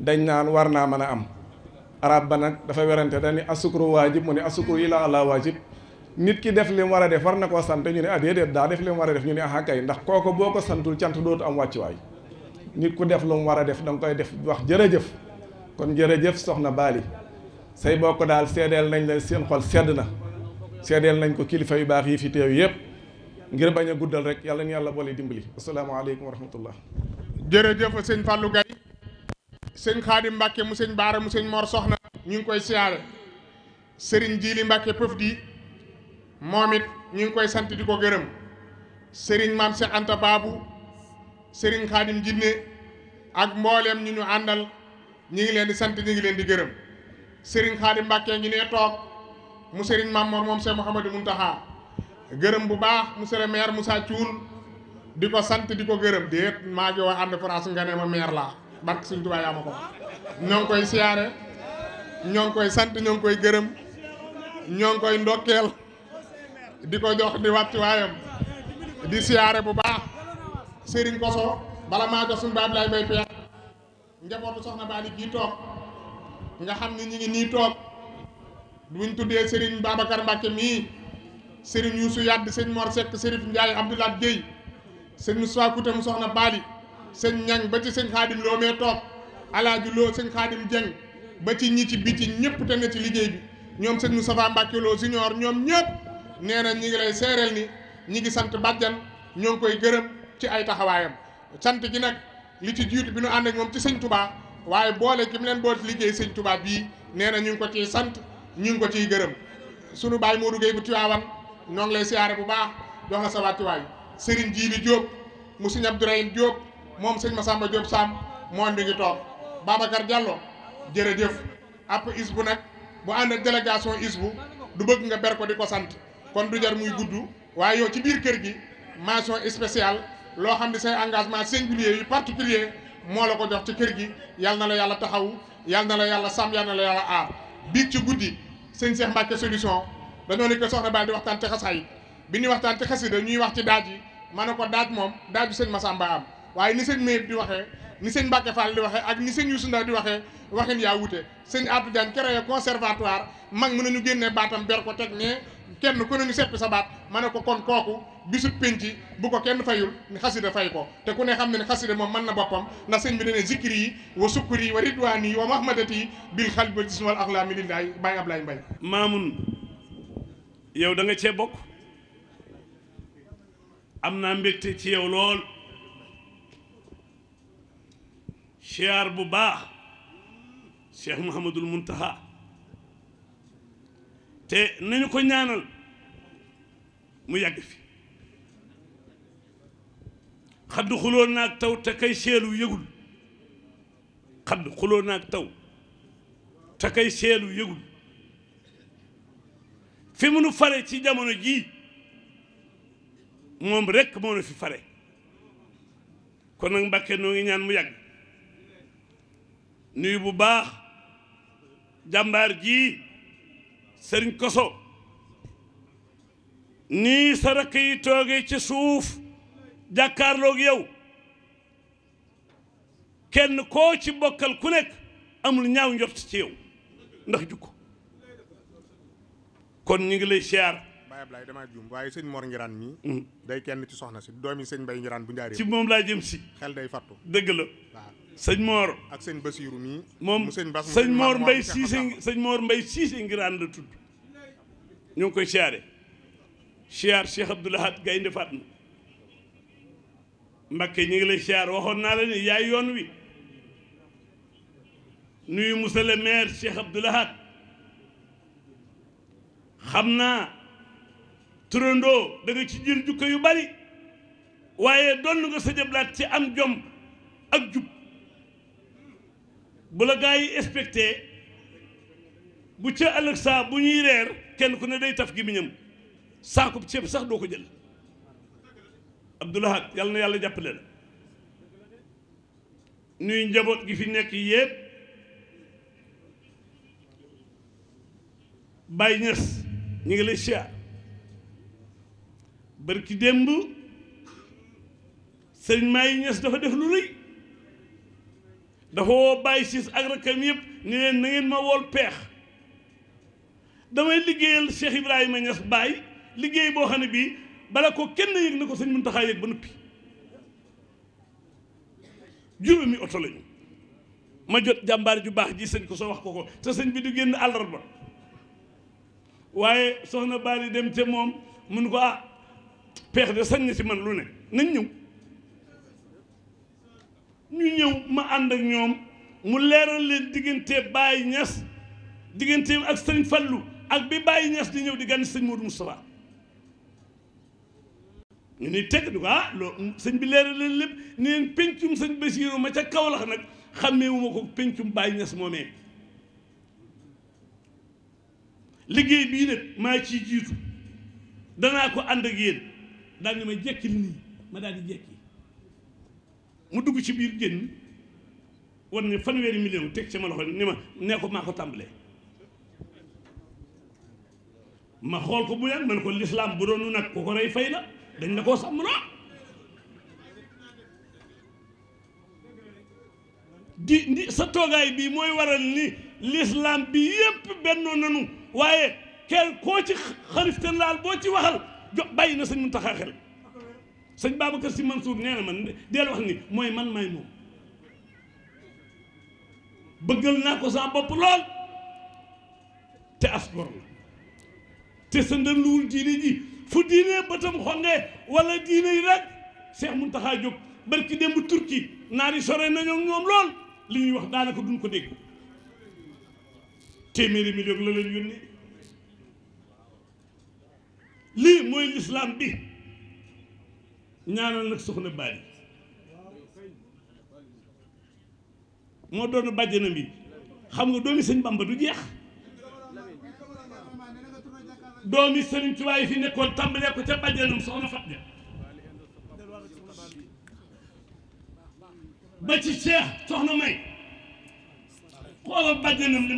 dañ naan war naa mën a am arab ba nag dafa werante dañ ne asukru waajib mu ne asukru yi la àla waajib nit ki def li war a def war na koo sant ñu ne ah déedéet daa def li war a def ñu ne ah kay ndax kooko boo ko santul cant dootu am wàccuwaay nit ku def lu war a def danga koy def wax jëf kon jërëjëf soxna Bali say bokk daal seedeel nañ la seen xol sedd na seedeel nañ ko kilifa yu baax yi fi teew yëpp ngir bañ a guddal rek yàlla na yàlla boole dimbali asalaamaaleykum wa rahmatullah jërëjëf sëñ sëñ Xaadim Mbàkke mu sëñ Baara mu sëñ Mor Soxna ñu ngi koy siyaare sëriñ Jiili Mbàkke pëf di moom it ñu ngi koy sant di ko gërëm sëriñ Maam Seex Anta Baabu sëriñ Xaadim Jinne ak mbooleem ñu ñu àndal ñu ngi leen di sant ñu ngi leen di gërëm sëriñ Xaadim Mbàkke ngi nee toog mu sëriñ Maam Mor moom Seex Muhammadu Muntaxa gërëm bu baax monsieur le maire Moussa Thioune di ko sant di ko gërëm déet maa ngi wax ànd France nga ne ma laa barke suñ Tuubaa yaa ma ko ñoo ngi koy siyaare ñoo koy sant ñoo ngi koy gërëm ñoo ngi koy ndokkeel di ko jox di wàccuwaayam di siyaare bu baax Serigne Koso bala maa jox suñu baab lay bay peex njabootu soxna Bali gii toog nga xam ni ñu ngi nii toog buñ tuddee Serigne Babacar Mbacke mii Serigne Youssou Yadd Serigne Mor Seck Serigne Ndiaye Abdoulaye Guèye Serigne Moussa Kouté mu soxna Bali sëñ ñang ba ci sëñ xaadim loo mee toog alaaju loo sëñ xaadim jeng ba ci ñi ci biti ñëpp te ne ci liggéey bi ñoom sëñ Moustapha Mbacke loo siñoor ñoom ñëpp nee na ñi ngi lay seereel ni ñi ngi sant bàjjan ñoo ngi koy gërëm ci ay taxawaayam sant gi nag li ci jiit bi nu ànd ñoom ci sëñ Touba waaye boole gi mu leen boole liggéey sëñ Touba bii nee na ñu ngi ko ciy sant ñu ngi ko ciy gërëm sunu baay Modou Gueye bu Tiwaawan ñoo ngi lay siyaare bu baax jox la sa wàccuwaay Serigne Jibi Diop mu sëñ Abdourahim Diop moom sëñ Massamba Diop Samb moo mi ngi toog Babacar Diallo jërëjëf app isbu nag bu ànd ak délégation isbu du bëgg nga ber ko di ko sant kon du jar muy gudd waaye yow ci biir kër gi mention spécial loo xam ne say engagement singulier yu particulier moo la ko jox ci kër gi yàlla na la yàlla taxaw yal na la yàlla sàmm yal na la yàlla aar biig ci guddi sëñ Cheikh Mbacke solution dañoo nekk soxna Ba di waxtaan ci xasaay bi ñuy waxtaan ci xasida ñuy wax ci daaj yi ma ne ko daaj moom daaju sëñ Massamba am waaye ni sëñ Mayib di waxee ni sëñ Mbacke Fall di waxee ak ni sëñ Youssou Ndaw di waxee waxin yaa wute sëñ Abdou Diagne créé conservatoire mag mën nañu génnee baatam ber ko teg ne kenn ku ne ñu seppi sa baat ma ne ko kon kooku bisu penc bu ko kenn fayul ni xasida fay ko te ku ne xam ne ne xasida moom mën na boppam ndax sëñ bi dene zikri yi wa sukkuri yi wa ridwaani yi wa mahmadati yi bil xalbi wal jismi wal axlaami lillaay Baye Ablaye Mbaye Maamun yow da nga cee bokk am naa mbégte ci yow lool siyaar bu baax cheikh mouhamadul muntaha te nañu ko ñaanal mu yàgg fi xadd xuloo naag taw te seelu yëgul xadd xuloo naag taw te kay seelu yëgul fi mu nu fare ci jamono jii moom rek moo nu fi fare kon nag mbàkke noo ngi ñaan mu yàgg nuyu bu baax jàmbaar ji sëriñ koso nii sa rakk yi toogee ci suuf jàkkaarloog yow kenn koo ci bokkal ku nekk amul ñaaw njort ci yow ndax jukko kon ñu ngi lay siyaar Baye Ablaye damaa waaye sëñ Mor Ngiraan mii mm. day kenn ci soxna si doomi sëñ Mbay Ngiraan bu njaaree ci moom laa jëm si xel day fattu dëgg la sëñ moor ak sëñ Basiiru mii moom sëñ Mor Mbay Siise sëñ moor Mbay Siise ngiraan la tudd ñu ngi koy siyaare siyaar Cheikh Abdoul Ahad Gaynde Fatma Mbakke ñu ngi lay siyaar waxoon naa la ne yaay yoon wi nuyu monsieur le maire Cheikh xam naa turandoo da ci jël jukko yu bari waaye doon nga sa jëblaat ci am jom ak jub bu la gaa yi expecté bu ca ëllëg saa bu ñuy reer kenn ku ne day taf gémmiñam saakub ceeb sax doo ko jël Abdoulahad yàlla na yàlla jàppale la nuy njaboot gi fi nekk yépp bay Niass ñu ngi lay siyaar barki démb sëriñ Maye Niass dafa def lu rëy dafa woo bàyyi siis ak rakkam yëpp ni leen na ngeen ma wool peex damay liggéeyal Cheikh Ibrahima Niass Baye liggéey boo xam ne bii bala ko kenn yëg ne ko sëñ Muntaxa yëg ba noppi juróomi oto lañu ma jot jàmbaar ju baax ji sañ ko sa wax ko ko te sëñ bi du génn àllarba waaye soxna Bali dem ca moom mun ko ah peex de sañ na si man lu ne nañ ñëw ñu ñëw ma ànd ak ñoom mu leeral leen diggante Baye Niass digganteem ak Serigne Fallou ak bi Baye Niass di ñëw di gànn sëñ Modou Moustapha ñu ni teg du ko ah loolu sëñ bi leeral leen lépp ni leen pencum sëñ Bassirou ma ca Kaolack nag xàmmeewuma ko pencum Baye Niass moomee liggéey bii nag maa ciy jiitu danaa ko ànd ak yéen daal ni ma jekki nii ma daal di jekki mu dugg ci biir génn wan ne fanweeri million teg sama loxo ni ma nee ko maa ko tàmbalee ma xool ko bu yàgg man ko lislaam bu doonu nag ku ko rey fay la dañ la koo sàmm loo di sa toogaay bi mooy waral ni lislaam bi yépp bennoo nanu waaye kenn koo ci xarifte laal boo ci waxal jo bàyyi na sëñ Muntaxa xel sëñ Babacar Sy Mansour nee na man deel wax ni mooy man maay moom bëggal naa ko sa bopp lool te as gor la te sa ndënduwul diine ji fu diine bëtam xongee wala diine yi rek Seex Muntaxa jóg barki démb turki naar yi sore nañoo ñoom lool li ñuy wax daanaka duñ ko dégg téeméeri million la leen yónnee lii mooy lislaam bi ñaanal nag soxna Bally moo doon bàjjanam bi xam nga doomi sëñ Bamba du jeex doomi sëriñ Tuubaa yi fi nekkoon tàmbalee ko ca bàjjanam soxna Fat ja ba ci Cheikh soxna May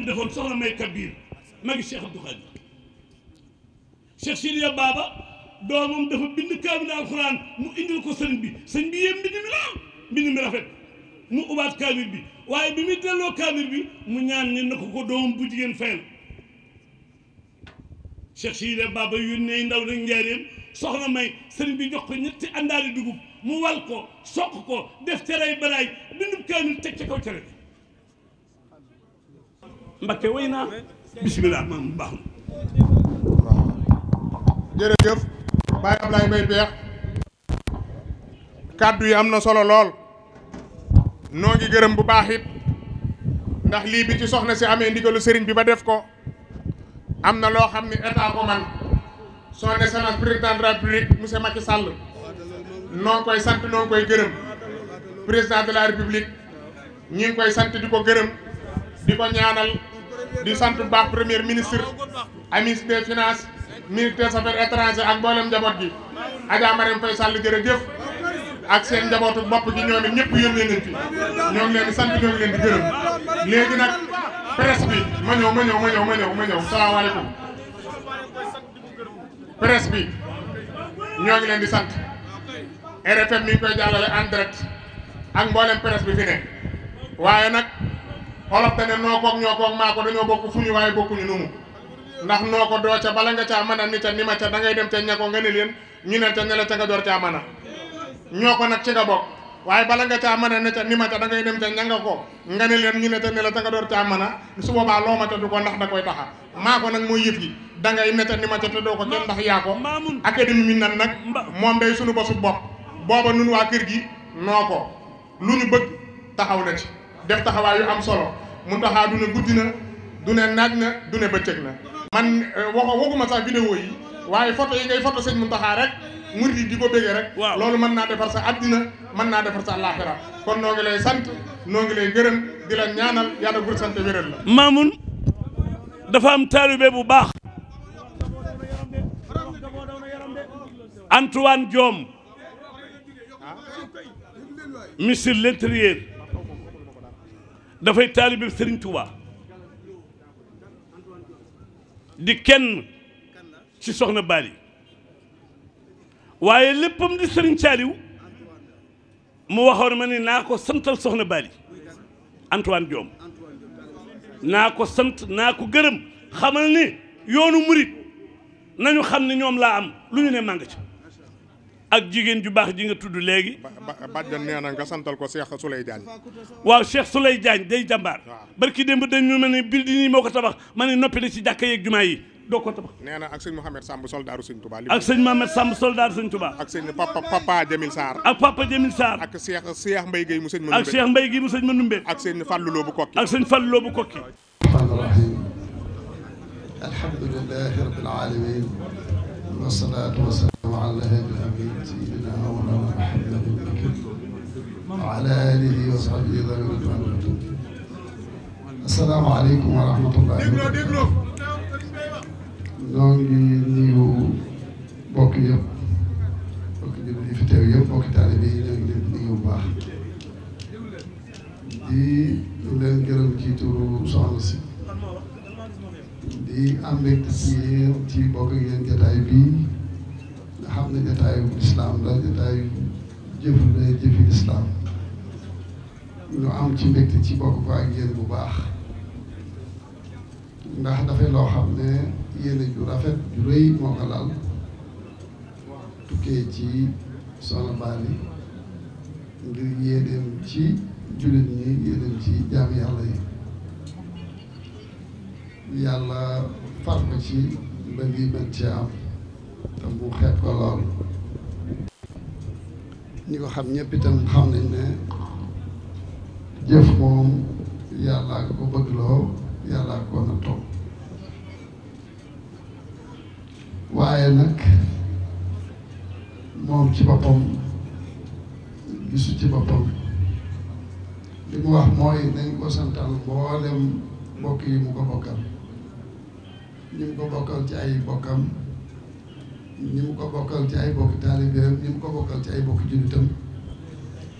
defoon soxna May Kabir magi Cheikh Abdou Khadre Cheikh Sidiya Baba doomam dafa bind kaamil alxuraan mu indil ko sëriñ bi sëriñ bi yéem mbind mi lool mbind mi rafet mu ubaat kaamil bi waaye bi muy delloo kaamil bi mu ñaan ne na ko doom bu jigéen fayal cheikh si de baba yónnee ndaw nag njaareem soxna may sëriñ bi jox ko ñetti àndaari dugub mu wal ko soq ko def ceray balaay bindub kaamil teg ca kaw cere bi mbakke way naa bisimilah maam baax na Baye Ablaye Mbaye Peex kàddu yi am na solo lool noo ngi gërëm bu baax it ndax lii bi ci soxna si amee ndigalu sëriñ bi ba def ko am na loo xam ni état ko man son excellence président de la république monsieur Macky Sall noo ngi noo koy gërëm président de la république ñi ngi koy sant di ko gërëm di ko ñaanal di sant bu baax premier ministre amis des finances ministère des affaires étrangères ak mboolem njaboot gi Adja Marème Faye Sall jërëjëf ak seen njabootu bopp gi ñoom it ñëpp yónnee nañ fi leen di sant ñoo ngi leen di gërëm léegi nag presse bi ma ñëw ma ñëw ma ñëw ma ñëw salaamaaleykum presse bi ñoo ngi leen di sant RFM mi ngi koy jàllale en ak mboolem presse bi fi ne waaye nag olof dane noo koog ñoo koog maa dañoo bokk fu ñu waaye bokkuñu nu mu ndax noo ko doo ca bala nga caa mën a ni ca ni ma ca da ngay dem ca ña ko nga ne leen ñu ne ca ne la ca nga door caa mën a ñoo ko nag ci nga bokk waaye bala nga caa mën a ne ca ni ma ca da ngay dem ca ña nga ko nga ne leen ñu ne ca ne la ca nga door caa mën a su boobaa loo ma ca du ko ndax da koy taxa maa ko nag mooy yëf yi da ngay ne ca ni ma ca te doo ko kenn ndax yaa ko académie mi nan nag moom day suñu bosu bopp booba nun waa kër gi noo ko lu ñu bëgg taxaw na ci def taxawaay yu am solo mu taxaa du ne guddi na du ne naaj na du ne bëccëg na man euh, waxo waxuma sax vidéo yi waaye photo yi ngay photo sëñ Muntaxa rek murid yi di ko bëggee rek loolu mën naa defar sa addina mën naa defar sa àllaaxira kon noo ngi lay sant noo ngi di la ñaanal yàlla gur sant wéral la Mamoun dafa am taalibe bu baax Antoine Diome ministre l'intérieur dafay taalibe Sëriñ Tuubaa di kenn ci soxna Bali waaye lépp léppam di sëriñ Saaliw mu waxoon ma ni naa ko santal soxna Bali Antoine Diome naa ko sant naa ko gërëm xamal ni yoonu murit nañu xam ne ñoom laa am lu ñu ne mànga ci ak jigéen ju baax ji nga tudd léegi. bàjjan nee na nga santal ko seex Souley Diagne. waaw Cheikh Souley Diagne day jàmbaar. barki démb dañu ma ne building yi moo ko tabax ma ne noppi na ci jàkka yeeg jumaa yi doo ko tabax. nee na ak sëñ Mouhamed Samb soldaaru sëñ Touba. ak sëñ Mouhamed Samb soldaaru sëñ Touba. ak sëñ papa papa Jamil Sarr. ak papa Jamil ak Cheikh Cheikh Mbaye Guèye mu sëñ Manoumbe. ak Cheikh Mbaye Guèye mu sëñ Manoumbe. ak sëñ Fallou Lo bu Kokki. ak sëñ Fallou Lo bu Kokki. alhamdulilah rabbil alamin والصلاة والسلام على الهادي الأمين سيدنا مولانا محمد الأمين وعلى آله وصحبه ذوي الرضوان والمكتوم السلام عليكم ورحمة الله وبركاته ñoo ngi nuyu bokk yëpp bokk jullit yi fi teew yëpp bokk taalibe yi ñoo ngi leen di nuyu bu baax di leen gërëm ci turu soxna si di am mbégte si yéen ci bokk ak yéen jataay bi nga xam ne jataayu lislaam la jataayu jëf la jëfi lislaam ñu am ci mbégte ci bokk ko ak yéen bu baax ndax dafay loo xam ne yéene ju rafet ju rëy moo ko laal tukkee ci Soxna Bally ngir yéeneem ci jullit ñi yéeneem ci jaam yàlla yi yàlla far na ci ba lii mën ci am te mu xeeb ko lool ko xam ñëpp itam xam nañ ne jëf moom yàllaa ko bëggloo yàllaa ko na toog waaye nag moom ci boppam gisu ci boppam li mu wax mooy dañ ko santal mboolem mbokk yi mu ko bokkal ni mu ko bokkal ci ay bokkam ni mu ko bokkal ci ay bokki taalibeem ñu mu ko bokkal ci ay bokki jullitam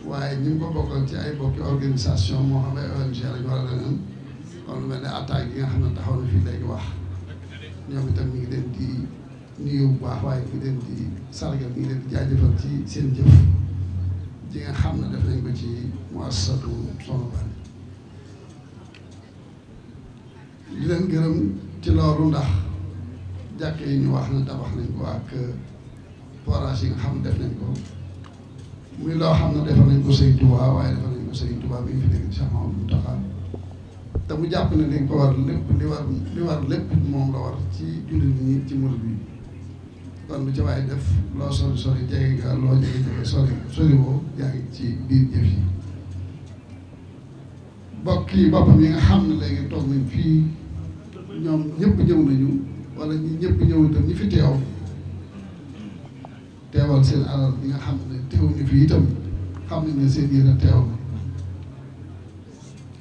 waaye ñu mu ko bokkal ci ay bokki organisation moo xam ay ONG lañu attaque yi nga xam ne taxaw na fii léegi wax ñoom itam ñu ngi leen di nuyu bu baax waaye ñu ngi leen di sargal ñu ngi leen di jaajëfal ci seen jëf ji nga xam ne def nañ ko ci muassasatu Soxna Bally di leen gërëm ci loolu ndax jàkk yi ñu wax na tabax nañ ko ak euh, forage yi nga xam def nañ ko muy loo xam ne defal nañ ko Sëriñ Tuubaa waaye defal nañ ko Sëriñ Tuubaa bi ñu fi nekk Cheikh Mamadou Mountakha te mu jàpp ne lañ ko war lépp li war lépp moom la war ci jullit ñi ci murid bi kon lu ci waaye def loo sori sori jege nga loo jege jege sori sori woo yaa ci biir jëf yi bokk yi boppam yi nga xam ne léegi toog nañ fii ñoom ñëpp ñëw nañu wala ñi ñëpp ñëw itam ñi fi teew teewal seen alal bi nga xam ne teewuñu fi itam xam nañ ne seen yéene teew na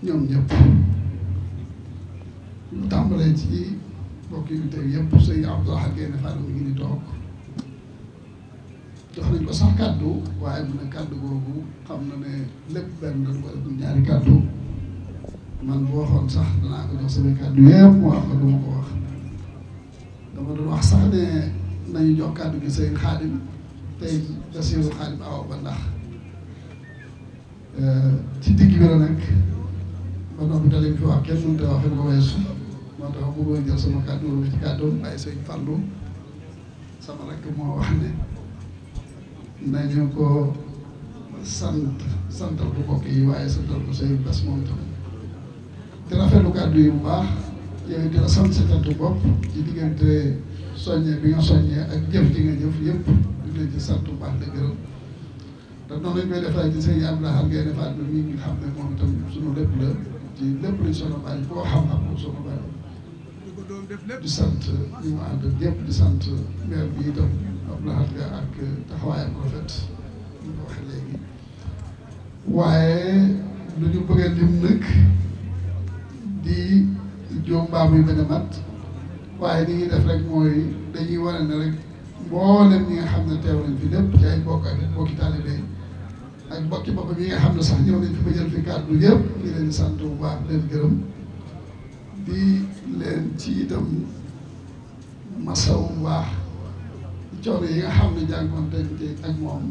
ñoom ñëpp lu tàmbalee ci mbokk yi teew yëpp sëñ Abdou Lahad Gaïndé Fatma mi ngi ni toog jox nañ ko sax kàddu waaye mu ne googu xam na ne lépp benn la wala ñaari kàddu man boo waxoon sax danaa ko jox sama kàddu yëpp mu wax ko du ma dama doon wax sax ne nañu jox kàddu gi sëñ Xaadim tey Basiiru Xaadim awa ba ndax eh, ci digg bi la nag ba noppi dalim kenn mënut a wax ko weesu moo tax bu ma jël sama kàddu ma ci kàddoom waaye sëñ Fallu sama moo wax ne nañu ko sant santal ko bokk yi waaye santal ko sëñ Bas moom di rafetlu kàddu yi bu baax yow dina sant sa cant bopp ci diggante soññee bi nga soññee ak jëf ji nga jëf yëpp di ci sant bu baax di gërëm te noonu lañ koy defaat ci sëñ Abdou Lahad ngay ci lépp luñ soxla bàyyi koo xam-xam moom sunu bàyyi di sant ñu mu ànd ak di sant maire bi itam Abdou Lahad nga ak taxawaayam rafet ñu ko waxee léegi waaye lu ñu bëgg lim nag. lii juum yu muy gën a mat waaye li ñuy def rek mooy dañuy wane ne rek mboolem ñi nga xam ne teew nañ fi lépp ci ay mbokk ak mbokki taalibe ak mbokki boppam yi nga xam ne sax ñëw nañ fi ba jël fi kàddu yëpp ñu leen sant bu baax leen gërëm di leen ci itam masawu baax coono yi nga xam ne jànkoonte ak moom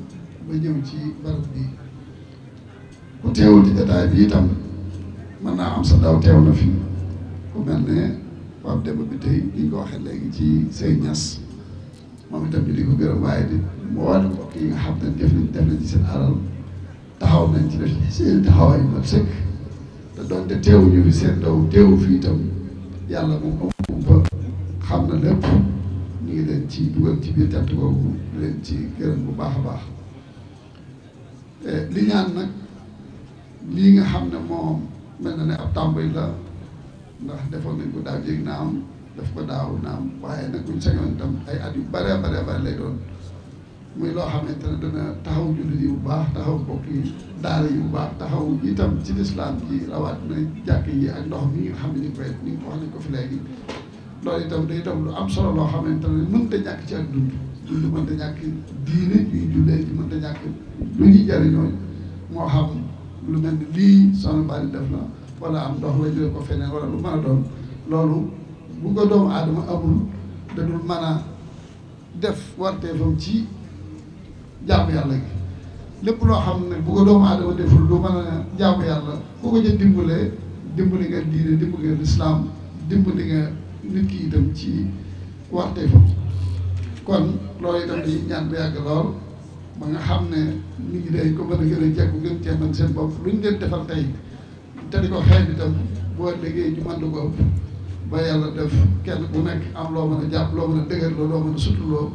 ba ñëw ci barab bi ku teewul ci jotaay bi itam. mën naa am sa daaw teew na fi ku mel ne Pape Demba bi tey li ñu ko waxee léegi ci seen ñas moom itam yi nga xam ne def nañ def nañ ci seen alal taxaw nañ ci def seen taxawaay mat sëkk te doonte teewuñu fi seen daw teewu fi yàlla xam na lépp ngi leen ci ci biir jant ci bu baax a baax li eh, ñaan lii nga xam ne moom. mel na ne ab tàmbali la ndax defoon nañ ko daaw jéeg naam def ko daaw naam waaye nag buñ sañoon itam ay at yu bare bare bare lay doon muy loo xamante ne dana taxaw jullit yi bu baax taxaw mbokk yi daara yi bu baax taxaw itam ci lislaam ji rawaat na jàkk yi ak ndox mi nga xam ne ñu koy ni wax nañ ko fi léegi yi itam day itam lu am solo loo xamante ne mënta ñàkk ci ak dund dund mënta ñàkk diine ñuy jullee ji mënta ñàkk lu ñuy jariñoo moo xam lu mel ni lii soxna Mbacke def na wala am ndox la jëlee ko feneen wala lu mën a doon loolu bu ko doomu aadama amul da dul mën a def warteefam ci jaamu yàlla gi lépp loo xam ne bu ko doomu aadama deful du mën a jaamu yàlla boo ko ca dimbalee dimbali nga diine dimbali nga lislaam dimbali nga nit ki itam ci warteefam kon loolu itam dañuy ñaan bu yàgg lool. ba nga xam ne nit ñi day ko mën a gën a jekku gën cee mën seen bopp lu ñu leen defal tey te di ko bi tam boo liggéey ñu mën ko ba yàlla def kenn bu nekk am loo mën a jàpp loo mën a dëgërloo loo mën a suturloo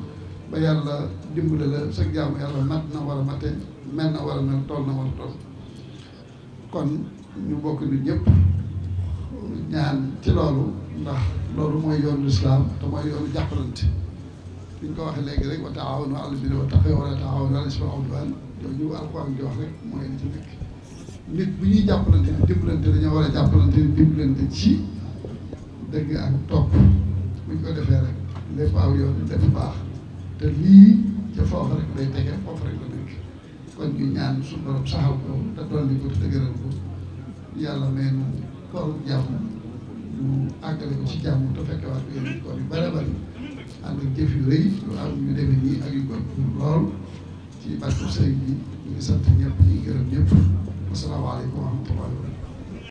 ba yàlla dimbale la sa jaamu yàlla mat na war a mate mel na war a mel toll na war a toll kon ñu bokk nit ñëpp ñaan ci loolu ndax loolu mooy yoon lislaam te mooy yoonu jàppalante bi ko waxee léegi rek wa taawanu alal birri wa taqwa wa laa taawanu alal ismi wal udwaan jooju alxuraan di wax rek mooy li ci nekk nit bu ñuy jàppalante di dimbalante dañoo war a jàppalante di dimbalante ci dëgg ak topp bu ko defee rek lépp aw yoon def baax te lii ca foofu rek day tege foofu rek la nekk kon ñu ñaan suñu borom saxal ko te dolli ko te dëgëral ko yàlla may nu koor jàmm ñu àggale ko ci jàmm te fekke waat ko yéen koor yu bare bari ànd ak jëf yu rëy yu am yu demee nii ak yu ko lool ci barke sëriñ bi ñu ngi sant ñëpp ñu ngi gërëm ñëpp wasalaamaaleykum wa rahmatullahi